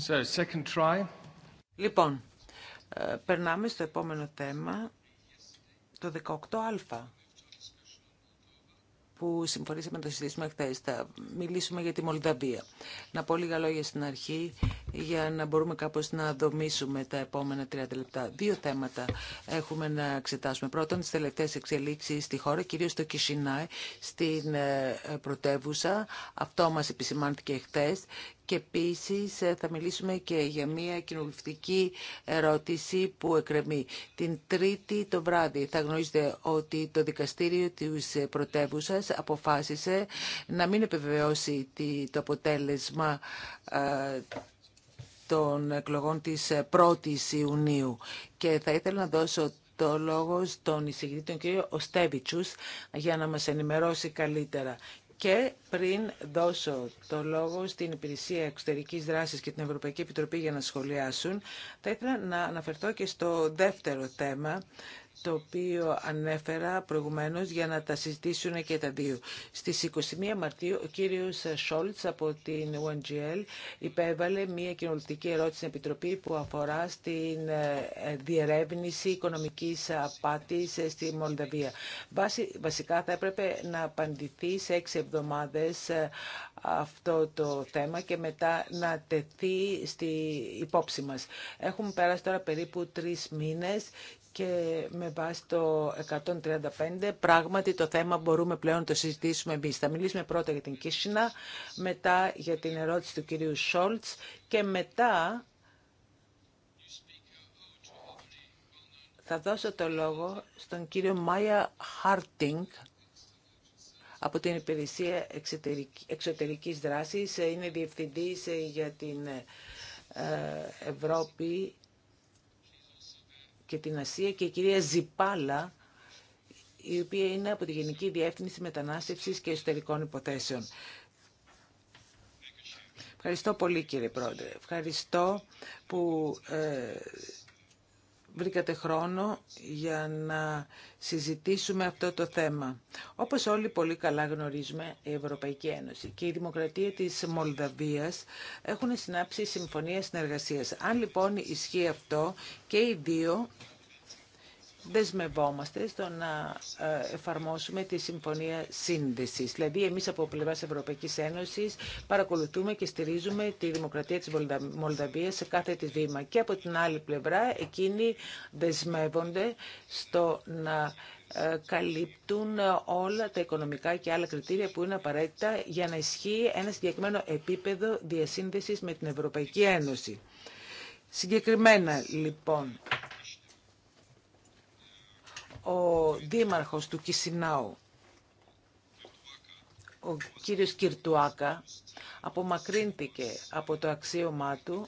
S1: second try.
S5: Λοιπόν, ε, περνάμε στο επόμενο θέμα, το 18α που συμφωνήσαμε να το συζητήσουμε χθε. Θα μιλήσουμε για τη Μολδαβία. Να πω λίγα λόγια στην αρχή για να μπορούμε κάπως να δομήσουμε τα επόμενα 30 λεπτά. Δύο θέματα έχουμε να εξετάσουμε. Πρώτον, τις τελευταίες εξελίξεις στη χώρα, κυρίως στο Κισινάι, στην ε, πρωτεύουσα. Αυτό μας επισημάνθηκε χθε. Και επίση ε, θα μιλήσουμε και για μια κοινοβουλευτική ερώτηση που εκκρεμεί. Την Τρίτη το βράδυ θα γνωρίζετε ότι το δικαστήριο της πρωτεύουσα αποφάσισε να μην επιβεβαιώσει το αποτέλεσμα ε, των εκλογών της 1 η Ιουνίου και θα ήθελα να δώσω το λόγο στον εισηγητή τον κύριο Οστέβιτσους για να μας ενημερώσει καλύτερα. Και πριν δώσω το λόγο στην Υπηρεσία Εξωτερικής Δράσης και την Ευρωπαϊκή Επιτροπή για να σχολιάσουν, θα ήθελα να αναφερθώ και στο δεύτερο θέμα, το οποίο ανέφερα προηγουμένως για να τα συζητήσουν και τα δύο. Στις 21 Μαρτίου ο κύριος Σόλτς από την UNGL υπέβαλε μια κοινωνική ερώτηση στην Επιτροπή που αφορά στην ε, διερεύνηση οικονομικής απάτης στη Μολδαβία. Βασικά θα έπρεπε να απαντηθεί σε έξι εβδομάδες ε, αυτό το θέμα και μετά να τεθεί στη υπόψη μας. Έχουμε πέρασει τώρα περίπου τρεις μήνες και με βάση το 135 πράγματι το θέμα μπορούμε πλέον να το συζητήσουμε εμείς. Θα μιλήσουμε πρώτα για την Κίσινα, μετά για την ερώτηση του κυρίου Σόλτς και μετά θα δώσω το λόγο στον κύριο Μάια Χάρτινγκ από την Υπηρεσία Εξωτερικής Δράσης. Είναι διευθυντής για την ε, Ευρώπη και την Ασία και η κυρία Ζιπάλα, η οποία είναι από τη Γενική Διεύθυνση Μετανάστευσης και Εσωτερικών Υποθέσεων. Ευχαριστώ πολύ κύριε Πρόεδρε. Ευχαριστώ που ε, βρήκατε χρόνο για να συζητήσουμε αυτό το θέμα. Όπως όλοι πολύ καλά γνωρίζουμε, η Ευρωπαϊκή Ένωση και η Δημοκρατία της Μολδαβίας έχουν συνάψει συμφωνία συνεργασίας. Αν λοιπόν ισχύει αυτό και οι δύο δεσμευόμαστε στο να ε, εφαρμόσουμε τη Συμφωνία Σύνδεσης. Δηλαδή, εμείς από πλευράς Ευρωπαϊκής Ένωσης παρακολουθούμε και στηρίζουμε τη δημοκρατία της Μολδαβίας σε κάθε τη βήμα. Και από την άλλη πλευρά, εκείνοι δεσμεύονται στο να ε, καλύπτουν όλα τα οικονομικά και άλλα κριτήρια που είναι απαραίτητα για να ισχύει ένα συγκεκριμένο επίπεδο διασύνδεσης με την Ευρωπαϊκή Ένωση. Συγκεκριμένα, λοιπόν, ο δήμαρχος του Κισινάου, ο κύριος Κυρτουάκα, απομακρύνθηκε από το αξίωμά του,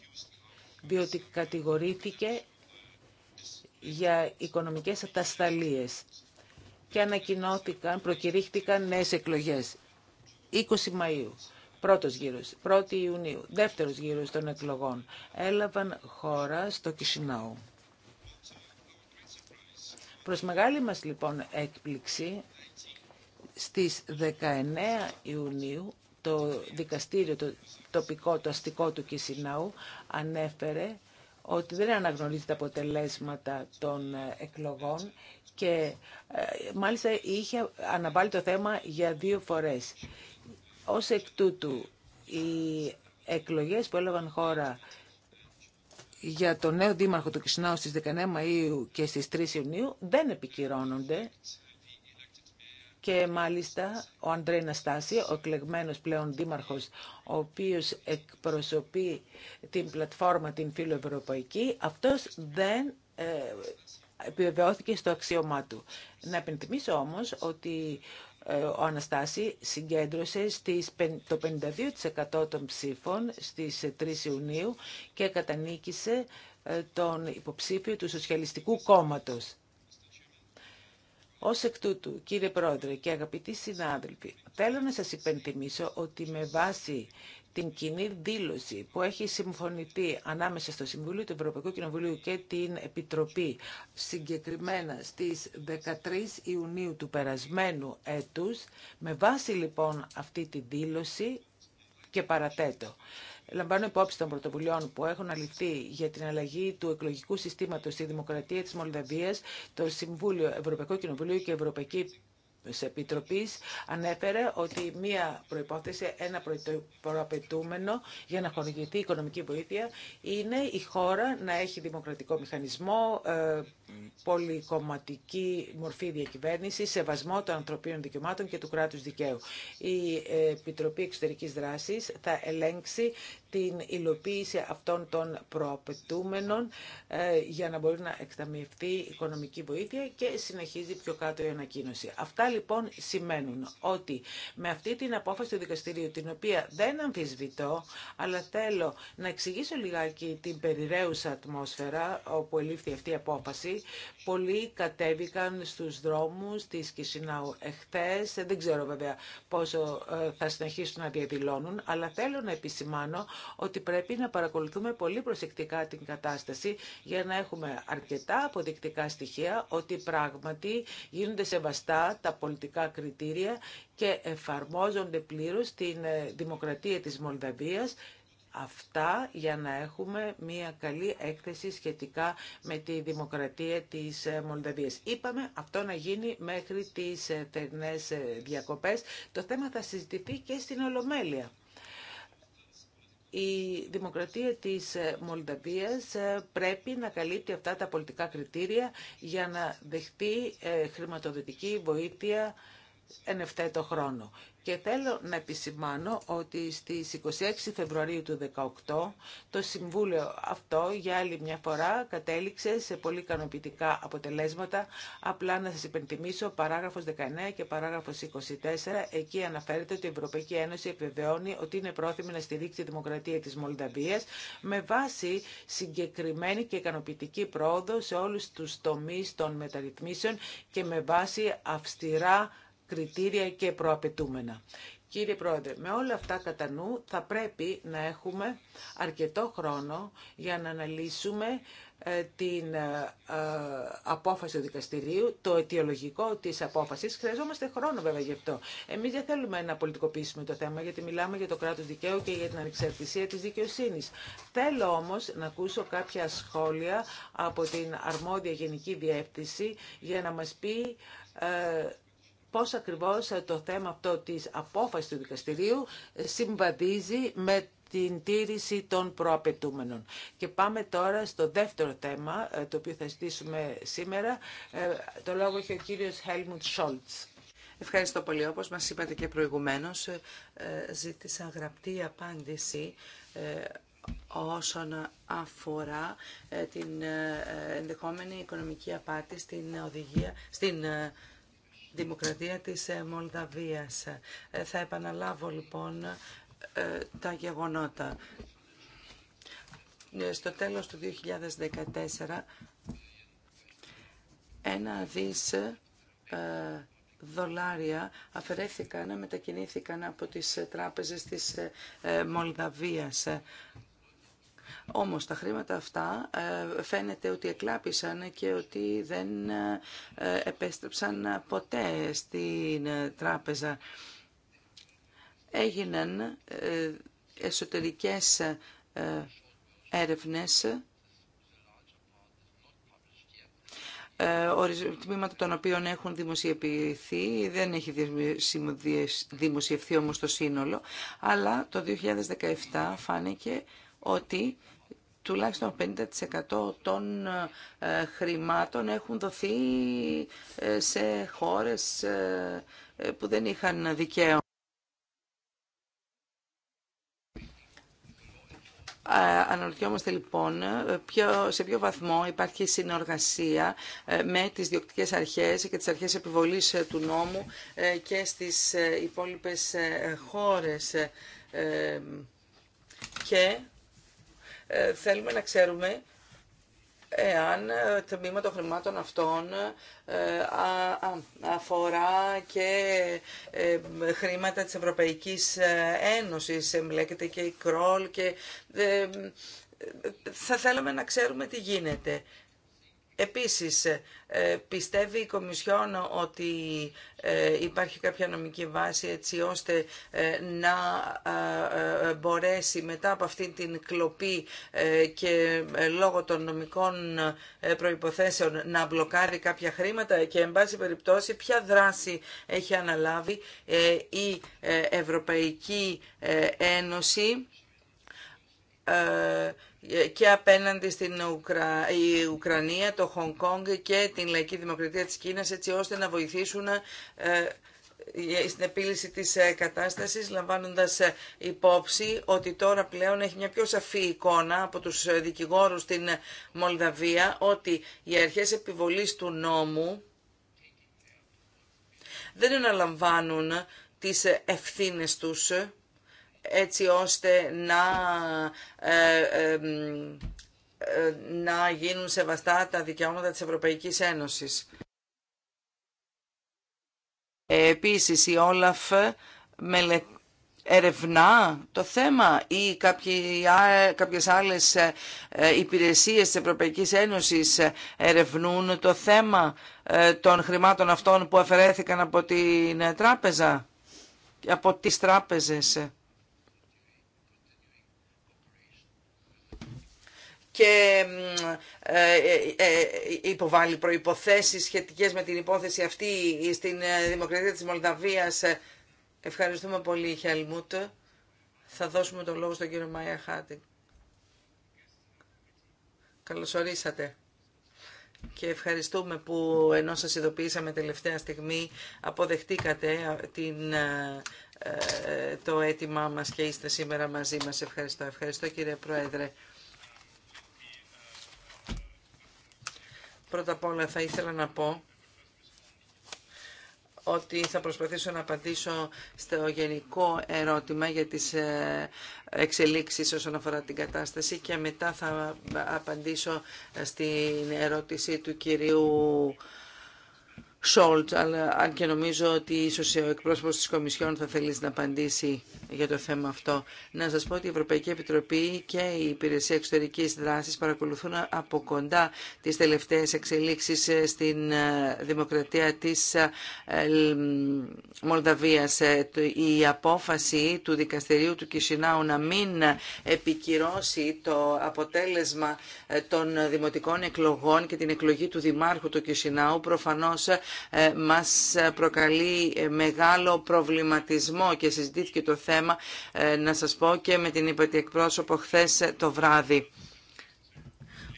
S5: διότι κατηγορήθηκε για οικονομικές ατασταλίες και ανακοινώθηκαν, προκηρύχθηκαν νέες εκλογές. 20 Μαΐου, πρώτος γύρος, 1η Ιουνίου, δεύτερος γύρος των εκλογών έλαβαν χώρα στο Κισινάου. Προς μεγάλη μας λοιπόν έκπληξη, στις 19 Ιουνίου το δικαστήριο το τοπικό, το αστικό του Κισινάου ανέφερε ότι δεν αναγνωρίζει τα αποτελέσματα των ε, εκλογών και ε, μάλιστα είχε αναβάλει το θέμα για δύο φορές. Ως εκ τούτου, οι εκλογές που έλαβαν χώρα για τον νέο δήμαρχο του Κισινάου στις 19 Μαΐου και στις 3 Ιουνίου δεν επικυρώνονται και μάλιστα ο Αντρέι Ναστάση, ο εκλεγμένος πλέον δήμαρχος, ο οποίος εκπροσωπεί την πλατφόρμα την φιλοευρωπαϊκή, αυτός δεν ε, επιβεβαιώθηκε στο αξίωμά του. Να επενθυμίσω όμως ότι ε, ο Αναστάση συγκέντρωσε το 52% των ψήφων στις 3 ε, Ιουνίου και κατανίκησε ε, τον υποψήφιο του Σοσιαλιστικού Κόμματος. Ως εκ τούτου, κύριε Πρόεδρε και αγαπητοί συνάδελφοι, θέλω να σας υπενθυμίσω ότι με βάση την κοινή δήλωση που έχει συμφωνηθεί ανάμεσα στο Συμβούλιο του Ευρωπαϊκού Κοινοβουλίου και την Επιτροπή συγκεκριμένα στις 13 Ιουνίου του περασμένου έτους, με βάση λοιπόν αυτή τη δήλωση και παρατέτω. Λαμβάνω υπόψη των πρωτοβουλειών που έχουν αληθεί για την αλλαγή του εκλογικού συστήματος στη Δημοκρατία της Μολδαβίας, το Συμβούλιο Ευρωπαϊκού Κοινοβουλίου και Ευρωπαϊκή Επιτροπής ανέφερε ότι μία προϋπόθεση, ένα προαπαιτούμενο για να χορηγηθεί οικονομική βοήθεια είναι η χώρα να έχει δημοκρατικό μηχανισμό, ε, πολυκομματική μορφή διακυβέρνηση, σεβασμό των ανθρωπίνων δικαιωμάτων και του κράτους δικαίου. Η ε, Επιτροπή Εξωτερικής Δράσης θα ελέγξει την υλοποίηση αυτών των προαπαιτούμενων ε, για να μπορεί να εκταμιευτεί οικονομική βοήθεια και συνεχίζει πιο κάτω η ανακοίνωση. Αυτά λοιπόν σημαίνουν ότι με αυτή την απόφαση του δικαστηρίου, την οποία δεν αμφισβητώ, αλλά θέλω να εξηγήσω λιγάκι την περιραίουσα ατμόσφαιρα όπου ελήφθη αυτή η απόφαση, πολλοί κατέβηκαν στους δρόμους της Κισινάου εχθές, δεν ξέρω βέβαια πόσο ε, θα συνεχίσουν να διαδηλώνουν, αλλά θέλω να επισημάνω ότι πρέπει να παρακολουθούμε πολύ προσεκτικά την κατάσταση για να έχουμε αρκετά αποδεικτικά στοιχεία ότι πράγματι γίνονται σεβαστά τα πολιτικά κριτήρια και εφαρμόζονται πλήρως την ε, δημοκρατία της Μολδαβίας Αυτά για να έχουμε μια καλή έκθεση σχετικά με τη δημοκρατία της ε, Μολδαβίας. Είπαμε αυτό να γίνει μέχρι τις τερνές ε, διακοπές. Το θέμα θα συζητηθεί και στην Ολομέλεια η δημοκρατία της ε, Μολδαβίας ε, πρέπει να καλύπτει αυτά τα πολιτικά κριτήρια για να δεχτεί ε, χρηματοδοτική βοήθεια εν ευθέτω χρόνο. Και θέλω να επισημάνω ότι στις 26 Φεβρουαρίου του 2018 το Συμβούλιο αυτό για άλλη μια φορά κατέληξε σε πολύ ικανοποιητικά αποτελέσματα. Απλά να σας υπενθυμίσω παράγραφος 19 και παράγραφος 24. Εκεί αναφέρεται ότι η Ευρωπαϊκή Ένωση επιβεβαιώνει ότι είναι πρόθυμη να στηρίξει τη δημοκρατία της Μολδαβίας με βάση συγκεκριμένη και ικανοποιητική πρόοδο σε όλους τους τομείς των μεταρρυθμίσεων και με βάση αυστηρά κριτήρια και προαπαιτούμενα. Κύριε Πρόεδρε, με όλα αυτά κατά νου θα πρέπει να έχουμε αρκετό χρόνο για να αναλύσουμε ε, την ε, ε, απόφαση του δικαστηρίου, το αιτιολογικό της απόφασης. Χρειαζόμαστε χρόνο βέβαια γι' αυτό. Εμείς δεν θέλουμε να πολιτικοποιήσουμε το θέμα γιατί μιλάμε για το κράτος δικαίου και για την ανεξαρτησία της δικαιοσύνης. Θέλω όμως να ακούσω κάποια σχόλια από την αρμόδια γενική διεύθυνση για να μας πει πώς ακριβώς ε, το θέμα αυτό της απόφασης του δικαστηρίου ε, συμβαδίζει με την τήρηση των προαπαιτούμενων. Και πάμε τώρα στο δεύτερο θέμα, ε, το οποίο θα ζητήσουμε σήμερα. Το λόγο έχει ο κύριος Χέλμουντ
S2: Σόλτς. Ευχαριστώ πολύ. Όπως μας είπατε και προηγουμένως, ζήτησα γραπτή απάντηση όσον αφορά την ενδεχόμενη οικονομική απάτη στην οδηγία, στην Δημοκρατία της ε, Μολδαβίας. Ε, θα επαναλάβω λοιπόν ε, τα γεγονότα. Στο τέλος του 2014 ένα δις δολάρια αφαιρέθηκαν, μετακινήθηκαν από τις τράπεζες της Μολδαβίας. Όμως τα χρήματα αυτά ε, φαίνεται ότι εκλάπησαν και ότι δεν ε, επέστρεψαν ποτέ στην ε, τράπεζα. Έγιναν εσωτερικές έρευνες τμήματα των οποίων έχουν δημοσιευθεί, δεν έχει δημοσιευθεί όμως το σύνολο, αλλά το 2017 φάνηκε ότι τουλάχιστον 50% των ε, χρημάτων έχουν δοθεί ε, σε χώρες ε, που δεν είχαν δικαίωμα. Αναρωτιόμαστε λοιπόν σε ποιο βαθμό υπάρχει συνεργασία με τις διοκτικές αρχές και τις αρχές επιβολής του νόμου και στις υπόλοιπες χώρες και ε, θέλουμε να ξέρουμε εάν ε, το μήμα των χρημάτων αυτών ε, αφορά και χρήματα της Ευρωπαϊκής Ένωσης, εμπλέκεται και η Κρόλ και θα θέλαμε να ξέρουμε τι γίνεται. Επίσης, ε, πιστεύει η Κομισιόν ότι ε, υπάρχει κάποια νομική βάση έτσι ώστε ε, να μπορέσει μετά από αυτή την κλοπή και λόγω των νομικών προϋποθέσεων να μπλοκάρει κάποια χρήματα και εν πάση περιπτώσει ποια δράση έχει αναλάβει η Ευρωπαϊκή Ένωση ε, και απέναντι στην Ουκρανία, το Χονγκ Κόνγκ και την Λαϊκή Δημοκρατία της Κίνας έτσι ώστε να βοηθήσουν ε, στην επίλυση της ε, κατάστασης λαμβάνοντας υπόψη ότι τώρα πλέον έχει μια πιο σαφή εικόνα από τους δικηγόρους στην Μολδαβία ότι οι αρχές επιβολής του νόμου δεν αναλαμβάνουν τις ευθύνες τους έτσι ώστε να ε, ε, να γίνουν σεβαστά τα δικαιώματα της Ευρωπαϊκής Ένωσης. Ε, επίσης η Όλαφ μελε... ερευνά το θέμα ή κάποιες άλλες υπηρεσίες της Ευρωπαϊκής Ένωσης ερευνούν το θέμα των χρημάτων αυτών που αφαιρέθηκαν από την τράπεζα, από τις τράπεζες. και ε, ε, ε, υποβάλλει προϋποθέσεις σχετικές με την υπόθεση αυτή στην Δημοκρατία της Μολδαβίας. Ευχαριστούμε πολύ, Χελμούτ. Θα δώσουμε τον λόγο στον κύριο Μάια Χάτι. Καλωσορίσατε και ευχαριστούμε που ενώ σας ειδοποιήσαμε τελευταία στιγμή αποδεχτήκατε την, το αίτημά μας και είστε σήμερα μαζί μας. Ευχαριστώ. Ευχαριστώ κύριε Πρόεδρε. Πρώτα απ' όλα θα ήθελα να πω ότι θα προσπαθήσω να απαντήσω στο γενικό ερώτημα για τις ε, εξελίξεις όσον αφορά την κατάσταση και μετά θα απαντήσω στην ερώτηση του κυρίου Σόλτ, αλλά αν και νομίζω ότι ίσω ο εκπρόσωπο τη Κομισιόν θα θέλει να απαντήσει για το θέμα αυτό. Να σα πω ότι η Ευρωπαϊκή Επιτροπή και η Υπηρεσία Εξωτερική δράση παρακολουθούν από κοντά τι τελευταίε εξελίξει στην ε, δημοκρατία τη ε, Μολδαβία. Ε, η απόφαση του δικαστηρίου του Κισινάου να μην επικυρώσει το αποτέλεσμα των δημοτικών εκλογών και την εκλογή του Δημάρχου του Κισινάου Προφανώ. Ε, μας προκαλεί ε, μεγάλο προβληματισμό και συζητήθηκε το θέμα, ε, να σας πω, και με την υπατή εκπρόσωπο χθες το βράδυ.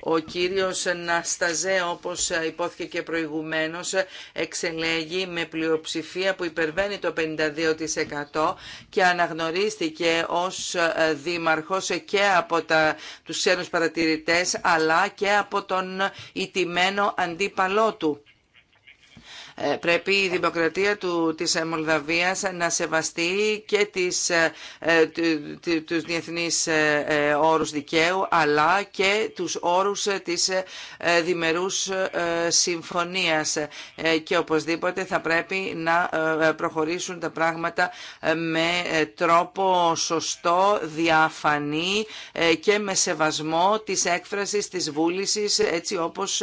S2: Ο κύριος Νασταζέ, όπως υπόθηκε και προηγουμένως, εξελέγει με πλειοψηφία που υπερβαίνει το 52% και αναγνωρίστηκε ως δήμαρχος και από τα, τους ξένους παρατηρητές, αλλά και από τον ιτημένο αντίπαλό του. Ε, πρέπει η δημοκρατία του, της ε, Μολδαβίας να σεβαστεί και τις, ε, τους διεθνείς όρους δικαίου αλλά και τους όρους της διμερούς συμφωνίας και οπωσδήποτε θα πρέπει να προχωρήσουν τα πράγματα με τρόπο σωστό, διαφανή και με σεβασμό της έκφρασης της βούλησης έτσι όπως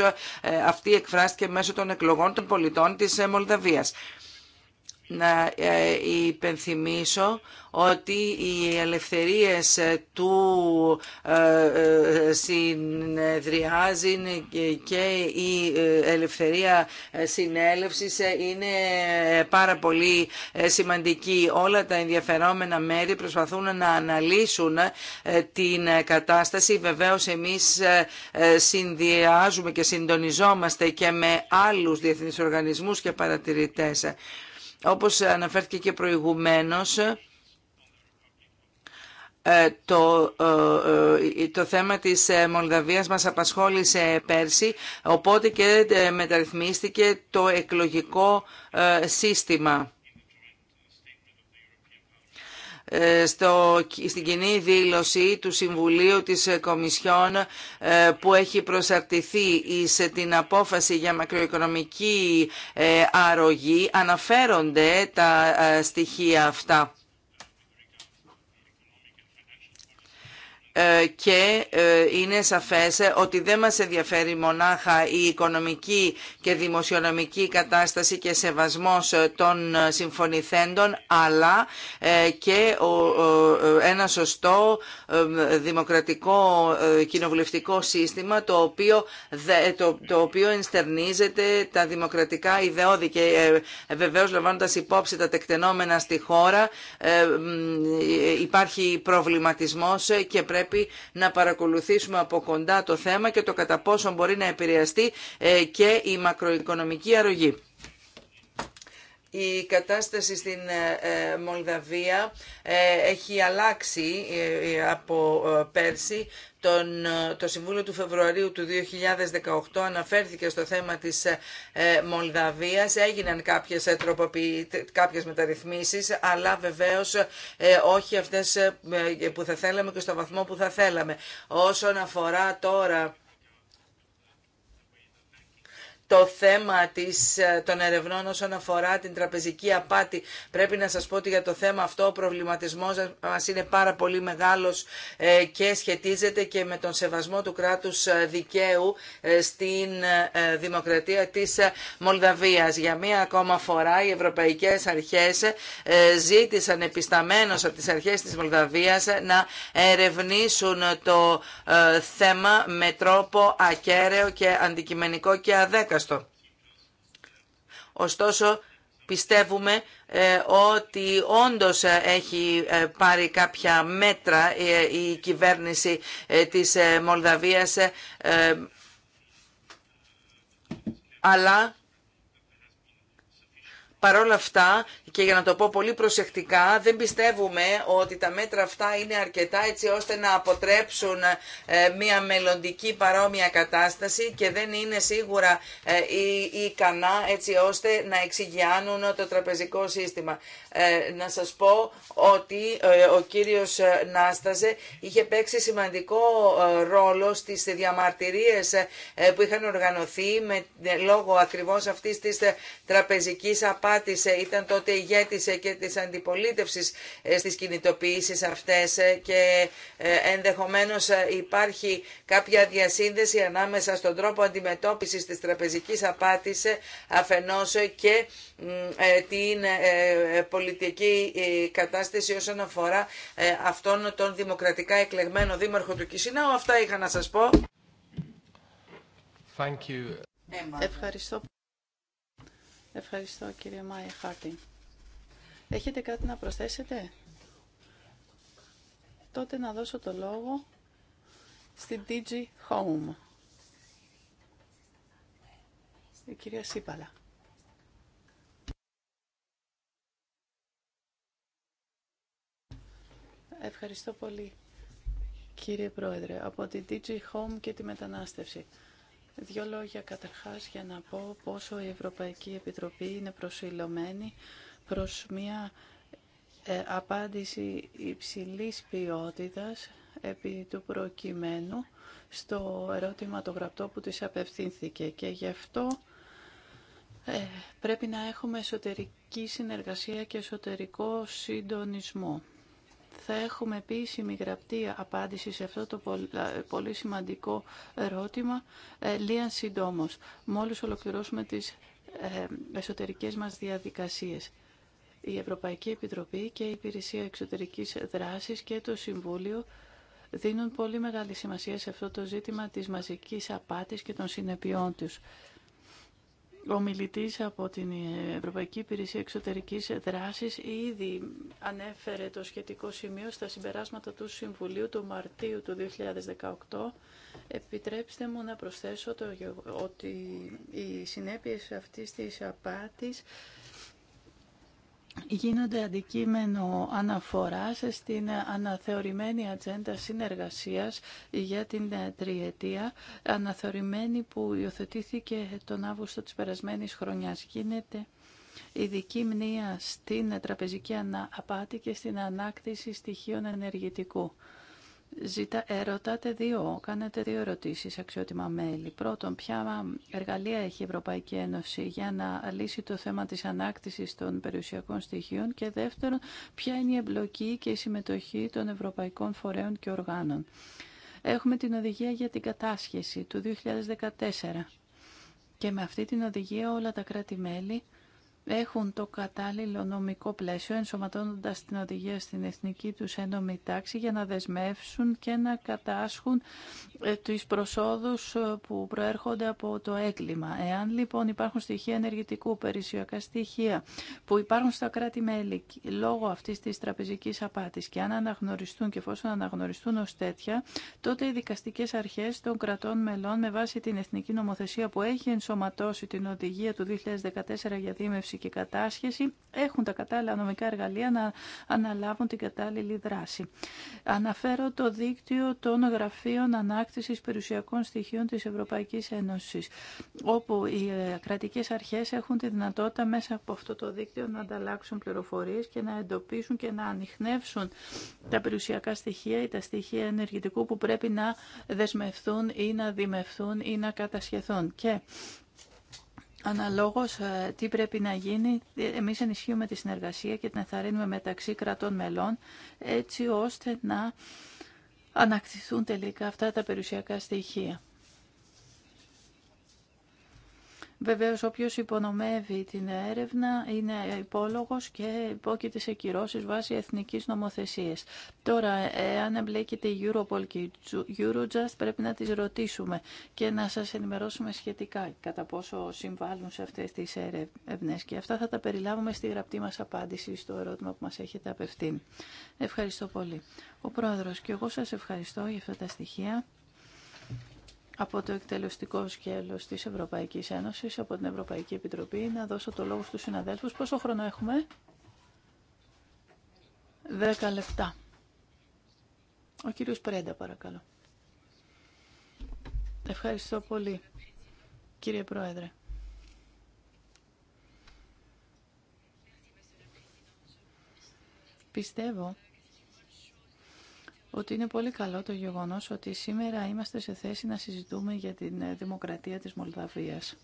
S2: αυτή εκφράστηκε μέσω των εκλογών των πολιτών της ε, Μολδαβίας να ε, υπενθυμίσω ότι οι ελευθερίες του ε, ε, συνεδριάζει και η ελευθερία συνέλευσης είναι πάρα πολύ σημαντική. Όλα τα ενδιαφερόμενα μέρη προσπαθούν να αναλύσουν την κατάσταση. Βεβαίως εμείς συνδυάζουμε και συντονιζόμαστε και με άλλους διεθνείς οργανισμούς και παρατηρητές. Όπως αναφέρθηκε και προηγουμένως, ε, το, ε, ε, το θέμα της Μολδαβίας μας απασχόλησε πέρσι, οπότε και μεταρρυθμίστηκε το εκλογικό σύστημα. Ε, στο, στην κοινή δήλωση του Συμβουλίου της ε, Κομισιόν ε, που έχει προσαρτηθεί σε την απόφαση για μακροοικονομική αρρωγή αναφέρονται τα στοιχεία αυτά. Ε, και ε, είναι σαφές ε, ότι δεν μας ενδιαφέρει μονάχα η οικονομική και δημοσιονομική κατάσταση και σεβασμός των συμφωνηθέντων αλλά και ένα σωστό δημοκρατικό κοινοβουλευτικό σύστημα το οποίο, το, οποίο ενστερνίζεται τα δημοκρατικά ιδεώδη και βεβαίως λαμβάνοντας υπόψη τα τεκτενόμενα στη χώρα υπάρχει προβληματισμός και πρέπει πρέπει να παρακολουθήσουμε από κοντά το θέμα και το κατά πόσο μπορεί να επηρεαστεί ε, και η μακροοικονομική αρρωγή. Η κατάσταση στην ε, ε, Μολδαβία έχει αλλάξει από πέρσι τον, το Συμβούλιο του Φεβρουαρίου του 2018 αναφέρθηκε στο θέμα της ε, Μολδαβίας. Έγιναν κάποιες, ε, τροποποιη, κάποιες μεταρρυθμίσεις, αλλά βεβαίως ε, όχι αυτές ε, που θα θέλαμε και στο βαθμό που θα θέλαμε. Όσον αφορά τώρα το θέμα της, ε, των ερευνών όσον αφορά την τραπεζική απάτη. Πρέπει να σας πω ότι για το θέμα αυτό ο προβληματισμός μας είναι πάρα πολύ μεγάλος ε, και σχετίζεται και με τον σεβασμό του κράτους ε, δικαίου στην δημοκρατία της Μολδαβίας. Για μία ακόμα φορά οι ευρωπαϊκές αρχές ζήτησαν επισταμένως από τις αρχές της Μολδαβίας να ερευνήσουν το θέμα με τρόπο ακέραιο και αντικειμενικό και αδέκα Ωστόσο, πιστεύουμε ε, ότι όντως ε, έχει ε, πάρει κάποια μέτρα η κυβέρνηση της Μολδαβίας αλλά παρόλα αυτά, και για να το πω πολύ προσεκτικά, δεν πιστεύουμε ότι τα μέτρα αυτά είναι αρκετά έτσι ώστε να αποτρέψουν ε, μια μελλοντική παρόμοια κατάσταση και δεν είναι σίγουρα ε, ικανά έτσι ώστε να εξηγιάνουν το τραπεζικό σύστημα. Ε, να σας πω ότι ο κύριος Νάσταζε είχε παίξει σημαντικό ρόλο στις διαμαρτυρίες που είχαν οργανωθεί με λόγω ακριβώς αυτής της τραπεζικής απάντησης ήταν τότε ηγέτης και της αντιπολίτευσης ε, στις κινητοποιήσεις αυτές ε, και ε, ενδεχομένως υπάρχει κάποια διασύνδεση ανάμεσα στον τρόπο αντιμετώπισης της τραπεζικής απάτης αφενός και την πολιτική κατάσταση όσον αφορά αυτόν τον δημοκρατικά εκλεγμένο δήμαρχο του Κισινάου. Αυτά είχα να σας πω.
S6: Ευχαριστώ κύριε Μάιε Χάρτιν. Έχετε κάτι να προσθέσετε? Τότε να δώσω το λόγο στη DG Home. Η κυρία Σύπαλα. Ευχαριστώ πολύ κύριε Πρόεδρε από τη DG Home και τη μετανάστευση. Δύο λόγια καταρχάς για να πω πόσο η Ευρωπαϊκή Επιτροπή είναι προσιλωμένη προς μια ε, απάντηση υψηλής ποιότητας επί του προκειμένου στο ερώτημα το γραπτό που της απευθύνθηκε και γι' αυτό ε, πρέπει να έχουμε εσωτερική συνεργασία και εσωτερικό συντονισμό θα έχουμε επίσημη γραπτή απάντηση σε αυτό το πολύ σημαντικό ερώτημα ε, λίαν συντόμως, μόλις ολοκληρώσουμε τις ε, εσωτερικές μας διαδικασίες. Η Ευρωπαϊκή Επιτροπή και η Υπηρεσία Εξωτερικής Δράσης και το Συμβούλιο δίνουν πολύ μεγάλη σημασία σε αυτό το ζήτημα της μαζικής απάτης και των συνεπειών τους. Ο από την Ευρωπαϊκή Υπηρεσία Εξωτερικής Δράσης ήδη ανέφερε το σχετικό σημείο στα συμπεράσματα του Συμβουλίου του Μαρτίου του 2018. Επιτρέψτε μου να προσθέσω ότι οι συνέπειες αυτής της απάτης γίνονται αντικείμενο αναφοράς στην αναθεωρημένη ατζέντα συνεργασίας για την ε, τριετία, αναθεωρημένη που υιοθετήθηκε τον Αύγουστο της περασμένης χρονιάς. Γίνεται ειδική μνήμα στην τραπεζική απάτη και στην ανάκτηση στοιχείων ενεργητικού. Ζήτα, ερωτάτε δύο, κάνετε δύο ερωτήσεις αξιότιμα μέλη. Πρώτον, ποια εργαλεία έχει η Ευρωπαϊκή Ένωση για να λύσει το θέμα της ανάκτησης των περιουσιακών στοιχείων και δεύτερον, ποια είναι η εμπλοκή και η συμμετοχή των ευρωπαϊκών φορέων και οργάνων. Έχουμε την οδηγία για την κατάσχεση του 2014 και με αυτή την οδηγία όλα τα κράτη-μέλη έχουν το κατάλληλο νομικό πλαίσιο ενσωματώνοντας την οδηγία στην εθνική τους ένωμη τάξη για να δεσμεύσουν και να κατάσχουν ε, τις προσόδους ε, που προέρχονται από το έγκλημα. Εάν λοιπόν υπάρχουν στοιχεία ενεργητικού, περισσοιακά στοιχεία που υπάρχουν στα κράτη-μέλη λόγω αυτής της τραπεζικής απάτης και αν αναγνωριστούν και εφόσον αναγνωριστούν ως τέτοια, τότε οι δικαστικές αρχές των κρατών μελών με βάση την εθνική νομοθεσία που έχει ενσωματώσει την οδηγία του 2014 για δίμευση και κατάσχεση έχουν τα κατάλληλα νομικά εργαλεία να αναλάβουν την κατάλληλη δράση. Αναφέρω το δίκτυο των γραφείων ανάκτηση περιουσιακών στοιχείων της Ευρωπαϊκής Ένωση. όπου οι ε, κρατικές αρχές έχουν τη δυνατότητα μέσα από αυτό το δίκτυο να ανταλλάξουν πληροφορίες και να εντοπίσουν και να ανοιχνεύσουν τα περιουσιακά στοιχεία ή τα στοιχεία ενεργητικού που πρέπει να δεσμευθούν ή να δημευθούν ή να κατασχεθούν. Αναλόγως ε, τι πρέπει να γίνει, ε, εμείς ενισχύουμε τη συνεργασία και την εθαρρύνουμε μεταξύ κρατών μελών έτσι ώστε να ανακτηθούν τελικά αυτά τα περιουσιακά στοιχεία. Βεβαίως όποιος υπονομεύει την έρευνα είναι υπόλογος και υπόκειται σε κυρώσεις βάσει εθνικής νομοθεσίας. Τώρα, αν εμπλέκεται η Europol και η Eurojust πρέπει να τις ρωτήσουμε και να σας ενημερώσουμε σχετικά κατά πόσο συμβάλλουν σε αυτές τις έρευνες και αυτά θα τα περιλάβουμε στη γραπτή μας απάντηση στο ερώτημα που μας έχετε απευθύνει. Ευχαριστώ πολύ. Ο Πρόεδρος και εγώ σας ευχαριστώ για αυτά τα στοιχεία από το εκτελεστικό σκέλος της Ευρωπαϊκής Ένωσης, από την Ευρωπαϊκή Επιτροπή, να δώσω το λόγο στους συναδέλφους. Πόσο χρόνο έχουμε? Δέκα λεπτά. Ο κύριος Πρέντα, παρακαλώ. Ευχαριστώ πολύ, κύριε Πρόεδρε. Πιστεύω ότι είναι πολύ καλό το γεγονός ότι σήμερα είμαστε σε θέση να συζητούμε για την ε, δημοκρατία της Μολδαβίας.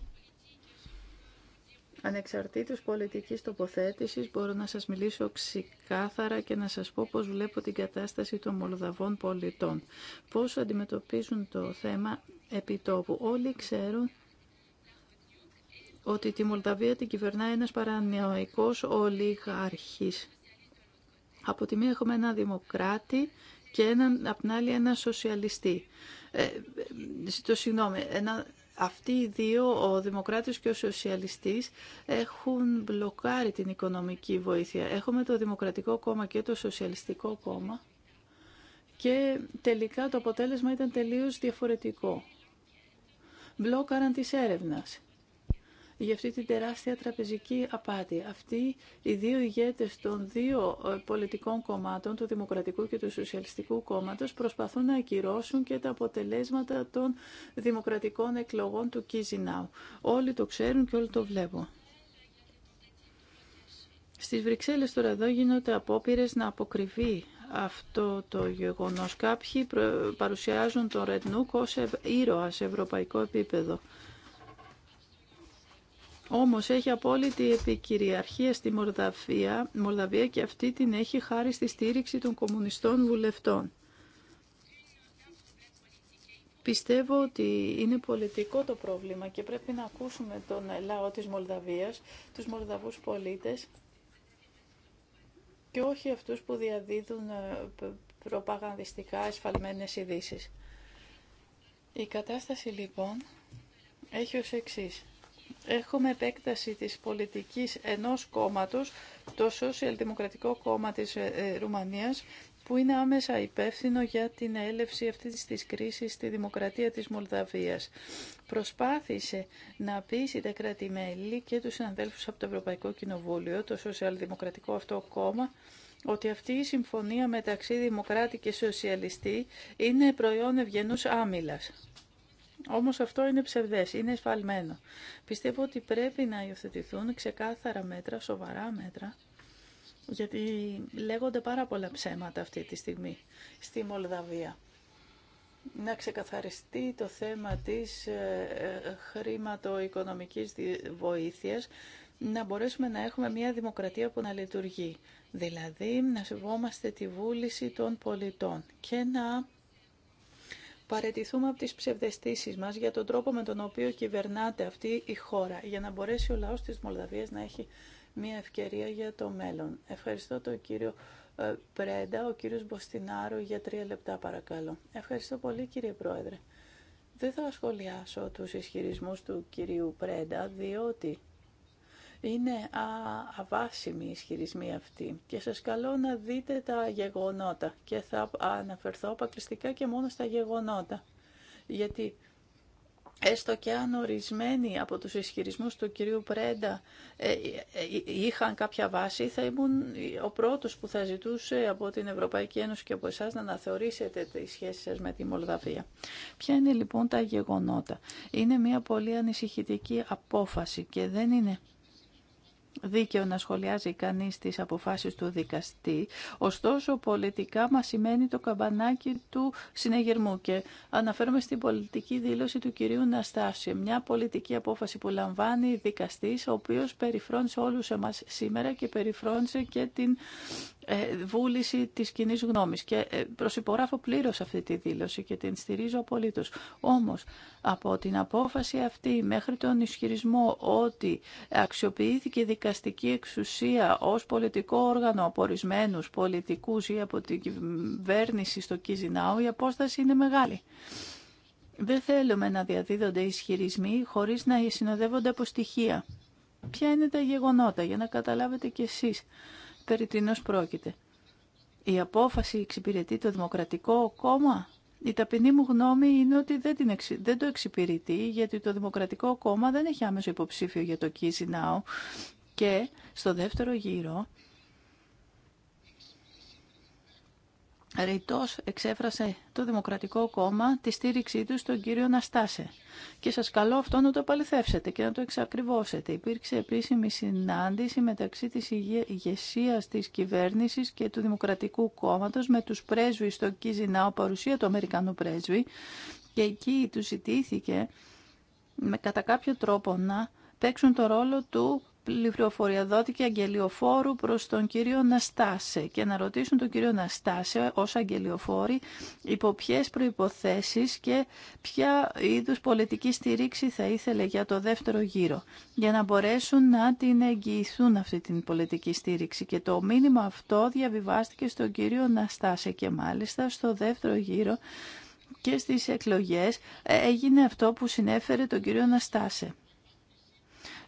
S6: Ανεξαρτήτως πολιτικής τοποθέτησης μπορώ να σας μιλήσω ξεκάθαρα και να σας πω πώς βλέπω την κατάσταση των Μολδαβών πολιτών. Πώς αντιμετωπίζουν το θέμα επιτόπου. Όλοι ξέρουν ότι τη Μολδαβία την κυβερνάει ένας παρανοϊκός ολιγάρχης. Από τη μία έχουμε ένα δημοκράτη και έναν, απ' την άλλη ένα σοσιαλιστή. Ε, ε, το συγγνώμη, ένα, αυτοί οι δύο, ο Δημοκράτης και ο Σοσιαλιστής, έχουν μπλοκάρει την οικονομική βοήθεια. Έχουμε το Δημοκρατικό Κόμμα και το Σοσιαλιστικό Κόμμα και τελικά το αποτέλεσμα ήταν τελείως διαφορετικό. Μπλόκαραν της έρευνας για αυτή την τεράστια τραπεζική απάτη. Αυτοί οι δύο ηγέτες των δύο ε, πολιτικών κομμάτων, του Δημοκρατικού και του Σοσιαλιστικού Κόμματος, προσπαθούν να ακυρώσουν και τα αποτελέσματα των δημοκρατικών εκλογών του Κίζινάου. Όλοι το ξέρουν και όλοι το βλέπουν. Στις Βρυξέλλες τώρα εδώ γίνονται απόπειρες να αποκριβεί αυτό το γεγονός. Κάποιοι παρουσιάζουν τον Ρεντνούκ ως ήρωα σε ευρωπαϊκό επίπεδο. Όμως έχει απόλυτη επικυριαρχία στη Μολδαβία, Μολδαβία και αυτή την έχει χάρη στη στήριξη των κομμουνιστών βουλευτών. Πιστεύω ότι είναι πολιτικό το πρόβλημα και πρέπει να ακούσουμε τον λαό της Μολδαβίας, τους Μολδαβούς πολίτες και όχι αυτούς που διαδίδουν ε, προπαγανδιστικά εσφαλμένες ειδήσει. Η κατάσταση λοιπόν έχει ως εξής έχουμε επέκταση της πολιτικής ενός κόμματος, το Σοσιαλδημοκρατικό Κόμμα της ε, ε, Ρουμανίας, που είναι άμεσα υπεύθυνο για την έλευση αυτής της κρίσης στη δημοκρατία της Μολδαβίας. Προσπάθησε να πείσει τα κρατη και τους συναδέλφους από το Ευρωπαϊκό Κοινοβούλιο, το Σοσιαλδημοκρατικό αυτό κόμμα, ότι αυτή η συμφωνία μεταξύ δημοκράτη και σοσιαλιστή είναι προϊόν ευγενούς άμυλας. Όμως αυτό είναι ψευδές, είναι εσφαλμένο. Πιστεύω ότι πρέπει να υιοθετηθούν ξεκάθαρα μέτρα, σοβαρά μέτρα, γιατί λέγονται πάρα πολλά ψέματα αυτή τη στιγμή στη Μολδαβία. Να ξεκαθαριστεί το θέμα της ε, ε, χρηματοοικονομικής βοήθειας, να μπορέσουμε να έχουμε μια δημοκρατία που να λειτουργεί. Δηλαδή, να σεβόμαστε τη βούληση των πολιτών και να παρετηθούμε από τις ψευδεστήσεις μας για τον τρόπο με τον οποίο κυβερνάται αυτή η χώρα, για να μπορέσει ο λαός της Μολδαβίας να έχει μια ευκαιρία για το μέλλον. Ευχαριστώ τον κύριο ε, Πρέντα, ο κύριος Μποστινάρου για τρία λεπτά παρακαλώ. Ευχαριστώ πολύ κύριε Πρόεδρε. Δεν θα σχολιάσω τους ισχυρισμούς του κυρίου Πρέντα, διότι είναι αβάσιμοι οι ισχυρισμοί αυτοί και σας καλώ να δείτε τα γεγονότα και θα αναφερθώ αποκλειστικά και μόνο στα γεγονότα. Γιατί έστω και αν ορισμένοι από τους ισχυρισμούς του κυρίου Πρέντα ε, ε, είχαν κάποια βάση, θα ήμουν ο πρώτος που θα ζητούσε από την Ευρωπαϊκή Ένωση και από εσάς να αναθεωρήσετε τις σχέσεις σας με τη Μολδαβία. Ποια είναι λοιπόν τα γεγονότα. Είναι μια πολύ ανησυχητική απόφαση και δεν είναι δίκαιο να σχολιάζει κανείς τις αποφάσεις του δικαστή. Ωστόσο, πολιτικά μας σημαίνει το καμπανάκι του συνεγερμού και αναφέρομαι στην πολιτική δήλωση του κυρίου Ναστάση, μια πολιτική απόφαση που λαμβάνει δικαστής, ο οποίος περιφρόνησε όλους εμάς σήμερα και περιφρόνησε και την ε, βούληση της κοινή γνώμης και ε, προσυπογράφω πλήρως αυτή τη δήλωση και την στηρίζω απολύτω. Όμως, από την απόφαση αυτή μέχρι τον ισχυρισμό ότι αξιοποιήθηκε δικαστική εξουσία ως πολιτικό όργανο από ορισμένου πολιτικούς ή από την κυβέρνηση στο Κιζινάου, η απόσταση είναι μεγάλη. Δεν θέλουμε να διαδίδονται ισχυρισμοί χωρίς να συνοδεύονται από στοιχεία. Ποια είναι τα γεγονότα για να καταλάβετε κι εσείς περί τίνος πρόκειται. Η απόφαση εξυπηρετεί το Δημοκρατικό Κόμμα. Η ταπεινή μου γνώμη είναι ότι δεν, την δεν το εξυπηρετεί, γιατί το Δημοκρατικό Κόμμα δεν έχει άμεσο υποψήφιο για το ΚΙΖΙΝΑΟ... Και στο δεύτερο γύρο ρητός εξέφρασε το Δημοκρατικό Κόμμα τη στήριξή του στον κύριο Ναστάσε. Και σας καλώ αυτό να το παληθεύσετε και να το εξακριβώσετε. Υπήρξε επίσημη συνάντηση μεταξύ της ηγεσία της κυβέρνησης και του Δημοκρατικού Κόμματος με τους πρέσβεις στο Κιζινάο, παρουσία του Αμερικανού πρέσβη, και εκεί του ζητήθηκε με κατά κάποιο τρόπο να παίξουν το ρόλο του πληροφορία δόθηκε αγγελιοφόρου προς τον κύριο Ναστάσε και να ρωτήσουν τον κύριο Ναστάσε ως αγγελιοφόροι υπό ποιε προϋποθέσεις και ποια είδους πολιτική στηρίξη θα ήθελε για το δεύτερο γύρο για να μπορέσουν να την εγγυηθούν αυτή την πολιτική στήριξη και το μήνυμα αυτό διαβιβάστηκε στον κύριο Ναστάσε και μάλιστα στο δεύτερο γύρο και στις εκλογές ε, έγινε αυτό που συνέφερε τον κύριο Ναστάσε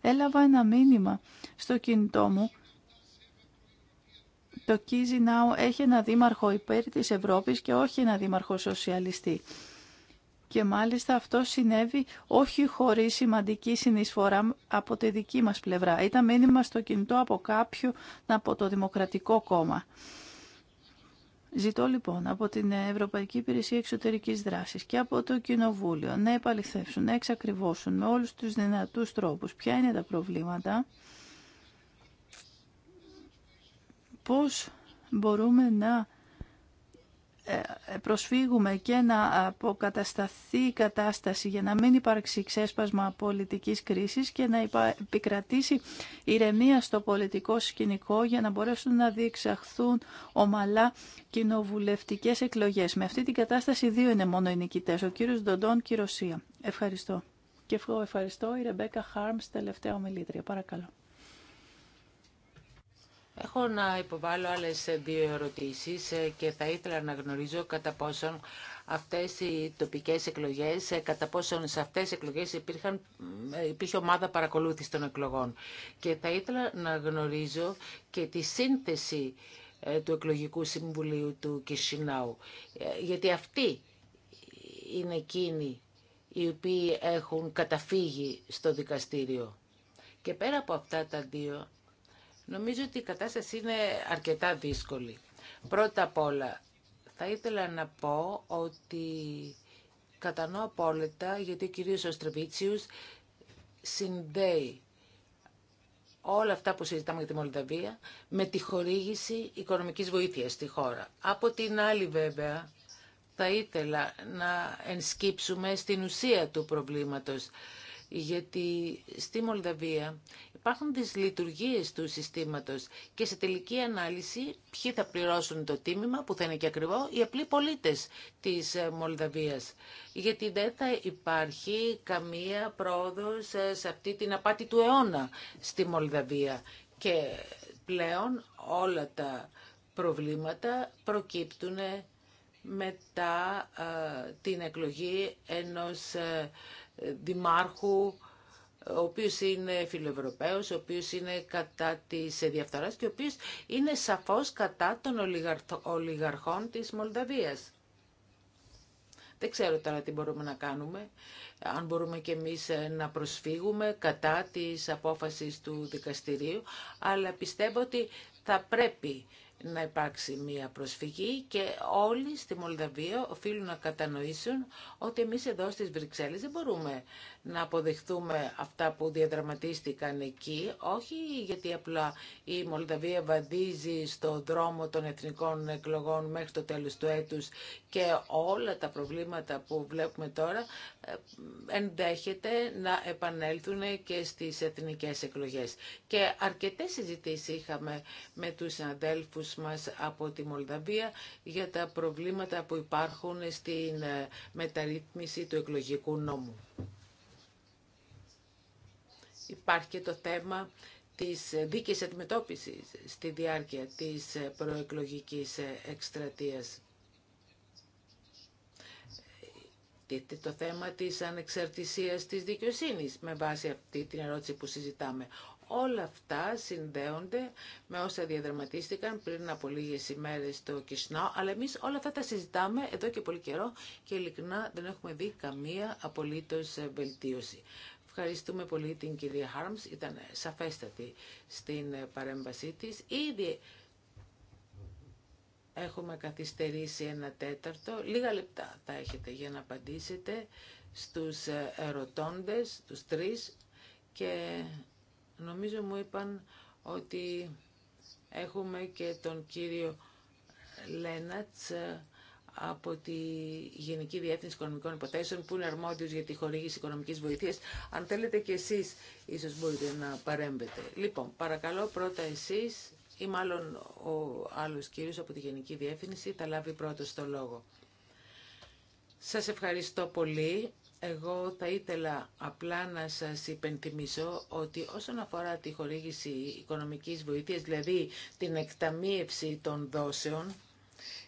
S6: έλαβα ένα μήνυμα στο κινητό μου το Κίζι Νάου έχει ένα δήμαρχο υπέρ της Ευρώπης και όχι ένα δήμαρχο σοσιαλιστή. Και μάλιστα αυτό συνέβη όχι χωρίς σημαντική συνεισφορά από τη δική μας πλευρά. Ήταν μήνυμα στο κινητό από κάποιον από το Δημοκρατικό Κόμμα. Ζητώ λοιπόν από την Ευρωπαϊκή Υπηρεσία Εξωτερικής Δράσης και από το Κοινοβούλιο να επαληθεύσουν, να εξακριβώσουν με όλους τους δυνατούς τρόπους ποια είναι τα προβλήματα, πώς μπορούμε να προσφύγουμε και να αποκατασταθεί η κατάσταση για να μην υπάρξει ξέσπασμα πολιτικής κρίσης και να επικρατήσει ηρεμία στο πολιτικό σκηνικό για να μπορέσουν να διεξαχθούν ομαλά κοινοβουλευτικές εκλογές. Με αυτή την κατάσταση δύο είναι μόνο οι νικητές, ο κύριος Ντοντών και η Ρωσία. Ευχαριστώ. Και ευχαριστώ η Ρεμπέκα Χάρμς, τελευταία ομιλήτρια. Παρακαλώ.
S5: Έχω να υποβάλω άλλες δύο ερωτήσεις ε, και θα ήθελα να γνωρίζω κατά πόσον αυτές οι τοπικές εκλογές, ε, κατά πόσον σε αυτές τις εκλογές υπήρχαν, ε, υπήρχε ομάδα παρακολούθηση των εκλογών. Και θα ήθελα να γνωρίζω και τη σύνθεση του εκλογικού συμβουλίου του Κισινάου. Γιατί αυτοί είναι εκείνοι οι οποίοι έχουν καταφύγει στο δικαστήριο. Και πέρα από αυτά τα δύο, Νομίζω ότι η κατάσταση είναι αρκετά δύσκολη. Πρώτα απ' όλα, θα ήθελα να πω ότι κατανοώ απόλυτα γιατί ο κυρίος Οστρεβίτσιους συνδέει όλα αυτά που συζητάμε για τη Μολδαβία με τη χορήγηση οικονομικής βοήθειας στη χώρα. Από την άλλη βέβαια θα ήθελα να ενσκύψουμε στην ουσία του προβλήματος γιατί στη Μολδαβία υπάρχουν δυσλειτουργίες του συστήματος και σε τελική ανάλυση ποιοι θα πληρώσουν το τίμημα που θα είναι και ακριβό οι απλοί πολίτες της ε, Μολδαβίας. Γιατί δεν θα υπάρχει καμία πρόοδος ε, σε αυτή την απάτη του αιώνα στη Μολδαβία και πλέον όλα τα προβλήματα προκύπτουν μετά ε, την εκλογή ενός δημάρχου ο οποίος είναι φιλοευρωπαίος, ο οποίος είναι κατά της διαφθοράς και ο οποίος είναι σαφώς κατά των ολιγαρχών της Μολδαβίας. Δεν ξέρω τώρα τι μπορούμε να κάνουμε, αν μπορούμε και εμείς ε, να προσφύγουμε κατά της απόφασης του δικαστηρίου, αλλά πιστεύω ότι θα πρέπει να υπάρξει μία προσφυγή και όλοι στη Μολδαβία οφείλουν να κατανοήσουν ότι εμείς εδώ στις Βρυξέλλες δεν μπορούμε να αποδεχθούμε αυτά που διαδραματίστηκαν εκεί, όχι γιατί απλά η Μολδαβία βαδίζει στο δρόμο των εθνικών εκλογών μέχρι το τέλος του έτους και όλα τα προβλήματα που βλέπουμε τώρα ε, ενδέχεται να επανέλθουν και στις εθνικές εκλογές. Και αρκετές συζητήσεις είχαμε με τους συναδέλφους μας από τη Μολδαβία για τα προβλήματα που υπάρχουν στην ε, μεταρρύθμιση του εκλογικού νόμου. Υπάρχει και το θέμα της δίκης αντιμετώπισης στη διάρκεια της προεκλογικής εκστρατείας. το θέμα της ανεξαρτησίας της δικαιοσύνης με βάση αυτή την ερώτηση που συζητάμε. Όλα αυτά συνδέονται με όσα διαδραματίστηκαν πριν από λίγες ημέρες στο Κισνό, αλλά εμείς όλα αυτά τα συζητάμε εδώ και πολύ καιρό και ειλικρινά δεν έχουμε δει καμία απολύτως βελτίωση. Ευχαριστούμε πολύ την κυρία Χάρμς, ήταν σαφέστατη στην παρέμβασή της. Ήδη έχουμε καθυστερήσει ένα τέταρτο. Λίγα λεπτά θα έχετε για να απαντήσετε στους ερωτώντες, τους τρεις και Νομίζω μου είπαν ότι έχουμε και τον κύριο Λένατς ε, από τη Γενική Διεύθυνση Οικονομικών Υποθέσεων που είναι αρμόδιος για τη χορήγηση οικονομικής βοηθείας. Αν θέλετε και εσείς ίσως μπορείτε να παρέμβετε. Λοιπόν, παρακαλώ πρώτα εσείς ή μάλλον ο άλλος κύριος από τη Γενική Διεύθυνση θα λάβει πρώτος το λόγο. Σας ευχαριστώ πολύ. Εγώ θα ήθελα απλά να σας υπενθυμίσω ότι όσον αφορά τη χορήγηση οικονομικής βοήθειας, δηλαδή την εκταμίευση των δόσεων,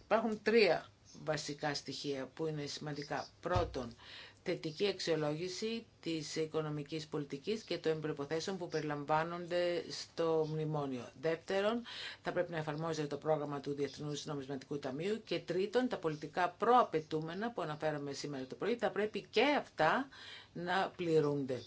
S5: υπάρχουν τρία βασικά στοιχεία που είναι σημαντικά. Πρώτον, θετική αξιολόγηση της οικονομικής πολιτικής και των προποθέσεων που περιλαμβάνονται στο μνημόνιο. Δεύτερον, θα πρέπει να εφαρμόζεται το πρόγραμμα του Διεθνούς Νομισματικού Ταμείου και τρίτον, τα πολιτικά προαπαιτούμενα που αναφέραμε σήμερα το πρωί θα πρέπει και αυτά να πληρούνται.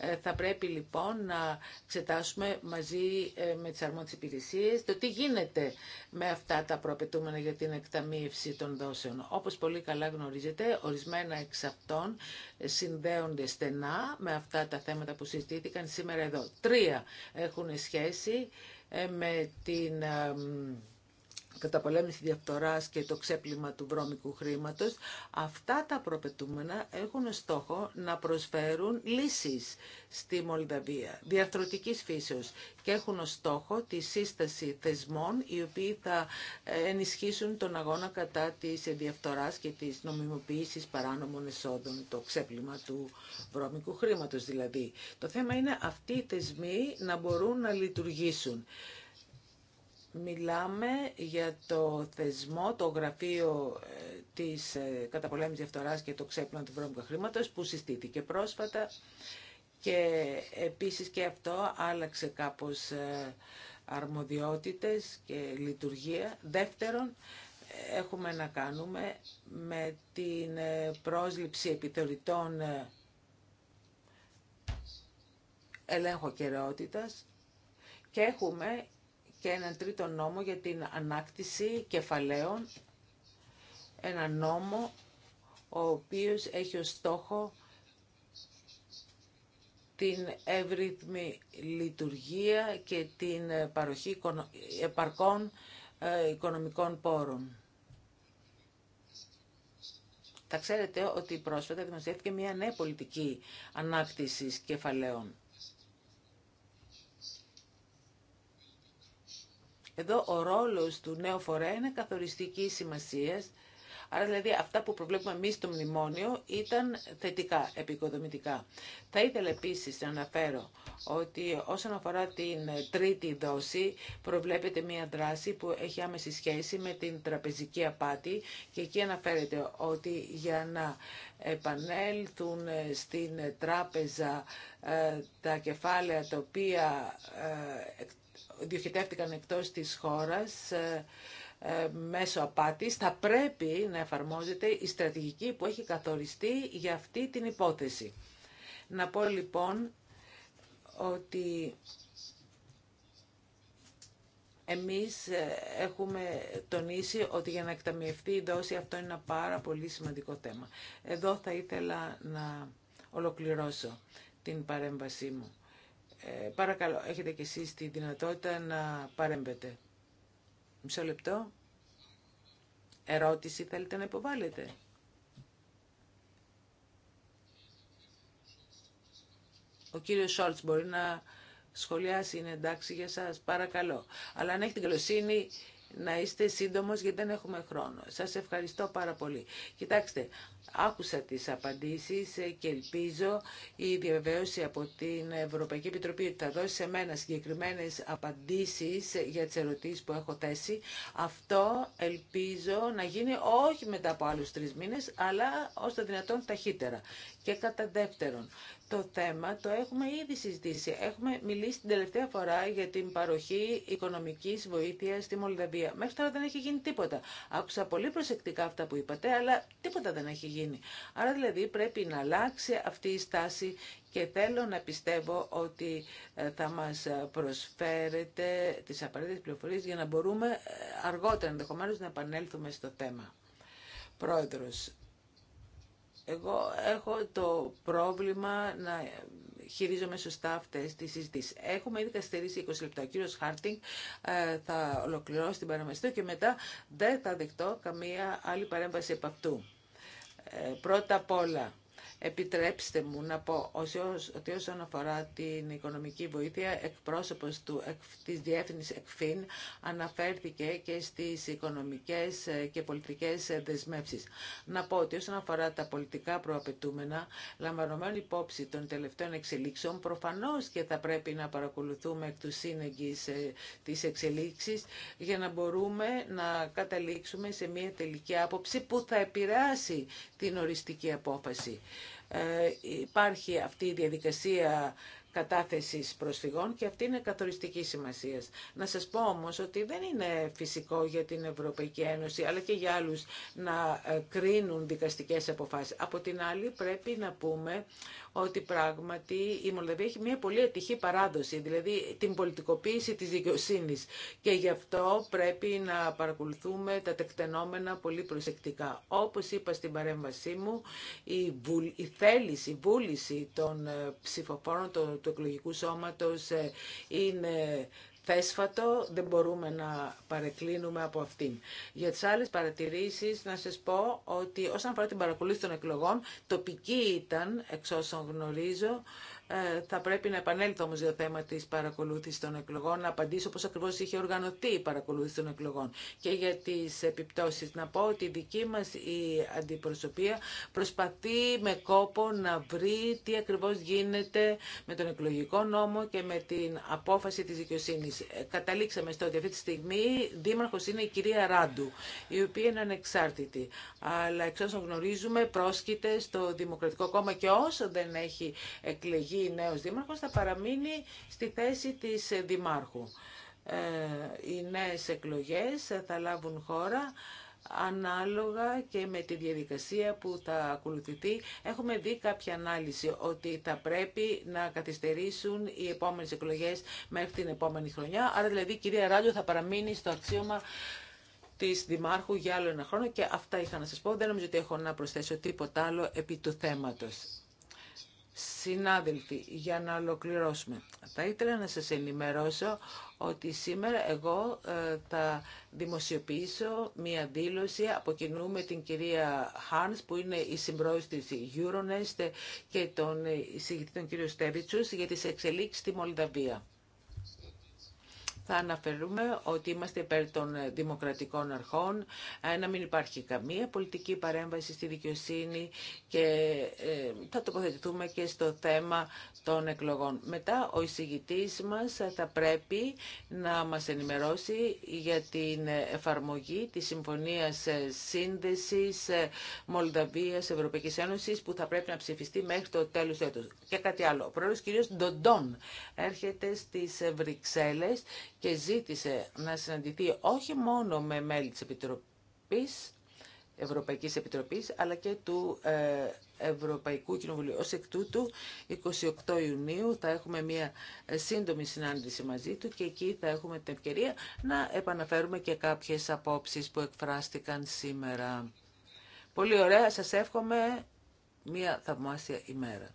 S5: Ε, θα πρέπει λοιπόν να εξετάσουμε μαζί ε, με τις αρμόδιες υπηρεσίες το τι γίνεται με αυτά τα προαπαιτούμενα για την εκταμείευση των δόσεων. Όπως πολύ καλά γνωρίζετε, ορισμένα εξ αυτών ε, συνδέονται στενά με αυτά τα θέματα που συζητήθηκαν σήμερα εδώ. Τρία έχουν σχέση με την καταπολέμηση διαφθοράς και το ξέπλυμα του βρώμικου χρήματος, αυτά τα προπετούμενα έχουν στόχο να προσφέρουν λύσεις στη Μολδαβία, διαρθρωτικής φύσεως, και έχουν στόχο τη σύσταση θεσμών, οι οποίοι θα ενισχύσουν τον αγώνα κατά της διαφθοράς και της νομιμοποίησης παράνομων εσόδων, το ξέπλυμα του βρώμικου χρήματος δηλαδή. Το θέμα είναι αυτοί οι θεσμοί να μπορούν να λειτουργήσουν. Μιλάμε για το θεσμό, το γραφείο ε, της ε, καταπολέμησης διαφθοράς και το ξέπλυμα του βρώμικου χρήματος που συστήθηκε πρόσφατα και επίσης και αυτό άλλαξε κάπως ε, αρμοδιότητες και λειτουργία. Δεύτερον, έχουμε να κάνουμε με την πρόσληψη επιθεωρητών ελέγχου και έχουμε και έναν τρίτο νόμο για την ανάκτηση κεφαλαίων, ένα νόμο ο οποίος έχει ως στόχο την εύρυθμη λειτουργία και την παροχή επαρκών ε, οικονομικών πόρων. Θα ξέρετε ότι πρόσφατα δημοσιεύτηκε μια νέα πολιτική ανάκτησης κεφαλαίων. Εδώ ο ρόλος του νέου φορέα είναι καθοριστική σημασία. Άρα δηλαδή αυτά που προβλέπουμε εμείς στο μνημόνιο ήταν θετικά, επικοδομητικά. Θα ήθελα επίσης να αναφέρω ότι όσον αφορά την τρίτη δόση προβλέπεται μια δράση που έχει άμεση σχέση με την τραπεζική απάτη και εκεί αναφέρεται ότι για να επανέλθουν στην τράπεζα ε, τα κεφάλαια τα οποία ε, διοχετεύτηκαν εκτός της χώρας ε, ε, μέσω απάτης, θα πρέπει να εφαρμόζεται η στρατηγική που έχει καθοριστεί για αυτή την υπόθεση. Να πω λοιπόν ότι εμείς ε, έχουμε τονίσει ότι για να εκταμιευτεί η δόση αυτό είναι ένα πάρα πολύ σημαντικό θέμα. Εδώ θα ήθελα να ολοκληρώσω την παρέμβασή μου. Ε, παρακαλώ, έχετε και εσείς τη δυνατότητα να παρέμβετε. Μισό λεπτό. Ερώτηση θέλετε να υποβάλλετε. Ο κύριος Σόλτς μπορεί να σχολιάσει, είναι εντάξει για σας, παρακαλώ. Αλλά αν έχετε την καλοσύνη να είστε σύντομος γιατί δεν έχουμε χρόνο. Σας ευχαριστώ πάρα πολύ. Κοιτάξτε, Άκουσα τις απαντήσεις ε, και ελπίζω η διαβεβαίωση από την Ευρωπαϊκή Επιτροπή ότι θα δώσει σε μένα συγκεκριμένες απαντήσεις ε, για τις ερωτήσεις που έχω θέσει. Αυτό ελπίζω να γίνει όχι μετά από άλλους τρεις μήνες, αλλά ως το δυνατόν ταχύτερα. Και κατά δεύτερον, το θέμα το έχουμε ήδη συζητήσει. Έχουμε μιλήσει την τελευταία φορά για την παροχή οικονομικής βοήθειας στη Μολδαβία. Μέχρι τώρα δεν έχει γίνει τίποτα. Άκουσα πολύ προσεκτικά αυτά που είπατε, αλλά τίποτα δεν έχει γίνει γίνει. Άρα δηλαδή πρέπει να αλλάξει αυτή η στάση και θέλω να πιστεύω ότι ε, θα μας προσφέρετε τις απαραίτητες πληροφορίες για να μπορούμε ε, αργότερα ενδεχομένω να επανέλθουμε στο θέμα. Πρόεδρος, εγώ έχω το πρόβλημα να χειρίζομαι σωστά αυτέ τι συζητήσει. Έχουμε ήδη καθυστερήσει 20 λεπτά. Ο κύριο Χάρτινγκ ε, θα ολοκληρώσει την παραμεστή και μετά δεν θα δεχτώ καμία άλλη παρέμβαση επ' αυτού. Ε, πρώτα απ' όλα, Επιτρέψτε μου να πω ότι όσον αφορά την οικονομική βοήθεια, εκπρόσωπος του, της Διεύθυνης ΕΚΦΗΝ αναφέρθηκε και στις οικονομικές ε, και πολιτικές ε, δεσμεύσεις. Να πω ότι όσον αφορά τα πολιτικά προαπαιτούμενα, λαμβανωμένο υπόψη των τελευταίων εξελίξεων, προφανώς και θα πρέπει να παρακολουθούμε εκ του σύνεγγυς ε, τις εξελίξεις για να μπορούμε να καταλήξουμε σε μια τελική άποψη που θα επηρεάσει την οριστική απόφαση. Ε, υπάρχει αυτή η διαδικασία κατάθεσης προσφυγών και αυτή είναι καθοριστική σημασία. Να σας πω όμως ότι δεν είναι φυσικό για την Ευρωπαϊκή Ένωση αλλά και για άλλους να ε, κρίνουν δικαστικές αποφάσεις. Από την άλλη πρέπει να πούμε ότι πράγματι η Μολδαβία έχει μια πολύ ατυχή παράδοση, δηλαδή την πολιτικοποίηση της δικαιοσύνη. και γι' αυτό πρέπει να παρακολουθούμε τα τεκτενόμενα πολύ προσεκτικά. Όπως είπα στην παρέμβασή μου, η, θέληση, η βούληση των ε, ψηφοφόρων του εκλογικού σώματος ε, είναι θέσφατο, δεν μπορούμε να παρεκκλίνουμε από αυτήν. Για τις άλλες παρατηρήσεις να σας πω ότι όσον αφορά την παρακολούθηση των εκλογών, τοπική ήταν, εξ όσων γνωρίζω, ε, θα πρέπει να επανέλθω όμω για το θέμα τη παρακολούθηση των εκλογών, να απαντήσω πώ ακριβώ είχε οργανωθεί η παρακολούθηση των εκλογών. Και για τι επιπτώσει. να πω ότι η δική μα η αντιπροσωπεία προσπαθεί με κόπο να βρει τι ακριβώ γίνεται με τον εκλογικό νόμο και με την απόφαση της δικαιοσύνη. Ε, καταλήξαμε στο ότι αυτή τη στιγμή δήμαρχος είναι η κυρία Ράντου, η οποία είναι ανεξάρτητη. Αλλά εξ όσων γνωρίζουμε πρόσκειται στο Δημοκρατικό Κόμμα και όσο δεν έχει εκλεγεί εκλεγεί νέος δήμαρχος θα παραμείνει στη θέση της δημάρχου. Ε, οι νέες εκλογές θα λάβουν χώρα ανάλογα και με τη διαδικασία που θα ακολουθηθεί. Έχουμε δει κάποια ανάλυση ότι θα πρέπει να καθυστερήσουν οι επόμενες εκλογές μέχρι την επόμενη χρονιά. Άρα δηλαδή η κυρία Ράντιο θα παραμείνει στο αξίωμα της Δημάρχου για άλλο ένα χρόνο και αυτά είχα να σας πω. Δεν νομίζω ότι έχω να προσθέσω τίποτα άλλο επί του θέματος. Συνάδελφοι, για να ολοκληρώσουμε, θα ήθελα να σας ενημερώσω ότι σήμερα εγώ ε, θα δημοσιοποιήσω μία δήλωση από κοινού με την κυρία Χάνς που είναι η συμπρόεδρος της Euronest και τον εισηγητή τον κύριο Στέβιτσους για τις εξελίξεις στη Μολδαβία θα αναφερούμε ότι είμαστε υπέρ των δημοκρατικών αρχών, ε, να μην υπάρχει καμία πολιτική παρέμβαση στη δικαιοσύνη και ε, θα τοποθετηθούμε και στο θέμα των εκλογών. Μετά ο εισηγητής μας θα πρέπει να μας ενημερώσει για την εφαρμογή της Συμφωνίας Σύνδεσης Μολδαβίας Ευρωπαϊκής Ένωσης που θα πρέπει να ψηφιστεί μέχρι το τέλος του έτους. Και κάτι άλλο. Ο πρόεδρος κ. Ντοντών έρχεται στις Βρυξέλλες και ζήτησε να συναντηθεί όχι μόνο με μέλη της Επιτροπής, Ευρωπαϊκής Επιτροπής, αλλά και του ε, Ευρωπαϊκού Κοινοβουλίου. Ως εκ τούτου, 28 Ιουνίου θα έχουμε μια σύντομη συνάντηση μαζί του και εκεί θα έχουμε την ευκαιρία να επαναφέρουμε και κάποιες απόψεις που εκφράστηκαν σήμερα. Πολύ ωραία, σας εύχομαι μια θαυμάσια ημέρα.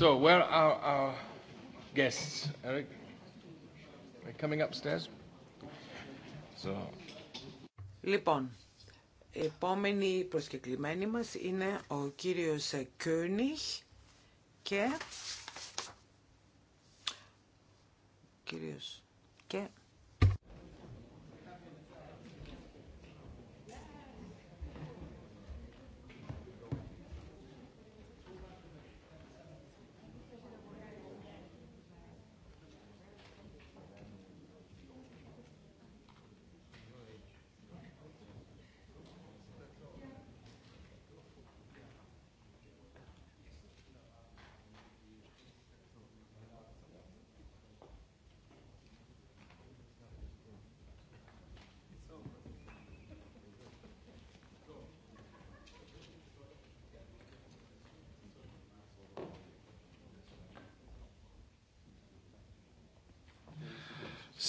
S1: So, where are our guests? Eric, are coming upstairs?
S5: So. Λοιπόν, η επόμενη προσκεκλημένη μας είναι ο κύριος Κούνιχ και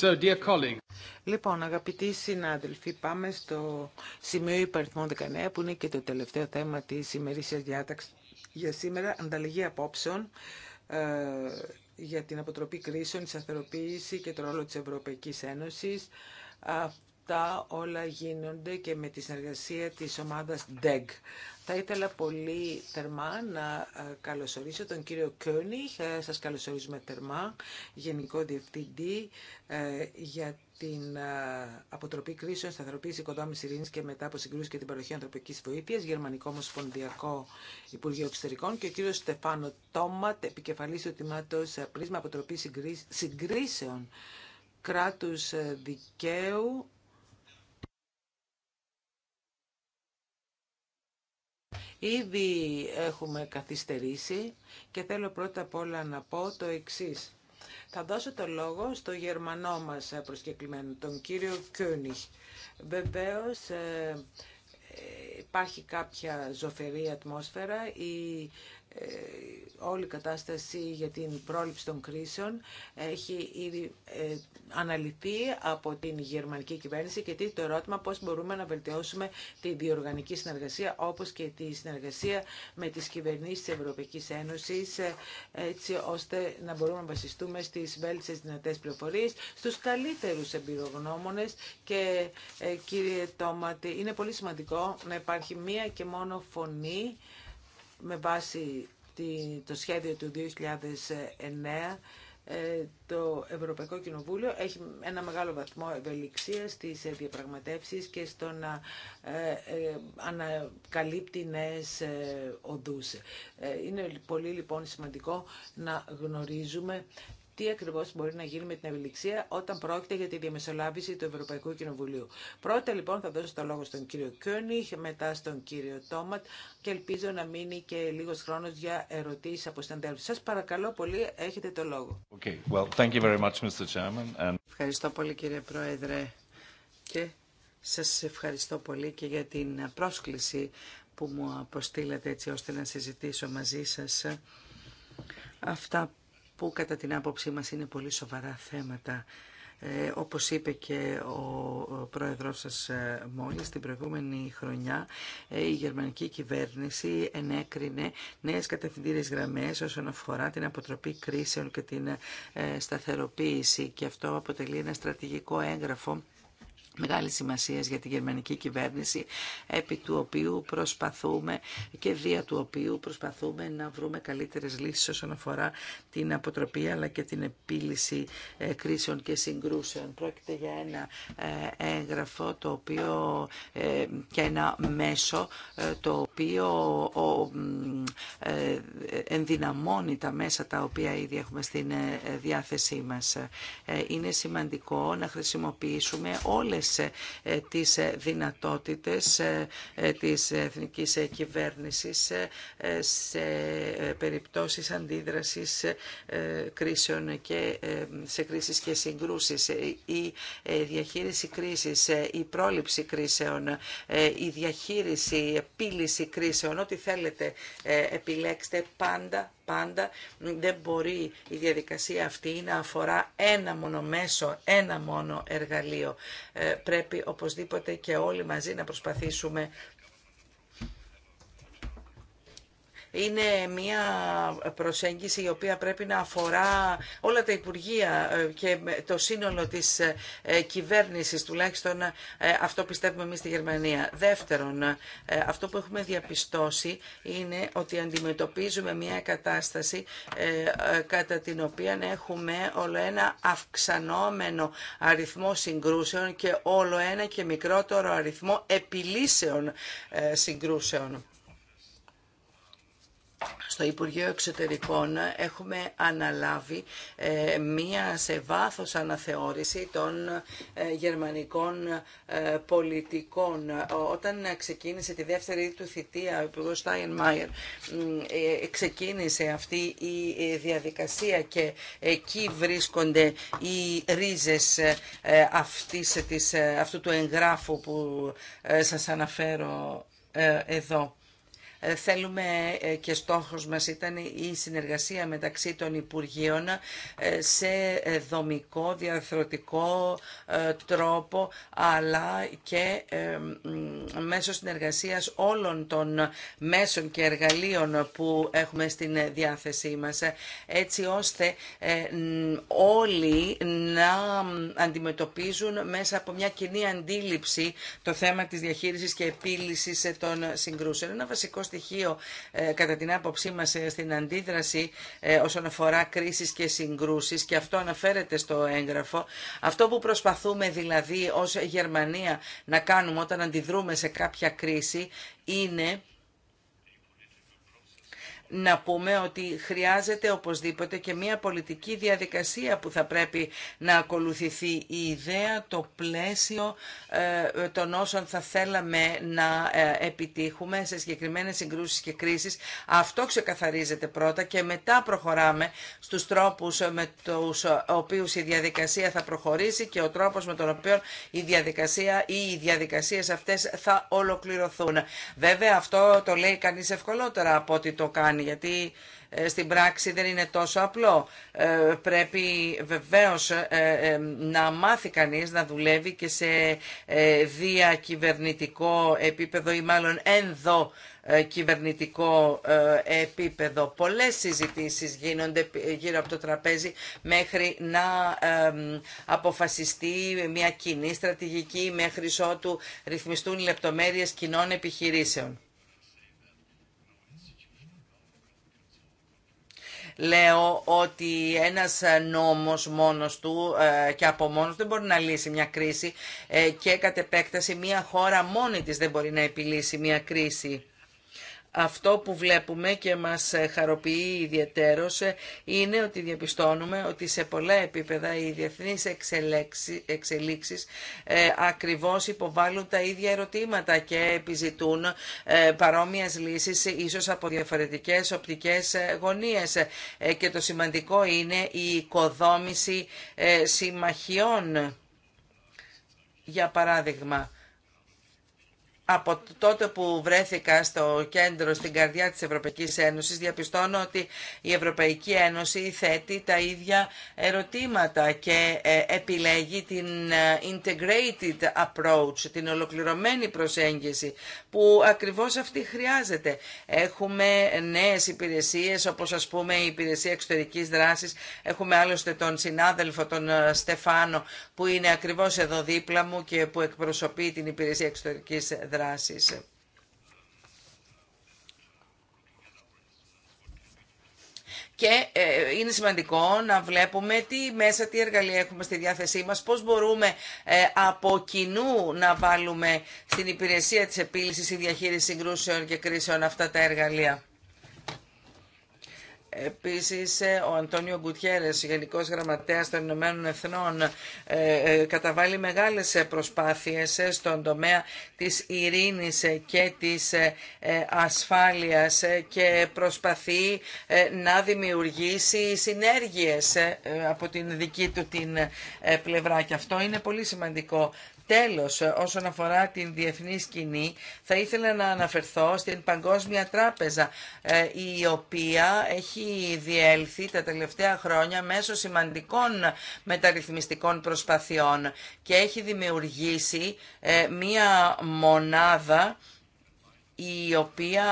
S1: So, dear colleague.
S5: Λοιπόν, αγαπητοί συνάδελφοι, πάμε στο σημείο υπαριθμών 19, που είναι και το τελευταίο θέμα της ημερήσια διάταξης για σήμερα, ανταλλαγή απόψεων ε, για την αποτροπή κρίσεων, τη σταθεροποίηση και το ρόλο της Ευρωπαϊκής Ένωσης αυτά όλα γίνονται και με τη συνεργασία της ομάδας DEG. Θα ήθελα πολύ θερμά να ε, καλωσορίσω τον κύριο Κιόνιχ. Ε, σας καλωσορίζουμε θερμά, Γενικό Διευθυντή ε, για την αποτροπή κρίσεων, σταθεροποίηση οικοδόμηση ειρήνη και μετά από συγκρούσει και την παροχή Ανθρωπικής Βοήθειας Γερμανικό Μοσπονδιακό Υπουργείο Εξωτερικών και ο κύριο Στεφάνο Τόματ, Επικεφαλής του Τιμάτος Πρίσμα Αποτροπή Συγκρίσεων Κράτου Δικαίου Ήδη έχουμε καθυστερήσει και θέλω πρώτα απ' όλα να πω το εξής. Θα δώσω το λόγο στο Γερμανό μας προσκεκλημένο, τον κύριο Κιούνιχ. Βεβαίως ε, ε, υπάρχει κάποια ζωφερή ατμόσφαιρα. Η ε, όλη η κατάσταση για την πρόληψη των κρίσεων έχει ήδη ε, αναλυθεί από την γερμανική κυβέρνηση και το ερώτημα πώς μπορούμε να βελτιώσουμε τη διοργανική συνεργασία όπως και τη συνεργασία με τις κυβερνήσεις της Ευρωπαϊκής Ένωσης ε, έτσι ώστε να μπορούμε να βασιστούμε στις βέλτιστες δυνατές πληροφορίες, στους καλύτερους εμπειρογνώμονες και κύριε Τόματι είναι πολύ σημαντικό να υπάρχει μία και μόνο φωνή με βάση το σχέδιο του 2009 ε, το Ευρωπαϊκό Κοινοβούλιο έχει ένα μεγάλο βαθμό ευελιξία στις ε, διαπραγματεύσεις και στο να ε, ανακαλύπτει νέες οδούς. Είναι πολύ λοιπόν σημαντικό να γνωρίζουμε τι ακριβώ μπορεί να γίνει με την ευελιξία όταν πρόκειται για τη διαμεσολάβηση του Ευρωπαϊκού Κοινοβουλίου. Πρώτα λοιπόν θα δώσω το λόγο στον κύριο Κιόνιχ, μετά στον κύριο Τόματ και ελπίζω να μείνει και λίγο χρόνο για ερωτήσει από συναντέλφου. Σα. παρακαλώ πολύ,
S2: έχετε το λόγο.
S7: Okay. Well, thank you very much, Mr. And...
S2: Ευχαριστώ πολύ κύριε Πρόεδρε και σας ευχαριστώ πολύ και για την πρόσκληση που μου αποστήλατε έτσι ώστε να συζητήσω μαζί σας αυτά που κατά την άποψή μας είναι πολύ σοβαρά θέματα. Ε, όπως είπε και ο πρόεδρος σας ε, μόλις, την προηγούμενη χρονιά ε, η γερμανική κυβέρνηση ενέκρινε νέες κατευθυντήριες γραμμές όσον αφορά την αποτροπή κρίσεων και την ε, σταθεροποίηση και αυτό αποτελεί ένα στρατηγικό έγγραφο μεγάλη σημασία για τη γερμανική κυβέρνηση, επί του οποίου προσπαθούμε και δια του οποίου προσπαθούμε να βρούμε καλύτερες λύσεις όσον αφορά την αποτροπή αλλά και την επίλυση ε, κρίσεων και συγκρούσεων. Πρόκειται για ένα ε, έγγραφο το οποίο ε, και ένα μέσο το οποίο ε, ενδυναμώνει τα μέσα τα οποία ήδη έχουμε στην ε, διάθεσή μας. Ε, είναι σημαντικό να χρησιμοποιήσουμε όλες τις δυνατότητες της εθνικής κυβέρνησης σε περιπτώσεις αντίδρασης κρίσεων και σε κρίσεις και συγκρούσεις. Η διαχείριση κρίσης, η πρόληψη κρίσεων, η διαχείριση, η επίλυση κρίσεων. Ό,τι θέλετε ε, επιλέξτε πάντα, πάντα δεν μπορεί η διαδικασία αυτή να αφορά ένα μόνο μέσο, ένα μόνο εργαλείο. Ε, πρέπει οπωσδήποτε και όλοι μαζί να προσπαθήσουμε είναι μια προσέγγιση η οποία πρέπει να αφορά όλα τα Υπουργεία ε, και το σύνολο της ε, κυβέρνησης, τουλάχιστον ε, αυτό πιστεύουμε εμείς στη Γερμανία. Δεύτερον, αυτό που έχουμε διαπιστώσει είναι ότι αντιμετωπίζουμε μια κατάσταση κατά την οποία έχουμε όλο ένα αυξανόμενο αριθμό συγκρούσεων και όλο ένα και μικρότερο αριθμό επιλύσεων συγκρούσεων στο Υπουργείο Εξωτερικών έχουμε αναλάβει ε, μία σε βάθος αναθεώρηση των ε, γερμανικών ε, πολιτικών. Όταν ξεκίνησε τη δεύτερη του θητεία ο Υπουργός Στάιν ξεκίνησε αυτή η διαδικασία και εκεί βρίσκονται οι ρίζες αυτής, αυτού του εγγράφου που σας αναφέρω εδώ. Ε, θέλουμε ε, και στόχος μας ήταν η συνεργασία μεταξύ των Υπουργείων ε, σε δομικό, διαθρωτικό τρόπο, αλλά και μέσω συνεργασίας όλων των μέσων και εργαλείων που έχουμε στην διάθεσή μας, έτσι ώστε όλοι να αντιμετωπίζουν μέσα από μια κοινή αντίληψη το θέμα της διαχείρισης και επίλυσης των συγκρούσεων. Ένα βασικό στοιχείο ε, κατά την άποψή μας ε, στην αντίδραση ε, όσον αφορά κρίσεις και συγκρούσεις και αυτό αναφέρεται στο έγγραφο. Αυτό που προσπαθούμε δηλαδή ως Γερμανία να κάνουμε όταν αντιδρούμε σε κάποια κρίση είναι να πούμε ότι χρειάζεται οπωσδήποτε και μια πολιτική διαδικασία που θα πρέπει να ακολουθηθεί η ιδέα, το πλαίσιο ε, των όσων θα θέλαμε να ε, επιτύχουμε σε συγκεκριμένες συγκρούσεις και κρίσεις. Αυτό ξεκαθαρίζεται πρώτα και μετά προχωράμε στους τρόπους με τους οποίους η διαδικασία θα προχωρήσει και ο τρόπος με τον οποίο η διαδικασία ή οι διαδικασίες αυτές θα ολοκληρωθούν. Βέβαια αυτό το λέει κανείς ευκολότερα από ότι το κάνει γιατί ε, στην πράξη δεν είναι τόσο απλό. Ε, πρέπει βεβαίως ε, να μάθει κανείς να δουλεύει και σε διακυβερνητικό επίπεδο ή μάλλον ενδο κυβερνητικό επίπεδο. Πολλές συζητήσεις γίνονται γύρω από το τραπέζι μέχρι να αποφασιστεί μια κοινή στρατηγική μέχρι ότου ρυθμιστούν λεπτομέρειες κοινών επιχειρήσεων. λέω ότι ένας νόμος μόνος του ε, και από μόνος δεν μπορεί να λύσει μια κρίση ε, και κατ' επέκταση μια χώρα μόνη της δεν μπορεί να επιλύσει μια κρίση. Αυτό που βλέπουμε και μας ε, χαροποιεί ιδιαιτέρως ε, είναι ότι διαπιστώνουμε ότι σε πολλά επίπεδα οι διεθνείς εξελίξεις ε, ακριβώς υποβάλλουν τα ίδια ερωτήματα και επιζητούν παρόμοιες λύσεις ίσως από διαφορετικές οπτικές γωνίες. Και το σημαντικό είναι η οικοδόμηση συμμαχιών. Για παράδειγμα, από τότε που βρέθηκα στο κέντρο, στην καρδιά της Ευρωπαϊκής Ένωσης, διαπιστώνω ότι η Ευρωπαϊκή Ένωση θέτει τα ίδια ερωτήματα και ε, επιλέγει την ε, integrated approach, την ολοκληρωμένη προσέγγιση, που ακριβώς αυτή χρειάζεται. Έχουμε νέες υπηρεσίες, όπως ας πούμε η υπηρεσία εξωτερικής δράσης. Έχουμε άλλωστε τον συνάδελφο, τον ε, Στεφάνο, που είναι ακριβώς εδώ δίπλα μου και που εκπροσωπεί την υπηρεσία εξωτερικής δράσης και ε, είναι σημαντικό να βλέπουμε τι μέσα, τι εργαλεία έχουμε στη διάθεσή μας, πώς μπορούμε ε, από κοινού να βάλουμε στην υπηρεσία της επίλυσης ή διαχείρισης συγκρούσεων και κρίσεων αυτά τα εργαλεία. Επίσης, ε, ο Αντώνιο Γκουτιέρες, Γενικός Γραμματέας των Ηνωμένων Εθνών, ε, ε, καταβάλει μεγάλες προσπάθειες στον τομέα της ειρήνης και της ασφάλειας και προσπαθεί να δημιουργήσει συνέργειες από την δική του την πλευρά. Και αυτό είναι πολύ σημαντικό Τέλος, ε, όσον αφορά την διεθνή σκηνή, θα ήθελα να αναφερθώ στην Παγκόσμια Τράπεζα, ε, η οποία έχει διέλθει τα τελευταία χρόνια μέσω σημαντικών μεταρρυθμιστικών προσπαθειών και έχει δημιουργήσει ε, μία μονάδα η οποία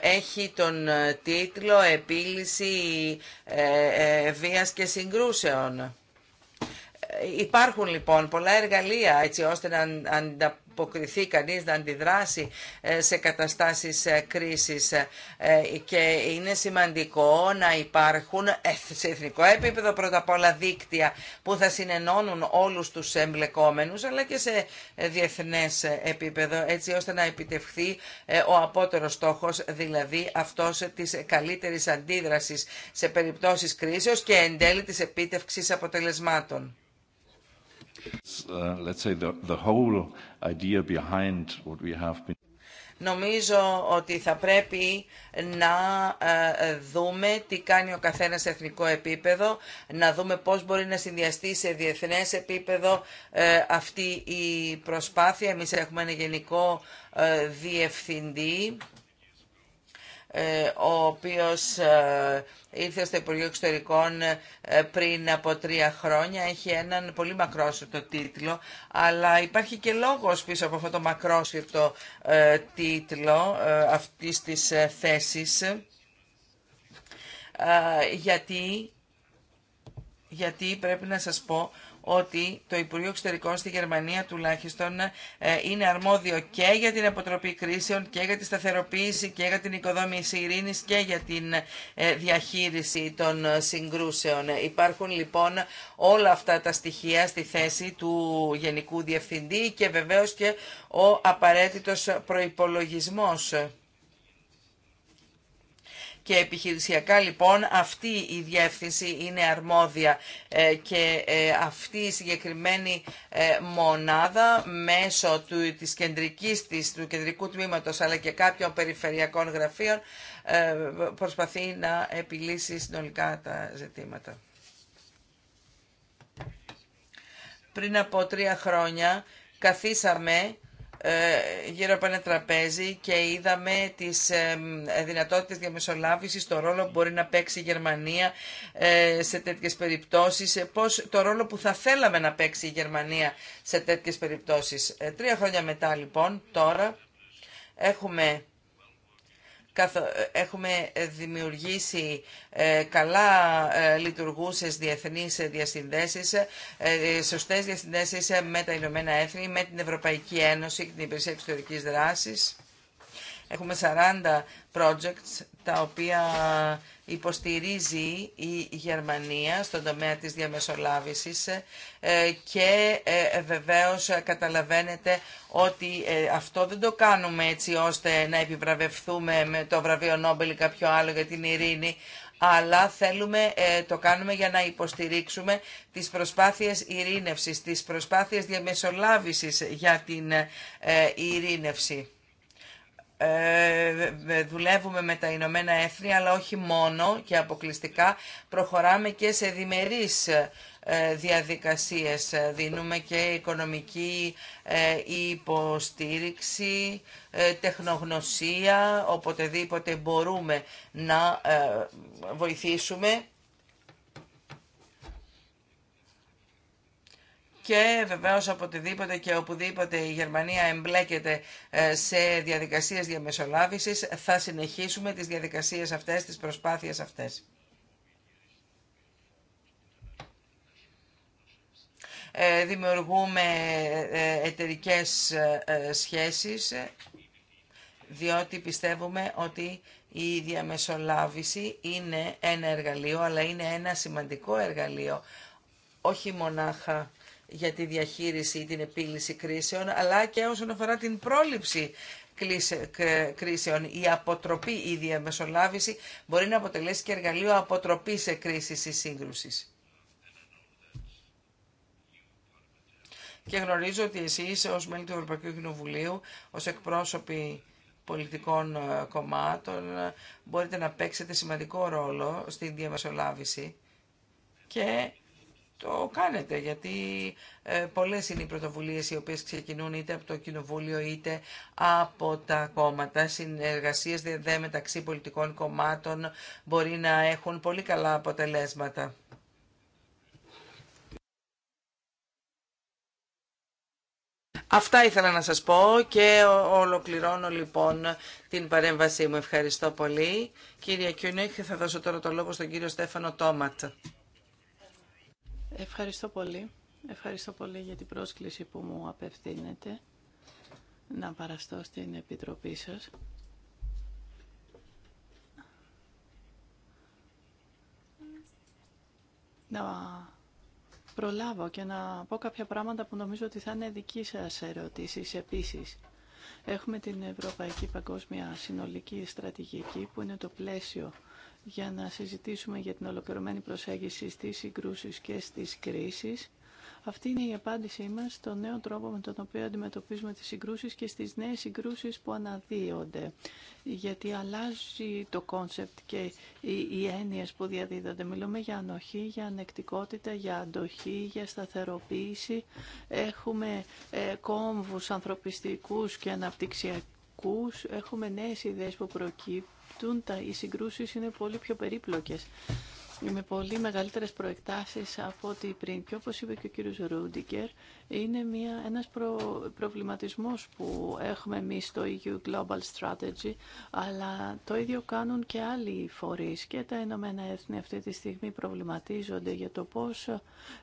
S2: έχει τον τίτλο «Επίλυση βίας και συγκρούσεων». Υπάρχουν λοιπόν πολλά εργαλεία έτσι ώστε να ανταποκριθεί κανείς, να αντιδράσει ε, σε καταστάσεις ε, κρίσης ε, και είναι σημαντικό να υπάρχουν σε εθνικό επίπεδο πρώτα απ' όλα δίκτυα που θα συνενώνουν όλους τους εμπλεκόμενους αλλά και σε διεθνές επίπεδο έτσι ώστε να επιτευχθεί ο απότερος στόχος δηλαδή αυτός της καλύτερης αντίδρασης σε περιπτώσεις κρίσεως και εν τέλει της επίτευξης αποτελεσμάτων. Νομίζω ότι θα πρέπει να ε, δούμε τι κάνει ο καθένας σε εθνικό επίπεδο, να δούμε πώς μπορεί να συνδυαστεί σε διεθνές επίπεδο ε, αυτή η προσπάθεια. Εμείς έχουμε ένα γενικό ε, διευθυντή ε, ο οποίος ε, ήρθε στο Υπουργείο Εξωτερικών ε, πριν από τρία χρόνια. Έχει έναν πολύ μακρόσυρτο τίτλο, αλλά υπάρχει και λόγος πίσω από αυτό το μακρόσυρτο τίτλο αυτής της θέσης, γιατί, γιατί πρέπει να σας πω ότι το Υπουργείο Εξωτερικών στη Γερμανία τουλάχιστον ε, είναι αρμόδιο και για την αποτροπή κρίσεων και για τη σταθεροποίηση και για την οικοδόμηση ειρήνης και για την ε, διαχείριση των συγκρούσεων. Υπάρχουν λοιπόν όλα αυτά τα στοιχεία στη θέση του Γενικού Διευθυντή και βεβαίως και ο απαραίτητος προϋπολογισμός και επιχειρησιακά λοιπόν αυτή η διεύθυνση είναι αρμόδια ε, και ε, αυτή η συγκεκριμένη ε, μονάδα μέσω του, της κεντρικής της, του κεντρικού τμήματος αλλά και κάποιων περιφερειακών γραφείων προσπαθεί να επιλύσει συνολικά τα ζητήματα. Πριν από τρία χρόνια καθίσαμε ε, γύρω από ένα τραπέζι και είδαμε τις ε, δυνατότητες διαμεσολάβησης, το ρόλο που μπορεί να παίξει η Γερμανία ε, σε τέτοιες περιπτώσεις, πώς, το ρόλο που θα θέλαμε να παίξει η Γερμανία σε τέτοιες περιπτώσεις. Τρία χρόνια μετά λοιπόν, τώρα, έχουμε Έχουμε δημιουργήσει ε, καλά ε, λειτουργούσες διεθνείς διασυνδέσεις, ε, σωστές διασυνδέσεις με τα Ηνωμένα Έθνη, με την Ευρωπαϊκή Ένωση και την Υπηρεσία Εξωτερικής Δράσης. Έχουμε 40 projects τα οποία υποστηρίζει η Γερμανία στον τομέα της διαμεσολάβησης ε, και ε, βεβαίως καταλαβαίνετε ότι ε, αυτό δεν το κάνουμε έτσι ώστε να επιβραβευθούμε με το βραβείο Νόμπελ ή κάποιο άλλο για την ειρήνη αλλά θέλουμε, το κάνουμε για να υποστηρίξουμε τις προσπάθειες ειρήνευσης, τις προσπάθειες διαμεσολάβησης για την ειρήνευση. Ε, δουλεύουμε με τα Ηνωμένα Έθνη, αλλά όχι μόνο και αποκλειστικά. Προχωράμε και σε διμερείς ε, διαδικασίες. Ε, δίνουμε και οικονομική υποστήριξη, τεχνογνωσία, οποτεδήποτε μπορούμε να βοηθήσουμε και βεβαίως οποτεδήποτε και οπουδήποτε η Γερμανία εμπλέκεται ε, σε διαδικασίες διαμεσολάβησης θα συνεχίσουμε τις διαδικασίες αυτές, τις προσπάθειες αυτές. Ε, δημιουργούμε ε, εταιρικές σχέσεις διότι πιστεύουμε ότι η διαμεσολάβηση είναι ένα εργαλείο αλλά είναι ένα σημαντικό εργαλείο όχι μονάχα για τη διαχείριση ή την επίλυση κρίσεων, αλλά και όσον αφορά την πρόληψη κρίσεων. Η αποτροπή, η διαμεσολάβηση μπορεί να αποτελέσει και εργαλείο αποτροπής σε κρίσεις ή σύγκρουσης. Και γνωρίζω ότι εσείς ως μέλη του Ευρωπαϊκού Κοινοβουλίου, ως εκπρόσωποι πολιτικών ε, κομμάτων, ε, μπορείτε να παίξετε σημαντικό ρόλο στην διαμεσολάβηση και εργαλειο αποτροπης σε κριση η συγκρουση και γνωριζω οτι εσεις ως μελη του ευρωπαικου κοινοβουλιου ως εκπροσωποι πολιτικων κομματων μπορειτε να παιξετε σημαντικο ρολο στην διαμεσολαβηση και το κάνετε, γιατί ε, πολλές είναι οι πρωτοβουλίες οι οποίες ξεκινούν είτε από το Κοινοβούλιο είτε από τα κόμματα. Συνεργασίες δε, μεταξύ πολιτικών κομμάτων μπορεί να έχουν πολύ καλά αποτελέσματα. Αυτά ήθελα να σας πω και ολοκληρώνω λοιπόν την παρέμβασή μου. Ευχαριστώ πολύ. Κύριε Κιούνιχ, θα δώσω τώρα το λόγο στον κύριο Στέφανο Τόματ.
S6: Ευχαριστώ πολύ. Ευχαριστώ πολύ για την πρόσκληση που μου απευθύνετε να παραστώ στην Επιτροπή σας. Να προλάβω και να πω κάποια πράγματα που νομίζω ότι θα είναι δική σας ερωτήσεις επίσης. Έχουμε την Ευρωπαϊκή Παγκόσμια Συνολική Στρατηγική που είναι το πλαίσιο για να συζητήσουμε για την ολοκληρωμένη προσέγγιση στις συγκρούσεις και στις κρίσεις. Αυτή είναι η απάντησή μας στον νέο τρόπο με τον οποίο αντιμετωπίζουμε τις συγκρούσεις και στις νέες συγκρούσεις που αναδύονται. Γιατί αλλάζει το κόνσεπτ και οι έννοιες που διαδίδονται. Μιλούμε για ανοχή, για ανεκτικότητα, για αντοχή, για σταθεροποίηση. Έχουμε ε, κόμβους ανθρωπιστικούς και αναπτυξιακούς. Έχουμε νέες ιδέες που προκύπτουν τα, οι συγκρούσεις είναι πολύ πιο περίπλοκες με πολύ μεγαλύτερες προεκτάσεις από ό,τι πριν. Και όπως είπε και ο κύριος Ρούντικερ, είναι μια, ένας προβληματισμός που έχουμε εμείς στο EU Global Strategy, αλλά το ίδιο κάνουν και άλλοι φορείς και τα Ηνωμένα Έθνη αυτή τη στιγμή προβληματίζονται για το πώς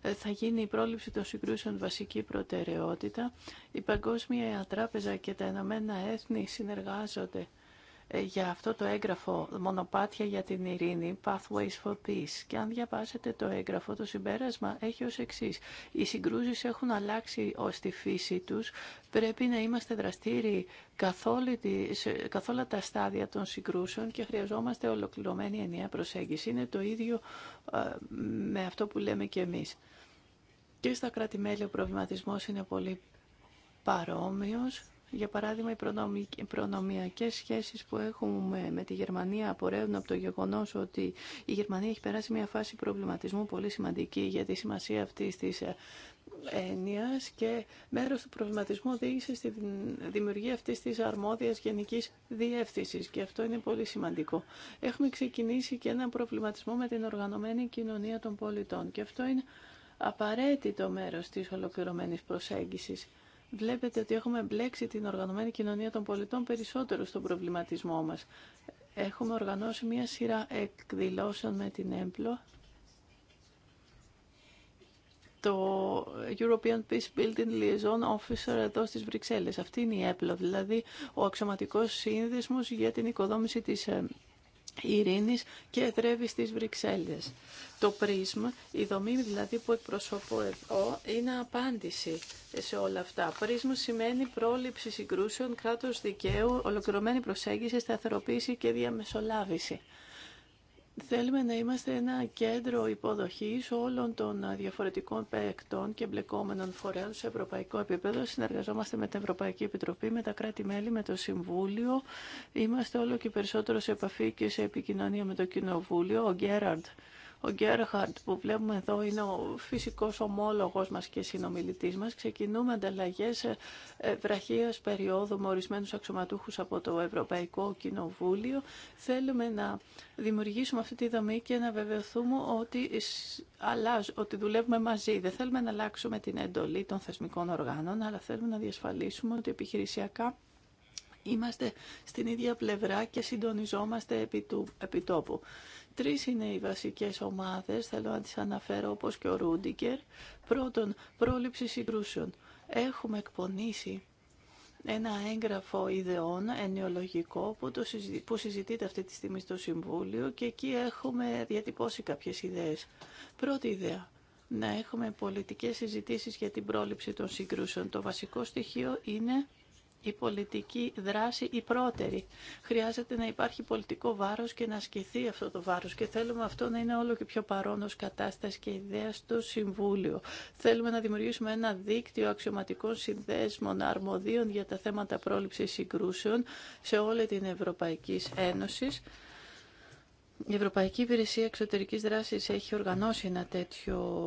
S6: ε, θα γίνει η πρόληψη των συγκρούσεων βασική προτεραιότητα. Η Παγκόσμια Τράπεζα και τα Ηνωμένα Έθνη συνεργάζονται ε, για αυτό το έγγραφο «Μονοπάτια για την ειρήνη» Pathways for Peace και αν διαβάσετε το έγγραφο το συμπέρασμα έχει ως εξής οι συγκρούσεις έχουν αλλάξει ως τη φύση τους πρέπει να είμαστε δραστήριοι καθ' όλα τα στάδια των συγκρούσεων και χρειαζόμαστε ολοκληρωμένη ενιαία προσέγγιση είναι το ίδιο ε, με αυτό που λέμε και εμείς και στα κρατη ο προβληματισμός είναι πολύ παρόμοιος για παράδειγμα, οι προνομιακέ σχέσει που έχουμε με τη Γερμανία απορρέουν από το γεγονό ότι η Γερμανία έχει περάσει μια φάση προβληματισμού πολύ σημαντική για τη σημασία αυτή τη ε, έννοια και μέρο του προβληματισμού οδήγησε στη δημιουργία αυτή τη αρμόδια γενική διεύθυνση. και αυτό είναι πολύ σημαντικό. Έχουμε ξεκινήσει και έναν προβληματισμό με την οργανωμένη κοινωνία των πολιτών και αυτό είναι απαραίτητο μέρος της ολοκληρωμένης προσέγγισης Βλέπετε ότι έχουμε μπλέξει την οργανωμένη κοινωνία των πολιτών περισσότερο στον προβληματισμό μας. Έχουμε οργανώσει μία σειρά εκδηλώσεων με την έμπλο. Το European Peace Building Liaison Officer εδώ στις Βρυξέλλες. Αυτή είναι η ΕΜΠΛΟ, δηλαδή ο αξιωματικός σύνδεσμος για την οικοδόμηση της ε, ειρήνης και εδρεύει στις Βρυξέλλες. Το πρίσμα, η δομή δηλαδή που εκπροσωπώ εδώ, είναι απάντηση σε όλα αυτά. Πρίσμα σημαίνει πρόληψη συγκρούσεων, κράτος δικαίου, ολοκληρωμένη προσέγγιση, σταθεροποίηση και διαμεσολάβηση. Θέλουμε να είμαστε ένα κέντρο υποδοχής όλων των διαφορετικών παίκτων και μπλεκόμενων φορέων σε ευρωπαϊκό επίπεδο. Συνεργαζόμαστε με την Ευρωπαϊκή Επιτροπή, με τα κράτη-μέλη, με το Συμβούλιο. Είμαστε όλο και περισσότερο σε επαφή και σε επικοινωνία με το Κοινοβούλιο. Ο Γκέραρντ ο Γκέρχαρντ που βλέπουμε εδώ είναι ο φυσικός ομόλογος μας και συνομιλητής μας. Ξεκινούμε ανταλλαγές ε, ε, βραχίας περίοδου με ορισμένους αξιωματούχους από το Ευρωπαϊκό Κοινοβούλιο. Θέλουμε να δημιουργήσουμε αυτή τη δομή και να βεβαιωθούμε ότι, ότι δουλεύουμε μαζί. Δεν θέλουμε να αλλάξουμε την εντολή των θεσμικών οργάνων, αλλά θέλουμε να διασφαλίσουμε ότι επιχειρησιακά είμαστε στην ίδια πλευρά και συντονιζόμαστε επί, του, επί τόπου. Τρεις είναι οι βασικές ομάδες, θέλω να τις αναφέρω όπως και ο Ρούντικερ. Πρώτον, πρόληψη συγκρούσεων. Έχουμε εκπονήσει ένα έγγραφο ιδεών ενοιολογικό που, το συζη... που συζητείται αυτή τη στιγμή στο Συμβούλιο και εκεί έχουμε διατυπώσει κάποιες ιδέες. Πρώτη ιδέα, να έχουμε πολιτικές συζητήσεις για την πρόληψη των συγκρούσεων. Το βασικό στοιχείο είναι η πολιτική δράση η πρώτερη. Χρειάζεται να υπάρχει πολιτικό βάρος και να ασκηθεί αυτό το βάρος και θέλουμε αυτό να είναι όλο και πιο παρόν ως κατάσταση και ιδέα στο Συμβούλιο. Θέλουμε να δημιουργήσουμε ένα δίκτυο αξιωματικών συνδέσμων αρμοδίων για τα θέματα πρόληψης συγκρούσεων σε όλη την Ευρωπαϊκή Ένωση η Ευρωπαϊκή Υπηρεσία Εξωτερικής Δράσης έχει οργανώσει ένα τέτοιο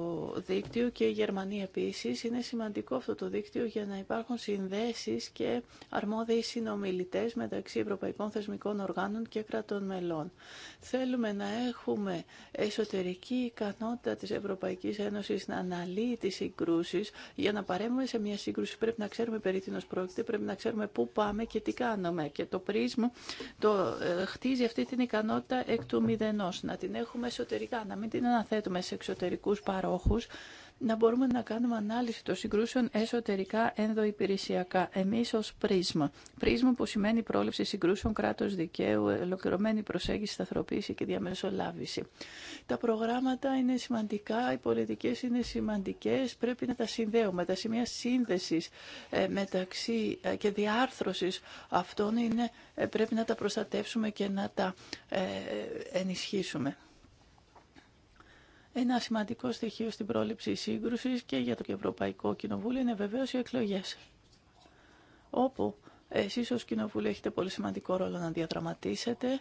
S6: δίκτυο και η Γερμανία επίσης. Είναι σημαντικό αυτό το δίκτυο για να υπάρχουν συνδέσεις και αρμόδιοι συνομιλητές μεταξύ ευρωπαϊκών θεσμικών οργάνων και κρατών μελών. Θέλουμε να έχουμε εσωτερική ικανότητα της Ευρωπαϊκής Ένωσης να αναλύει τις συγκρούσεις. Για να παρέμβουμε σε μια σύγκρουση πρέπει να ξέρουμε περί τίνος πρόκειται, πρέπει να ξέρουμε πού πάμε και τι κάνουμε. Και το πρίσμα το ε, χτίζει αυτή την ικανότητα εκ του μηδενός, να την έχουμε εσωτερικά, να μην την αναθέτουμε σε εξωτερικούς παρόχους, να μπορούμε να κάνουμε ανάλυση των συγκρούσεων εσωτερικά ενδοϊπηρεσιακά. Εμείς ως πρίσμα. Πρίσμα που σημαίνει πρόληψη συγκρούσεων κράτος δικαίου, ολοκληρωμένη προσέγγιση, σταθεροποίηση και διαμεσολάβηση. Τα προγράμματα είναι σημαντικά, οι πολιτικές είναι σημαντικές, πρέπει να τα συνδέουμε. Τα σημεία σύνδεση ε, μεταξύ ε, και διάρθρωση αυτών είναι, ε, πρέπει να τα προστατεύσουμε και να τα ενισχύσουμε. Ένα σημαντικό στοιχείο στην πρόληψη σύγκρουση και για το Ευρωπαϊκό Κοινοβούλιο είναι βεβαίω οι εκλογέ. Όπου εσείς ως Κοινοβούλιο έχετε πολύ σημαντικό ρόλο να διαδραματίσετε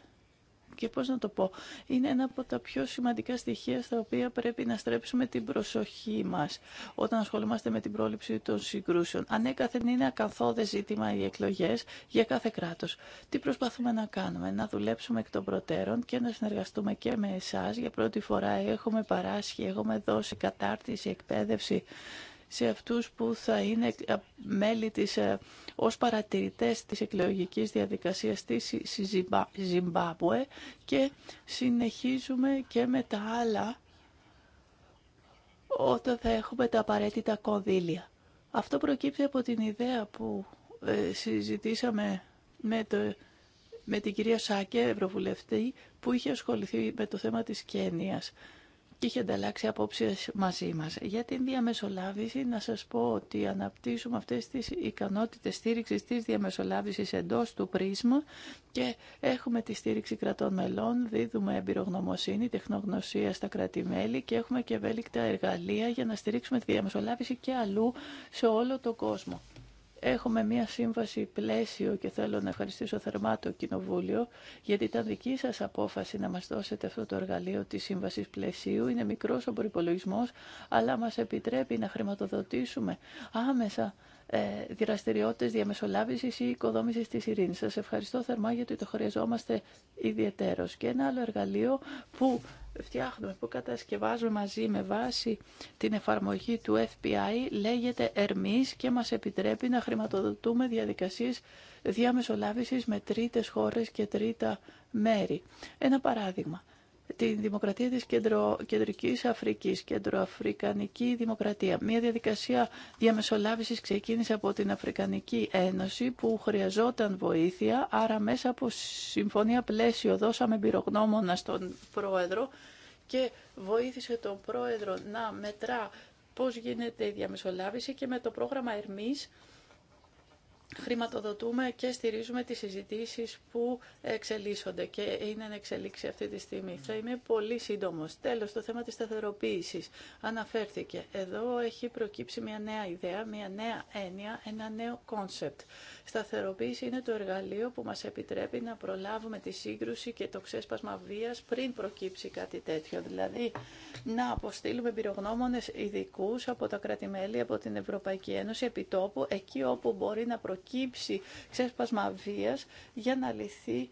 S6: και πώς να το πω, είναι ένα από τα πιο σημαντικά στοιχεία στα οποία πρέπει να στρέψουμε την προσοχή μας όταν ασχολούμαστε με την πρόληψη των συγκρούσεων. Ανέκαθεν είναι ακαθόδε ζήτημα οι εκλογές για κάθε κράτος. Τι προσπαθούμε να κάνουμε, να δουλέψουμε εκ των προτέρων και να συνεργαστούμε και με εσάς. Για πρώτη φορά έχουμε παράσχει, έχουμε δώσει κατάρτιση, εκπαίδευση σε αυτούς που θα είναι μέλη της, ε, ως παρατηρητές της εκλογικής διαδικασίας της Ζιμπάμπουε και συνεχίζουμε και με τα άλλα όταν θα έχουμε τα απαραίτητα κονδύλια. Αυτό προκύπτει από την ιδέα που ε, συζητήσαμε με, το, με την κυρία Σάκε, Ευρωβουλευτή, που είχε ασχοληθεί με το θέμα της Κένιας και είχε ανταλλάξει απόψει μαζί μα Για την διαμεσολάβηση να σας πω ότι αναπτύσσουμε αυτές τις ικανότητες στήριξη τη διαμεσολάβησης εντό του πρίσμα και έχουμε τη στήριξη κρατών μελών, δίδουμε εμπειρογνωμοσύνη, τεχνογνωσία στα κρατημέλη και έχουμε και ευέλικτα εργαλεία για να στηρίξουμε τη διαμεσολάβηση και αλλού σε όλο τον κόσμο. Έχουμε μία σύμβαση πλαίσιο και θέλω να ευχαριστήσω θερμά το Κοινοβούλιο, γιατί ήταν δική σας απόφαση να μας δώσετε αυτό το εργαλείο της σύμβασης πλαισίου. Είναι μικρός ο προπολογισμό, αλλά μας επιτρέπει να χρηματοδοτήσουμε άμεσα ε, δραστηριότητε διαμεσολάβηση ή οικοδόμησης της ειρήνη. Σα ευχαριστώ θερμά γιατί το χρειαζόμαστε ιδιαιτέρω. Και ένα άλλο εργαλείο που φτιάχνουμε, που κατασκευάζουμε μαζί με βάση την εφαρμογή του FBI λέγεται Ερμής και μας επιτρέπει να χρηματοδοτούμε διαδικασίες διαμεσολάβησης με τρίτες χώρες και τρίτα μέρη. Ένα παράδειγμα την δημοκρατία της κεντρο, Κεντρικής Αφρικής, Κεντροαφρικανική Δημοκρατία. Μια διαδικασία διαμεσολάβησης ξεκίνησε από την Αφρικανική Ένωση που χρειαζόταν βοήθεια, άρα μέσα από συμφωνία πλαίσιο δώσαμε πυρογνώμονα στον πρόεδρο και βοήθησε τον πρόεδρο να μετρά πώς γίνεται η διαμεσολάβηση και με το πρόγραμμα Ερμής χρηματοδοτούμε και στηρίζουμε τις συζητήσεις που εξελίσσονται και είναι εν εξελίξη αυτή τη στιγμή. Θα είμαι πολύ σύντομος. Τέλος, το θέμα της σταθεροποίησης αναφέρθηκε. Εδώ έχει προκύψει μια νέα ιδέα, μια νέα έννοια, ένα νέο κόνσεπτ. Σταθεροποίηση είναι το εργαλείο που μας επιτρέπει να προλάβουμε τη σύγκρουση και το ξέσπασμα βίας πριν προκύψει κάτι τέτοιο. Δηλαδή, να αποστείλουμε πυρογνώμονε ειδικού από τα κρατημέλη, από την Ευρωπαϊκή Ένωση, επιτόπου, εκεί όπου μπορεί να προκύψει προκύψει ξέσπασμα βίας για να λυθεί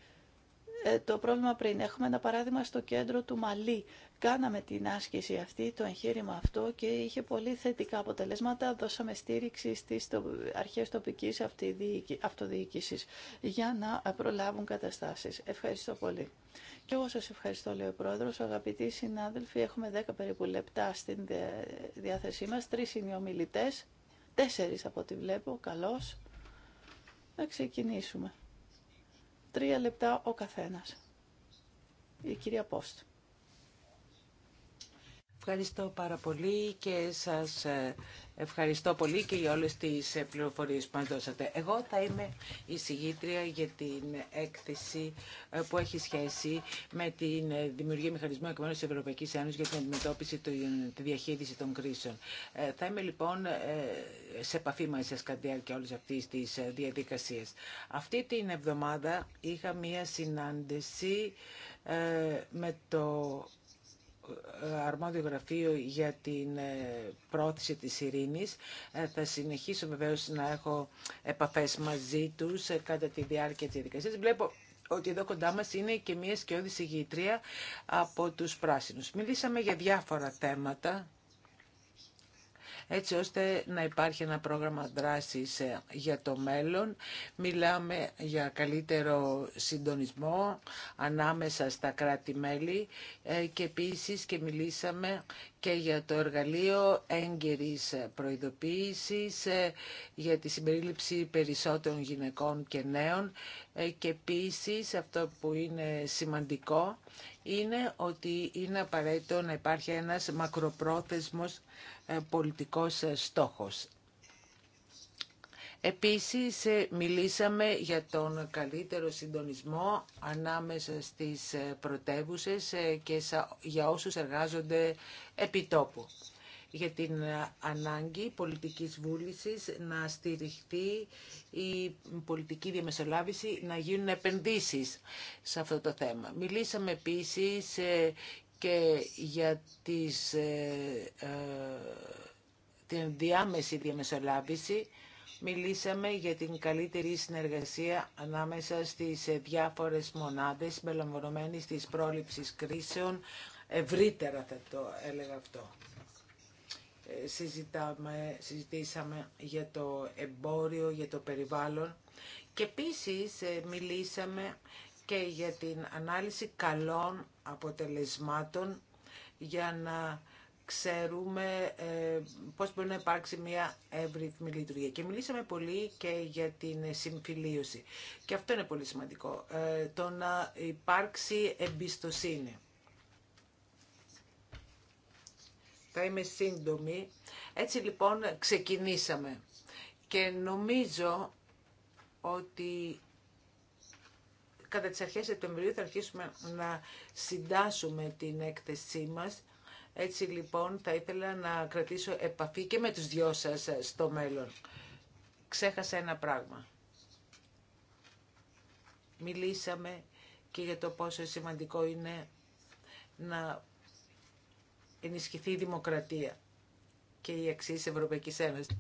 S6: ε, το πρόβλημα πριν. Έχουμε ένα παράδειγμα στο κέντρο του Μαλή. Κάναμε την άσκηση αυτή, το εγχείρημα αυτό και είχε πολύ θετικά αποτελέσματα. Δώσαμε στήριξη στις αρχές τοπικής αυτοδιοίκησης για να προλάβουν καταστάσεις. Ευχαριστώ πολύ. Και εγώ σας ευχαριστώ, λέει ο Πρόεδρος. Αγαπητοί συνάδελφοι, έχουμε 10 περίπου λεπτά στην διάθεσή μας. Τρεις είναι οι ομιλητές, τέσσερις από ό,τι βλέπω. Καλώς να ξεκινήσουμε. Τρία λεπτά ο καθένας. Η κυρία Πόστ.
S5: Ευχαριστώ πάρα πολύ και σας ε, Ευχαριστώ πολύ και για όλες τις ε, πληροφορίες που μας δώσατε. Εγώ θα είμαι η συγγήτρια για την έκθεση ε, που έχει σχέση με την ε, δημιουργία μηχανισμού εκ της Ευρωπαϊκής Ένωσης για την αντιμετώπιση, τη διαχείριση των κρίσεων. Θα είμαι λοιπόν σε επαφή μαζί σας κατά τη διάρκεια αυτές αυτής της Αυτή την εβδομάδα είχα μία συνάντηση με το αρμόδιο γραφείο για την ε, πρόθεση της ειρήνης. Ε, θα συνεχίσω βεβαίω να έχω επαφές μαζί τους ε, κατά τη διάρκεια της διαδικασίας. Βλέπω ότι εδώ κοντά μας είναι και μία σκιώδη συγγήτρια από τους πράσινους. Μιλήσαμε για διάφορα θέματα έτσι ώστε να υπάρχει ένα πρόγραμμα δράσης ε, για το μέλλον. Μιλάμε για καλύτερο συντονισμό ανάμεσα στα κράτη-μέλη ε, και επίσης και μιλήσαμε και για το εργαλείο έγκαιρης προειδοποίησης, ε, για τη συμπερίληψη περισσότερων γυναικών και νέων και επίσης αυτό που είναι σημαντικό είναι ότι είναι απαραίτητο να υπάρχει ένας μακροπρόθεσμος ε, πολιτικός ε, στόχος. Επίσης, ε, μιλήσαμε για τον καλύτερο συντονισμό ανάμεσα στις πρωτεύουσε και για όσους εργάζονται επί τόπου. Για την ανάγκη πολιτικής βούλησης να στηριχθεί η πολιτική διαμεσολάβηση, να γίνουν επενδύσεις σε αυτό το θέμα. Μιλήσαμε επίσης και για τις, ε, ε, την διάμεση διαμεσολάβηση μιλήσαμε για την καλύτερη συνεργασία ανάμεσα στις ε, διάφορες μονάδες συμπεριλαμβανομένης της πρόληψης κρίσεων. Ευρύτερα θα το έλεγα αυτό. Συζητάμε, συζητήσαμε για το εμπόριο, για το περιβάλλον και επίσης μιλήσαμε και για την ανάλυση καλών αποτελεσμάτων για να ξέρουμε ε, πώς μπορεί να υπάρξει μια εύρυθμη λειτουργία. Και μιλήσαμε πολύ και για την συμφιλίωση. Και αυτό είναι πολύ σημαντικό, ε, το να υπάρξει εμπιστοσύνη. Θα είμαι σύντομη. Έτσι λοιπόν ξεκινήσαμε. Και νομίζω ότι κατά τις αρχές Σεπτεμβρίου θα αρχίσουμε να συντάσσουμε την έκθεσή μας. Έτσι λοιπόν θα ήθελα να κρατήσω επαφή και με τους δυο σας στο μέλλον. Ξέχασα ένα πράγμα. Μιλήσαμε και για το πόσο σημαντικό είναι να ενισχυθεί η δημοκρατία και η αξίες Ευρωπαϊκής Ένωσης.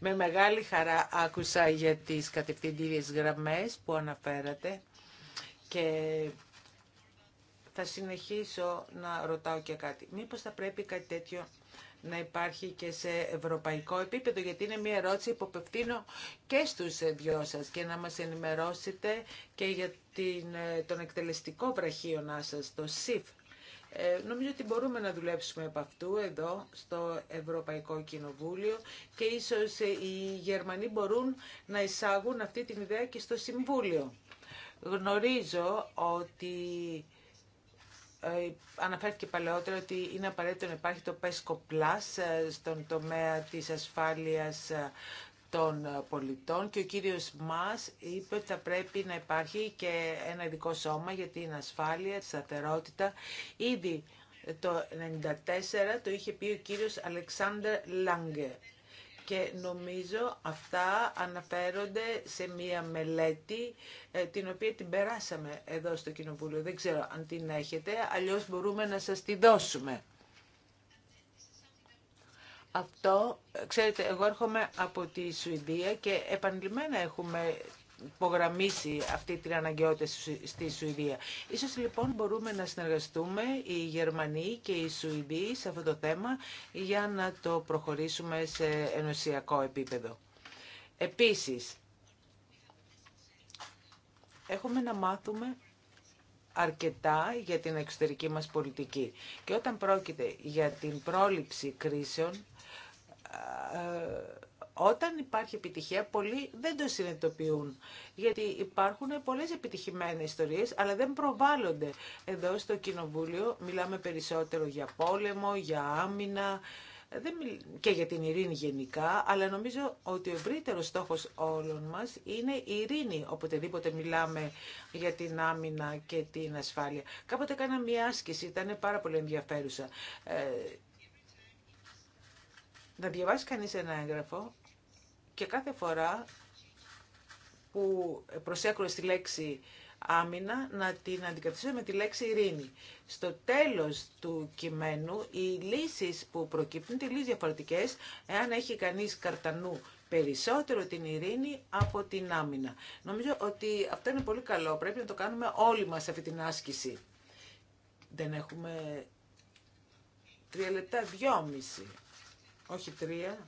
S5: Με μεγάλη χαρά άκουσα για τις κατευθυντήριες γραμμές που αναφέρατε και θα συνεχίσω να ρωτάω και κάτι. Μήπως θα πρέπει κάτι τέτοιο να υπάρχει και σε ευρωπαϊκό επίπεδο, γιατί είναι μια ερώτηση που απευθύνω και στους δυο σας και να μας ενημερώσετε και για την, ε, τον εκτελεστικό βραχίωνά σας, το ΣΥΦ. Ε, νομίζω ότι μπορούμε να δουλέψουμε από αυτού εδώ στο Ευρωπαϊκό Κοινοβούλιο και ίσως οι Γερμανοί μπορούν να εισάγουν αυτή την ιδέα και στο Συμβούλιο. Γνωρίζω ότι ε, αναφέρθηκε παλαιότερα ότι είναι απαραίτητο να υπάρχει το PESCO Plus ε, στον τομέα της ασφάλειας ε, των ε, πολιτών και ο κύριος Μας είπε ότι θα πρέπει να υπάρχει και ένα ειδικό σώμα για την ασφάλεια, τη σταθερότητα. Ήδη το 1994 το είχε πει ο κύριος Αλεξάνδρ Λάγκε και νομίζω αυτά αναφέρονται σε μία μελέτη ε, την οποία την περάσαμε εδώ στο Κοινοβούλιο. Δεν ξέρω αν την έχετε, αλλιώς μπορούμε να σας τη δώσουμε. Αυτό, ξέρετε, εγώ έρχομαι από τη Σουηδία και επανειλημμένα έχουμε υπογραμμίσει αυτή την αναγκαιότητα στη Σουηδία. Ίσως λοιπόν μπορούμε να συνεργαστούμε οι Γερμανοί και οι Σουηδοί σε αυτό το θέμα για να το προχωρήσουμε σε ενωσιακό επίπεδο. Επίσης, έχουμε να μάθουμε αρκετά για την εξωτερική μας πολιτική. Και όταν πρόκειται για την πρόληψη κρίσεων, ε, όταν υπάρχει επιτυχία, πολλοί δεν το συνειδητοποιούν. Γιατί υπάρχουν πολλές επιτυχημένες ιστορίες, αλλά δεν προβάλλονται. Εδώ στο Κοινοβούλιο μιλάμε περισσότερο για πόλεμο, για άμυνα ε, και για την ειρήνη γενικά, αλλά νομίζω ότι ο ευρύτερο στόχος όλων μας είναι η ειρήνη, οποτεδήποτε μιλάμε για την άμυνα και την ασφάλεια. Κάποτε έκανα μία άσκηση, ήταν πάρα πολύ ενδιαφέρουσα. Ε, να διαβάσει κανείς ένα έγγραφο και κάθε φορά που προσέκρουε τη λέξη άμυνα να την αντικαθιστεί με τη λέξη ειρήνη. Στο τέλος του κειμένου οι λύσεις που προκύπτουν είναι λύσεις διαφορετικές εάν έχει κανείς καρτανού περισσότερο την ειρήνη από την άμυνα. Νομίζω ότι αυτό είναι πολύ καλό. Πρέπει να το κάνουμε όλοι μας αυτή την άσκηση. Δεν έχουμε τρία λεπτά, δυόμιση όχι τρία.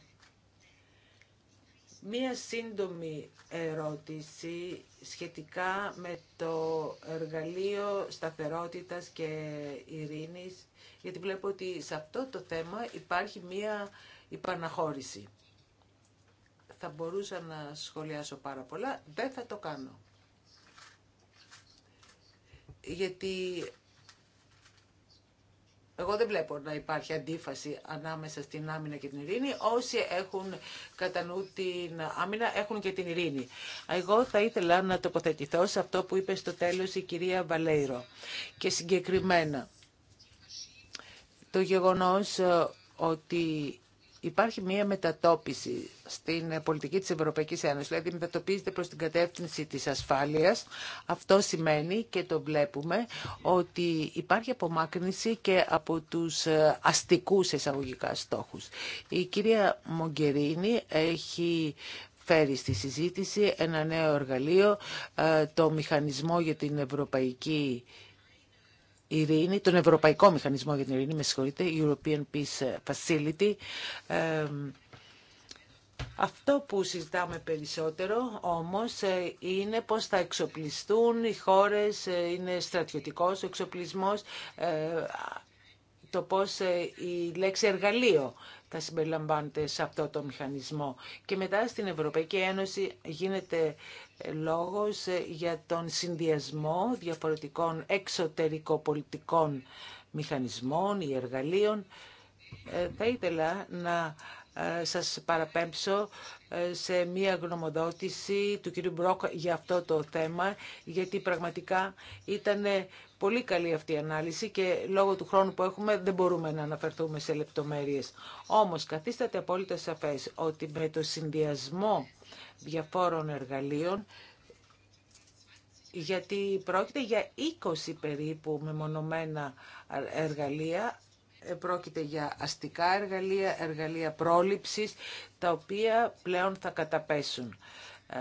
S5: Μία σύντομη ερώτηση σχετικά με το εργαλείο σταθερότητας και ειρήνης, γιατί βλέπω ότι σε αυτό το θέμα υπάρχει μία υπαναχώρηση. Θα μπορούσα να σχολιάσω πάρα πολλά, δεν θα το κάνω. Γιατί εγώ δεν βλέπω να υπάρχει αντίφαση ανάμεσα στην άμυνα και την ειρήνη. Όσοι έχουν κατά νου την άμυνα έχουν και την ειρήνη. Εγώ θα ήθελα να τοποθετηθώ σε αυτό που είπε στο τέλος η κυρία Βαλέιρο. Και συγκεκριμένα το γεγονός ε, ότι υπάρχει μία μετατόπιση στην πολιτική της Ευρωπαϊκής Ένωσης, δηλαδή μετατοπίζεται προς την κατεύθυνση της ασφάλειας. Αυτό σημαίνει και το βλέπουμε ότι υπάρχει απομάκρυνση και από τους αστικούς εισαγωγικά στόχους. Η κυρία Μογκερίνη έχει φέρει στη συζήτηση ένα νέο εργαλείο, ε, το μηχανισμό για την ευρωπαϊκή ειρήνη, τον Ευρωπαϊκό Μηχανισμό για την Ειρήνη, με συγχωρείτε, European Peace Facility. Αυτό που συζητάμε περισσότερο όμως ε, είναι πώς θα εξοπλιστούν οι χώρες, ε, είναι στρατιωτικός ο εξοπλισμός, ε, το πώς η λέξη εργαλείο θα συμπεριλαμβάνεται σε αυτό το μηχανισμό. Και μετά στην Ευρωπαϊκή Ένωση γίνεται λόγος ε, για τον συνδυασμό διαφορετικών εξωτερικοπολιτικών μηχανισμών ή εργαλείων. Ε, θα ήθελα να ε, σας παραπέμψω σε μία γνωμοδότηση του κ. Μπρόκ για αυτό το θέμα, γιατί πραγματικά ήταν πολύ καλή αυτή η ανάλυση και λόγω του χρόνου που έχουμε δεν μπορούμε να αναφερθούμε σε λεπτομέρειες. Όμως καθίσταται απόλυτα σαφές ότι με το συνδυασμό διαφόρων εργαλείων, γιατί πρόκειται για 20 περίπου μεμονωμένα εργαλεία, ε, πρόκειται για αστικά εργαλεία, εργαλεία πρόληψης, τα οποία πλέον θα καταπέσουν. Ε,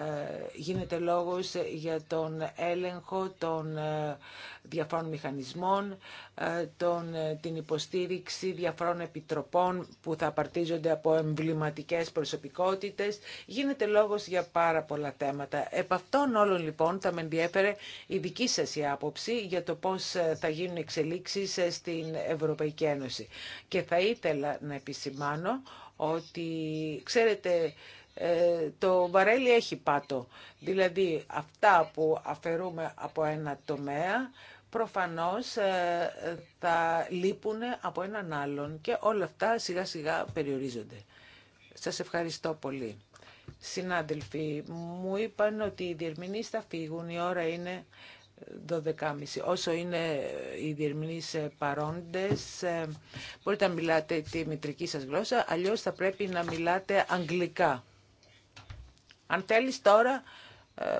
S5: γίνεται λόγος για τον έλεγχο των ε, διαφόρων μηχανισμών, ε, τον, την υποστήριξη διαφόρων επιτροπών που θα απαρτίζονται από εμβληματικές προσωπικότητες. Γίνεται λόγος για πάρα πολλά θέματα. Επ' αυτών όλων λοιπόν θα με ενδιέφερε η δική σας η άποψη για το πώς θα γίνουν εξελίξεις στην Ευρωπαϊκή Ένωση. Και θα ήθελα να επισημάνω ότι, ξέρετε, ε, το βαρέλι έχει πάτο. Δηλαδή αυτά που αφαιρούμε από ένα τομέα προφανώς ε, θα λείπουν από έναν άλλον και όλα αυτά σιγά σιγά περιορίζονται. Σας ευχαριστώ πολύ. Συνάδελφοι, μου είπαν ότι οι διερμηνείς θα φύγουν, η ώρα είναι 12.30. Όσο είναι οι διερμηνείς ε, παρόντες, μπορείτε να μιλάτε τη μητρική σας γλώσσα, αλλιώς θα πρέπει να μιλάτε αγγλικά. Αν θέλει τώρα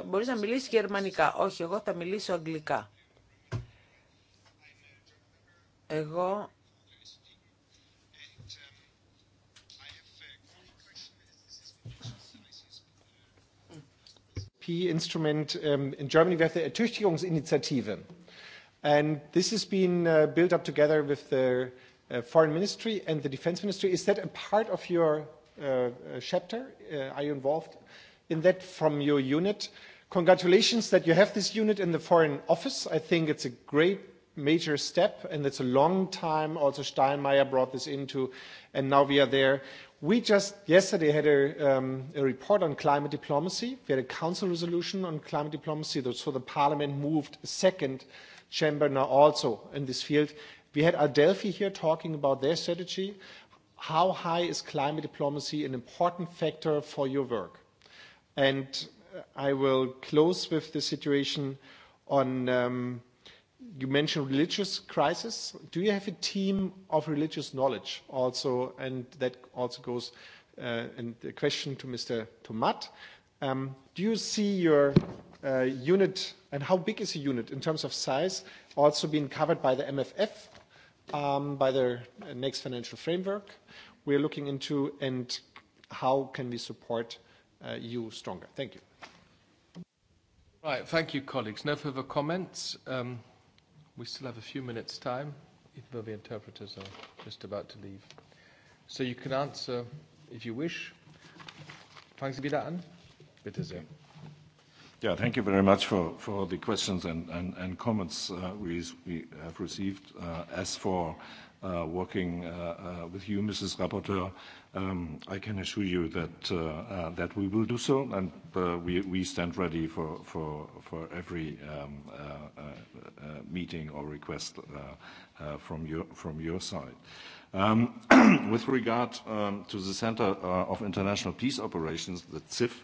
S5: μπορείς να μιλήσεις γερμανικά. Όχι, εγώ θα μιλήσω αγγλικά. Εγώ
S4: instrument in Germany. We have the Ertüchtigungsinitiative. And this has been built up together with the Foreign Ministry and the Defense Ministry. Is that a part of your chapter? Are you involved in that from your unit. Congratulations that you have this unit in the Foreign Office. I think it's a great major step, and it's a long time. Also, Steinmeier brought this into, and now we are there. We just yesterday had a report on climate diplomacy. We had a council resolution on climate diplomacy, so the parliament moved a second chamber now also in this field. We had Adelphi here talking about their strategy. How high is climate diplomacy an important factor for your work? And I will close with the situation on, you mentioned religious crisis. Do you have a team of religious knowledge also? And that also goes, and the question to Mr. Tomat. Do you see your unit, and how big is the unit in terms of size, also being covered by the MFF, by the next financial framework we are looking into, and how can we support You stronger. Thank you.
S1: Right. Thank you, colleagues. No further comments. Um, we still have a few minutes' time, even though the interpreters are just about to leave. So you can answer if you wish. Fangen Sie wieder an. Bitte sehr.
S7: Yeah, thank you very much for, for the questions and, and, and comments we, we have received. as for uh, working uh, uh, with you, Mrs. Rapporteur, I can assure you that we will do so, and we stand ready for every meeting or request from your from your side. With regard to the Center of International Peace Operations, the CIF,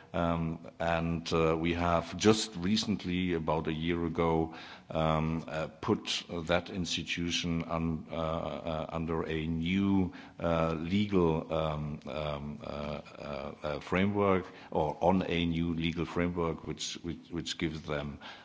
S7: and we have just recently, about a year ago, put that institution under a new legal framework or on a new legal framework which gives them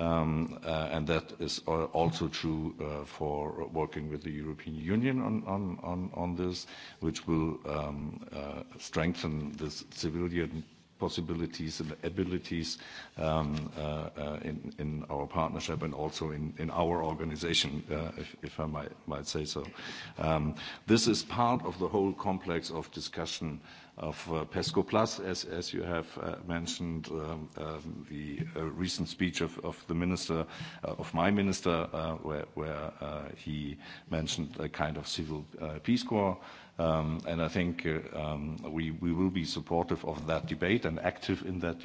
S7: and that is also true for working with the European Union on this, which will strengthen the civilian possibilities and abilities in our partnership and also in our organization, if I might say so. This is part of the whole complex of discussion of PESCO Plus, as you have mentioned, the recent speech of the minister, of my minister, where he mentioned a kind of civil peace corps. And I think we will be supportive of that debate and active in that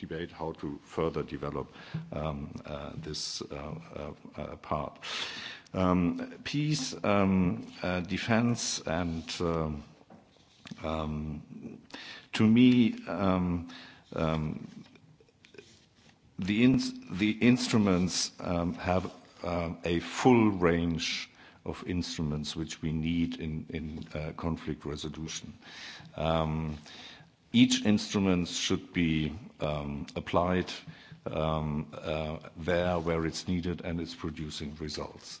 S7: debate, how to further develop this part. Peace, defense, and To me, the instruments have a full range of instruments which we need in conflict resolution. Each instrument should be applied there where it's needed and it's producing results.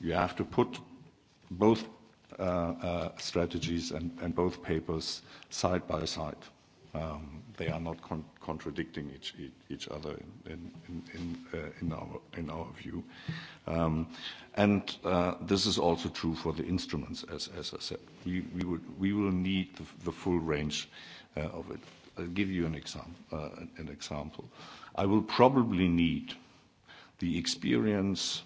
S7: you have to put both uh uh strategies and and both papers side by side. Um They are not contradicting each each other in in in in our in our view. Um And uh this is also true for the instruments, as as I said. We we we would will need the full range of it. I'll give you an an example. I will probably need the experience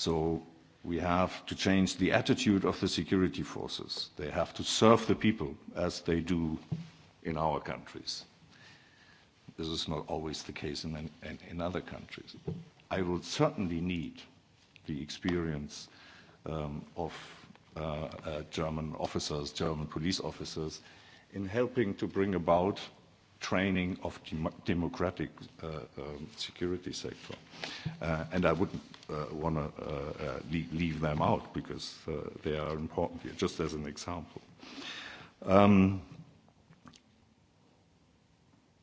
S7: So we have to change the attitude of the security forces. They have to serve the people as they do in our countries. This is not always the case in, in other countries. I will certainly need the experience of German officers, German police officers, in helping to bring about training of democratic security sector. And I wouldn't want to leave them out because they are important here, just as an example.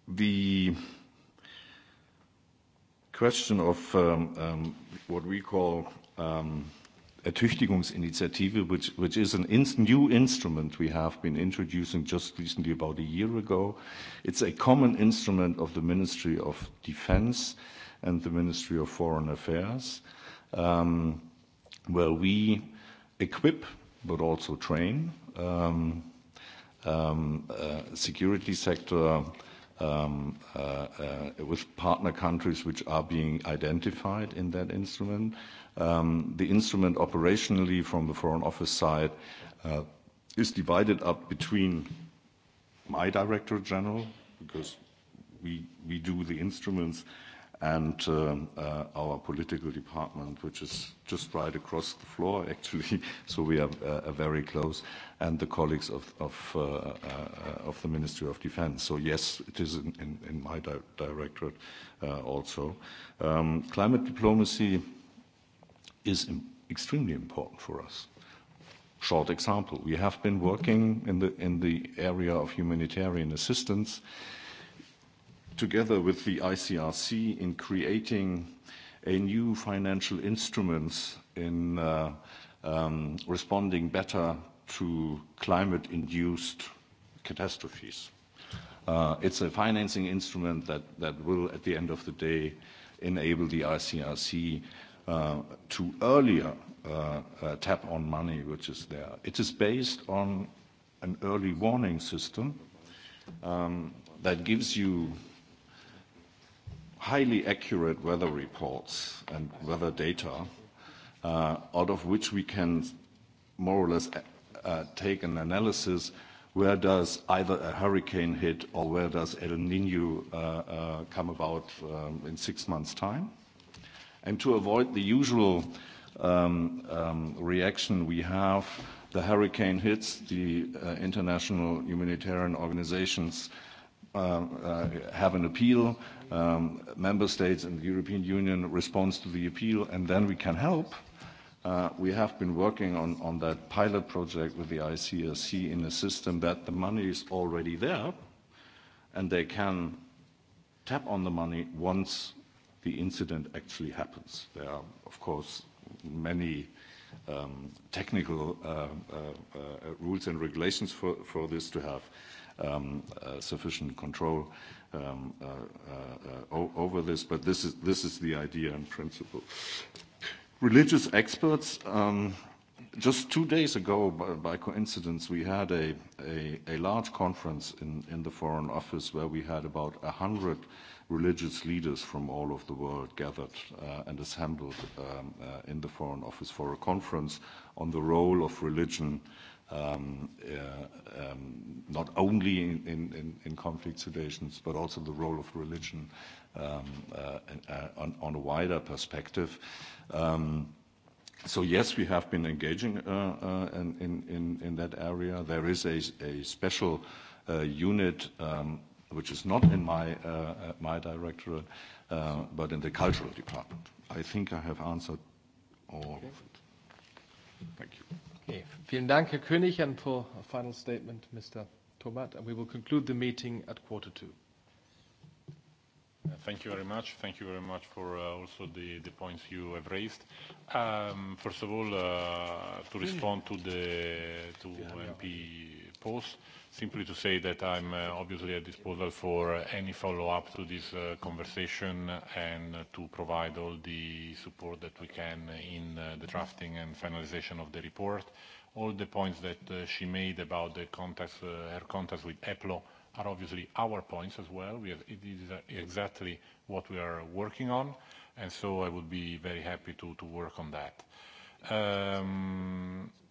S7: The question of what we call Ertüchtigungsinitiative, which, which is an new instrument we have been introducing just recently, about a year ago. It's a common instrument of the Ministry of Defense and the Ministry of Foreign Affairs, um, where we equip but also train um, um, security sector with partner countries which are being identified in that instrument. The instrument operationally from the Foreign Office side is divided up between my Director General, because we do the instruments and our political department, which is just right across the floor, actually, so we are very close, and the colleagues of of the Ministry of Defense. So yes, it is in my directorate also. Climate diplomacy is extremely important for us. Short example: we have been working in the in the area of humanitarian assistance together with the ICRC in creating a new financial instruments in responding better to climate-induced catastrophes. It's a financing instrument that that will, at the end of the day, enable the ICRC to earlier tap on money which is there. It is based on an early warning system that gives you highly accurate weather reports and weather data, out of which we can more or less take an analysis where does either a hurricane hit or where does El Nino come about in six months' time. And to avoid the usual reaction we have, the hurricane hits, the international humanitarian organizations have an appeal, member states and the European Union responds to the appeal, and then we can help. We have been working on on that pilot project with the ICRC in a system that the money is already there, and they can tap on the money once the incident actually happens. There are, of course, many technical rules and regulations for for this to have sufficient control over this, but this is this is the idea in principle. Religious experts. Just two days ago, by coincidence, we had a a large conference in in the Foreign Office where we had about 100 religious leaders from all of the world gathered and assembled in the Foreign Office for a conference on the role of religion not only in conflict situations, but also the role of religion on a wider perspective. So yes, we have been engaging in that area. There is a special unit which is not in my my directorate, but in the cultural department. I think I have answered
S1: all of it. Thank you. Okay. Vielen Dank, Herr König. And for a final statement, Mr. Tomat. And we will conclude the meeting at quarter two.
S3: Thank you very much. Thank you very much for also the, the points you have raised. Um, first of all, uh, to respond to the to MP Post simply to say that I'm obviously at disposal for any follow-up to this conversation and to provide all the support that we can in the drafting and finalization of the report. All the points that she made about the contacts, her contacts with EPLO are obviously our points as well. We have, it is exactly what we are working on, and so I would be very happy to, to work on that. Um,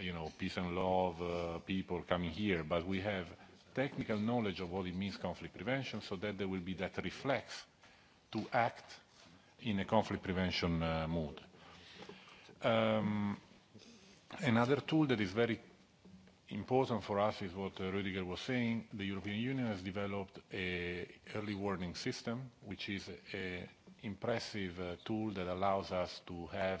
S3: you know, peace and love people coming here, but we have technical knowledge of what it means conflict prevention so that there will be that reflex to act in a conflict prevention mood. Another tool that is very important for us is what Rüdiger was saying. The European Union has developed an early warning system, which is an impressive tool that allows us to have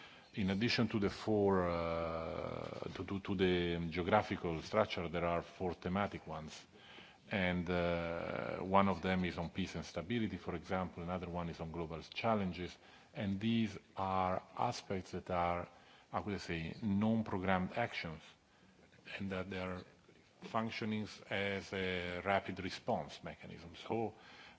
S3: In addition to the four, to the geographical structure, there are four thematic ones, and one of them is on peace and stability, for example, another one is on global challenges, and these are aspects that are, I would say, non-programmed actions, and that they are functioning as a rapid response mechanism. So